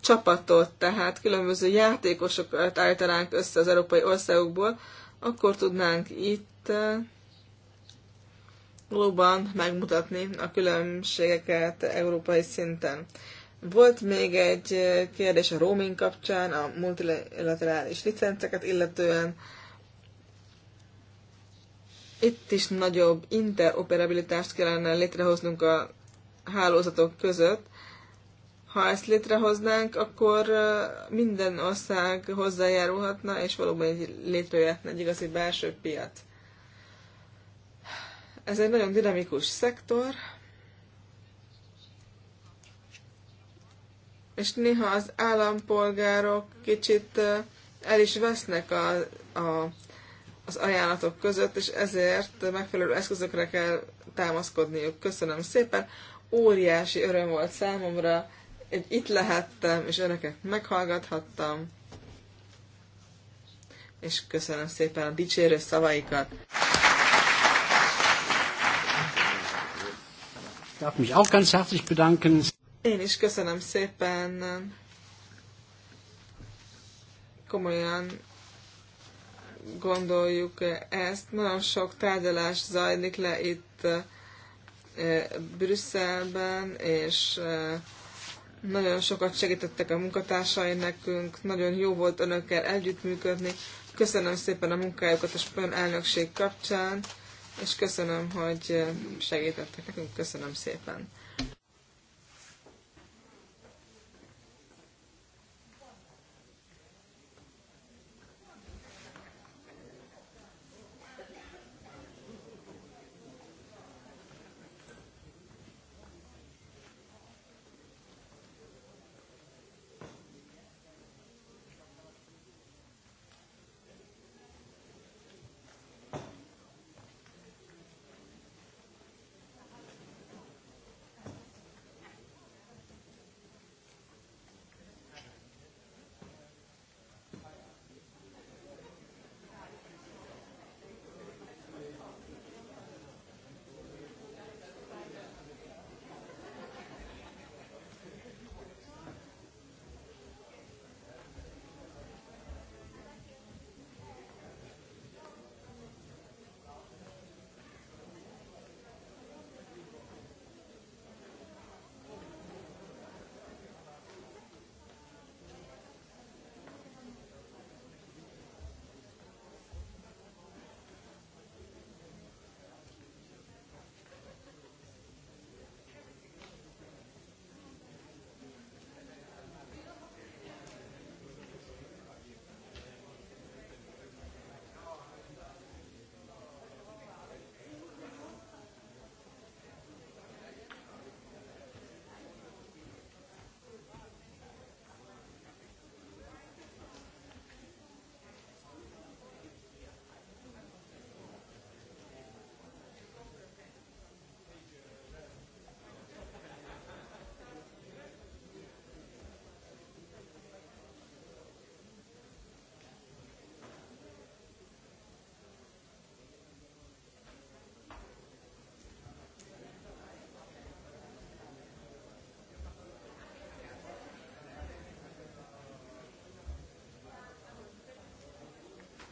csapatot, tehát különböző játékosokat állítanánk össze az európai országokból, akkor tudnánk itt valóban megmutatni a különbségeket európai szinten. Volt még egy kérdés a roaming kapcsán, a multilaterális licenceket illetően. Itt is nagyobb interoperabilitást kellene létrehoznunk a hálózatok között. Ha ezt létrehoznánk, akkor minden ország hozzájárulhatna, és valóban létrejöhetne egy igazi belső piac. Ez egy nagyon dinamikus szektor, és néha az állampolgárok kicsit el is vesznek a, a, az ajánlatok között, és ezért megfelelő eszközökre kell támaszkodniuk. Köszönöm szépen, óriási öröm volt számomra, egy itt lehettem, és önöket meghallgathattam, és köszönöm szépen a dicsérő szavaikat. darf mich auch ganz herzlich bedanken. Én is köszönöm szépen. Komolyan gondoljuk ezt. Nagyon sok tárgyalás zajlik le itt eh, Brüsszelben, és eh, nagyon sokat segítettek a munkatársai nekünk, nagyon jó volt önökkel együttműködni. Köszönöm szépen a munkájukat a Spön elnökség kapcsán és köszönöm, hogy segítettek nekünk. Köszönöm szépen.